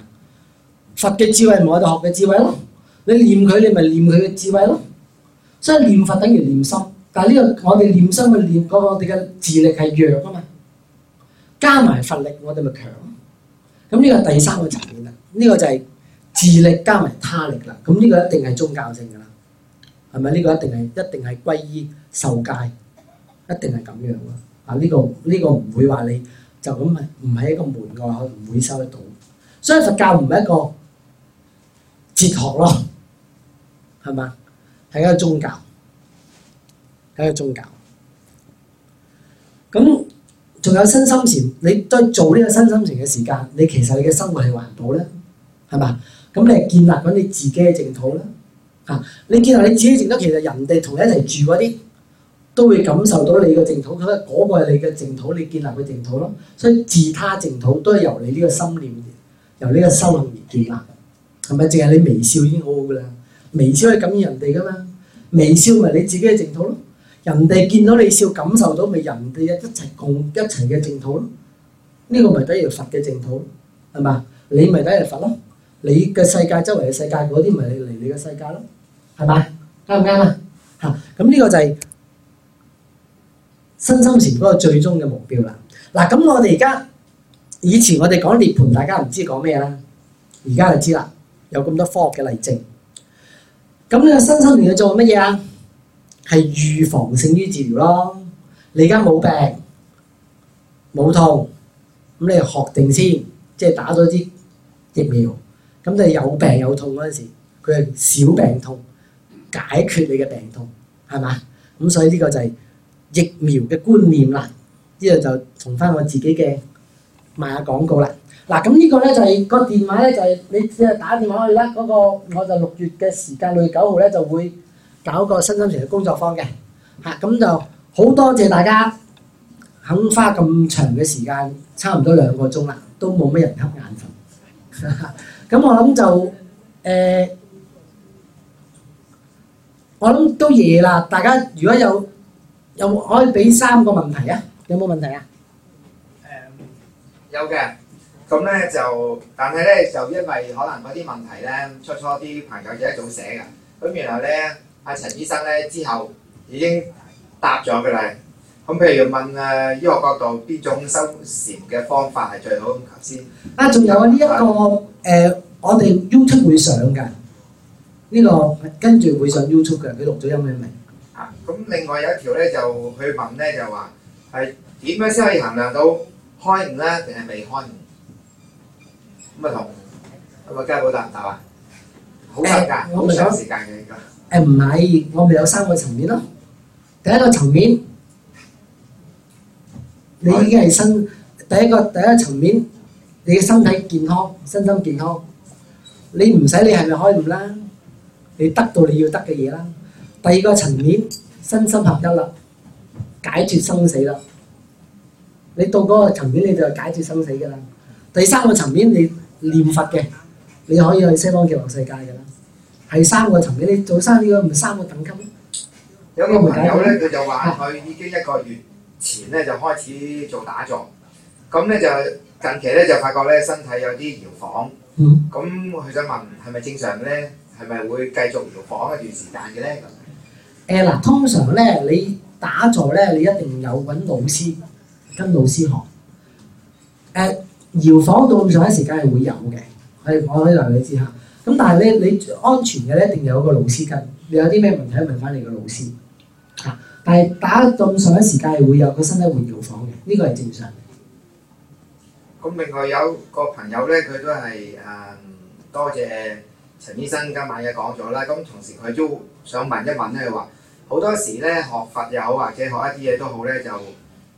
佛嘅智慧唔同我哋學嘅智慧咯，你念佢，你咪念佢嘅智慧咯。所以念佛等於念心，但係呢個我哋念心嘅念，嗰我哋嘅智力係弱啊嘛，加埋佛力，我哋咪強。咁呢個第三個層面啦，呢個就係智力加埋他力啦。咁呢個一定係宗教性㗎啦，係咪？呢個一定係一定係皈依受戒，一定係咁樣啊！呢個呢個唔會話你就咁唔係一個門嘅話，唔會收得到。所以佛教唔係一個哲學咯，係嘛？係一個宗教，係一個宗教。咁仲有身心禪，你都做呢個身心禪嘅時間，你其實你嘅生活係環保咧，係嘛？咁你係建立緊你自己嘅淨土啦。嚇，你建立你自己嘅淨土，其實人哋同你一齊住嗰啲都會感受到你嘅淨土，覺得嗰個係你嘅淨土，你建立嘅淨土咯。所以自他淨土都係由你呢個心念，由呢個心念而建立。係咪？淨係你微笑已經好好噶啦。微笑係感染人哋噶嘛？微笑咪你自己嘅淨土咯。人哋見到你笑，感受到咪人哋嘅一齊共一齊嘅淨土咯。呢、這個咪得嚟佛嘅淨土係嘛？你咪得嚟佛咯。你嘅世界周圍嘅世界嗰啲咪嚟你嘅世界咯，係咪？啱唔啱啊？嚇咁呢個就係、是、身心前身心禪嗰個最終嘅目標啦。嗱、啊、咁，我哋而家以前我哋講涅槃，大家唔知講咩啦，而家就知啦，有咁多科學嘅例證。咁你個身心禪嘅做乜嘢啊？係預防性嘅治療咯。你而家冇病冇痛，咁你又學定先，即係打咗啲疫苗。咁你有病有痛嗰陣時，佢係小病痛，解決你嘅病痛，係嘛？咁所以呢個就係疫苗嘅觀念啦。呢度就同翻我自己嘅賣下廣告啦。嗱，咁呢個咧就係、是那個電話咧就係、是、你只隻打電話去啦。嗰、那個我就六月嘅時間，六月九號咧就會搞個身心禪嘅工作坊嘅。嚇、啊，咁就好多謝大家肯花咁長嘅時間，差唔多兩個鐘啦，都冇乜人瞌眼瞓。咁、啊、我諗就誒、呃，我諗都夜啦。大家如果有有可以俾三個問題啊，有冇問題啊？誒、呃，有嘅。咁咧就，但係咧就因為可能嗰啲問題咧，初初啲朋友就一早寫嘅。咁然後咧，阿陳醫生咧之後已經答咗佢啦。咁譬如問啊，醫學角度邊種修禪嘅方法係最好？頭先啊，仲有啊，呢一個誒，我哋 YouTube 會上嘅呢個跟住會上 YouTube 嘅，佢錄咗音嘅咪。啊，咁另外有一條咧就去問咧就話係點樣先可以衡量到開悟啦，定係未開悟？咁咪同咁咪家寶好難答啊？好答㗎，好長時間嘅而家，誒唔係，我咪有、， 嗯、有三個層面咯。第一個層面，你已經係身，第一個第一層面，你嘅身體健康、身心健康，你唔使你係咪開悟啦？你得到你要得嘅嘢啦。第二個層面，身心合一啦，解決生死啦。你到嗰個層面你就解決生死㗎啦。第三個層面你。念佛嘅，你可以去西方極樂世界噶啦。係三個層嘅，你做生意個唔係三個等級。有個朋友咧，佢就話佢已經一個月前咧就開始做打坐，咁咧就近期咧就發覺咧身體有啲搖晃，咁佢想問係咪正常咧？係咪會繼續搖晃一段時間嘅咧？誒嗱、嗯嗯，通常咧你打坐咧你一定有揾老師跟老師學，誒、嗯。搖晃到咁上一時間係會有嘅，係我喺度你之嚇。咁但係咧，你安全嘅咧，一定有一個老師跟。你有啲咩問題問翻你個老師嚇、啊。但係打到咁上一時間係會有個身體會搖晃嘅，呢個係正常。咁另外有個朋友咧，佢都係誒、嗯、多謝陳醫生今晚嘢講咗啦。咁同時佢都想問一問咧，佢話好多時咧學佛又好，或者學一啲嘢都好咧，就誒、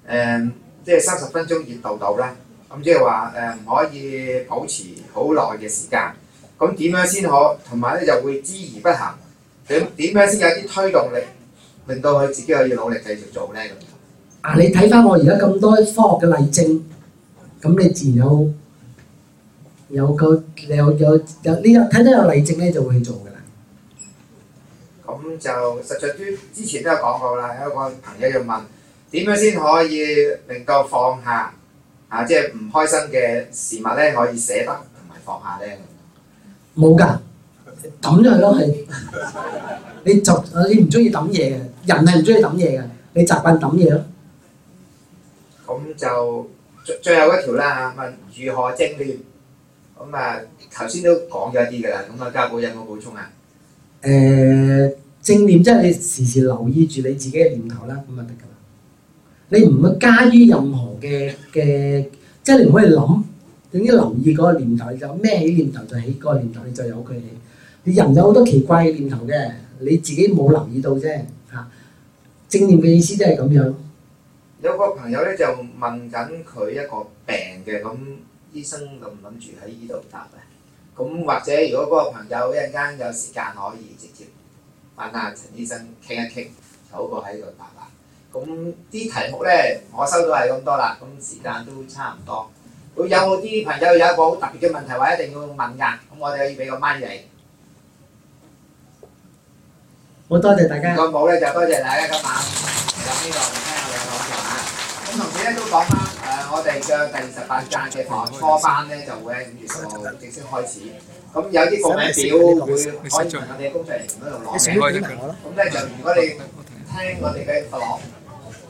嗯、即係三十分鐘熱度度啦。咁即係話誒，唔、呃、可以保持好耐嘅時間，咁點樣先可同埋咧就會知而不行？點點樣先有啲推動力，令到佢自己可以努力繼續做咧？咁啊，你睇翻我而家咁多科學嘅例證，咁你自然有有個有有有呢個睇到有例證咧，就會去做㗎啦。咁就實在都，之前都有講過啦。有一個朋友要問：點樣先可以令到放下？啊，即係唔開心嘅事物咧，可以捨得同埋放下咧。冇㗎，抌咗係咯，係。 你就你唔中意抌嘢嘅，人係唔中意抌嘢嘅，你習慣抌嘢咯。咁、嗯、就最最後一條啦嚇，問、啊、如何正念？咁、嗯、啊，頭先都講咗一啲㗎啦。咁、嗯、啊，家寶有冇補充啊？誒，正念即係你時時留意住你自己嘅念頭啦。咁啊。你唔會加於任何嘅嘅，即係你唔可以諗，等於留意嗰個念頭，就咩念頭就是、起嗰個念頭，你就有佢，你人有好多奇怪嘅念頭嘅，你自己冇留意到啫。嚇、啊，正念嘅意思即係咁樣。有個朋友咧就問緊佢一個病嘅，咁醫生諗唔諗住喺呢度答啊？咁或者如果嗰個朋友一陣間有時間，可以直接問下陳醫生傾一傾，就好過喺度答。咁啲題目咧，我收到係咁多啦，咁時間都差唔多。佢有啲朋友有一個好特別嘅問題，話一定要問嘅，咁我哋可以俾個乜嘢？好多謝大家。個冇咧就多謝大家今晚！咁呢個唔聽我哋講嘅話，咁同時咧都講翻誒，我哋嘅第二十八屆嘅堂初班咧就會喺五月十號正式開始。咁有啲報名表會可以同我哋工作人員嗰度攞。咁咧就如果你聽我哋嘅課堂。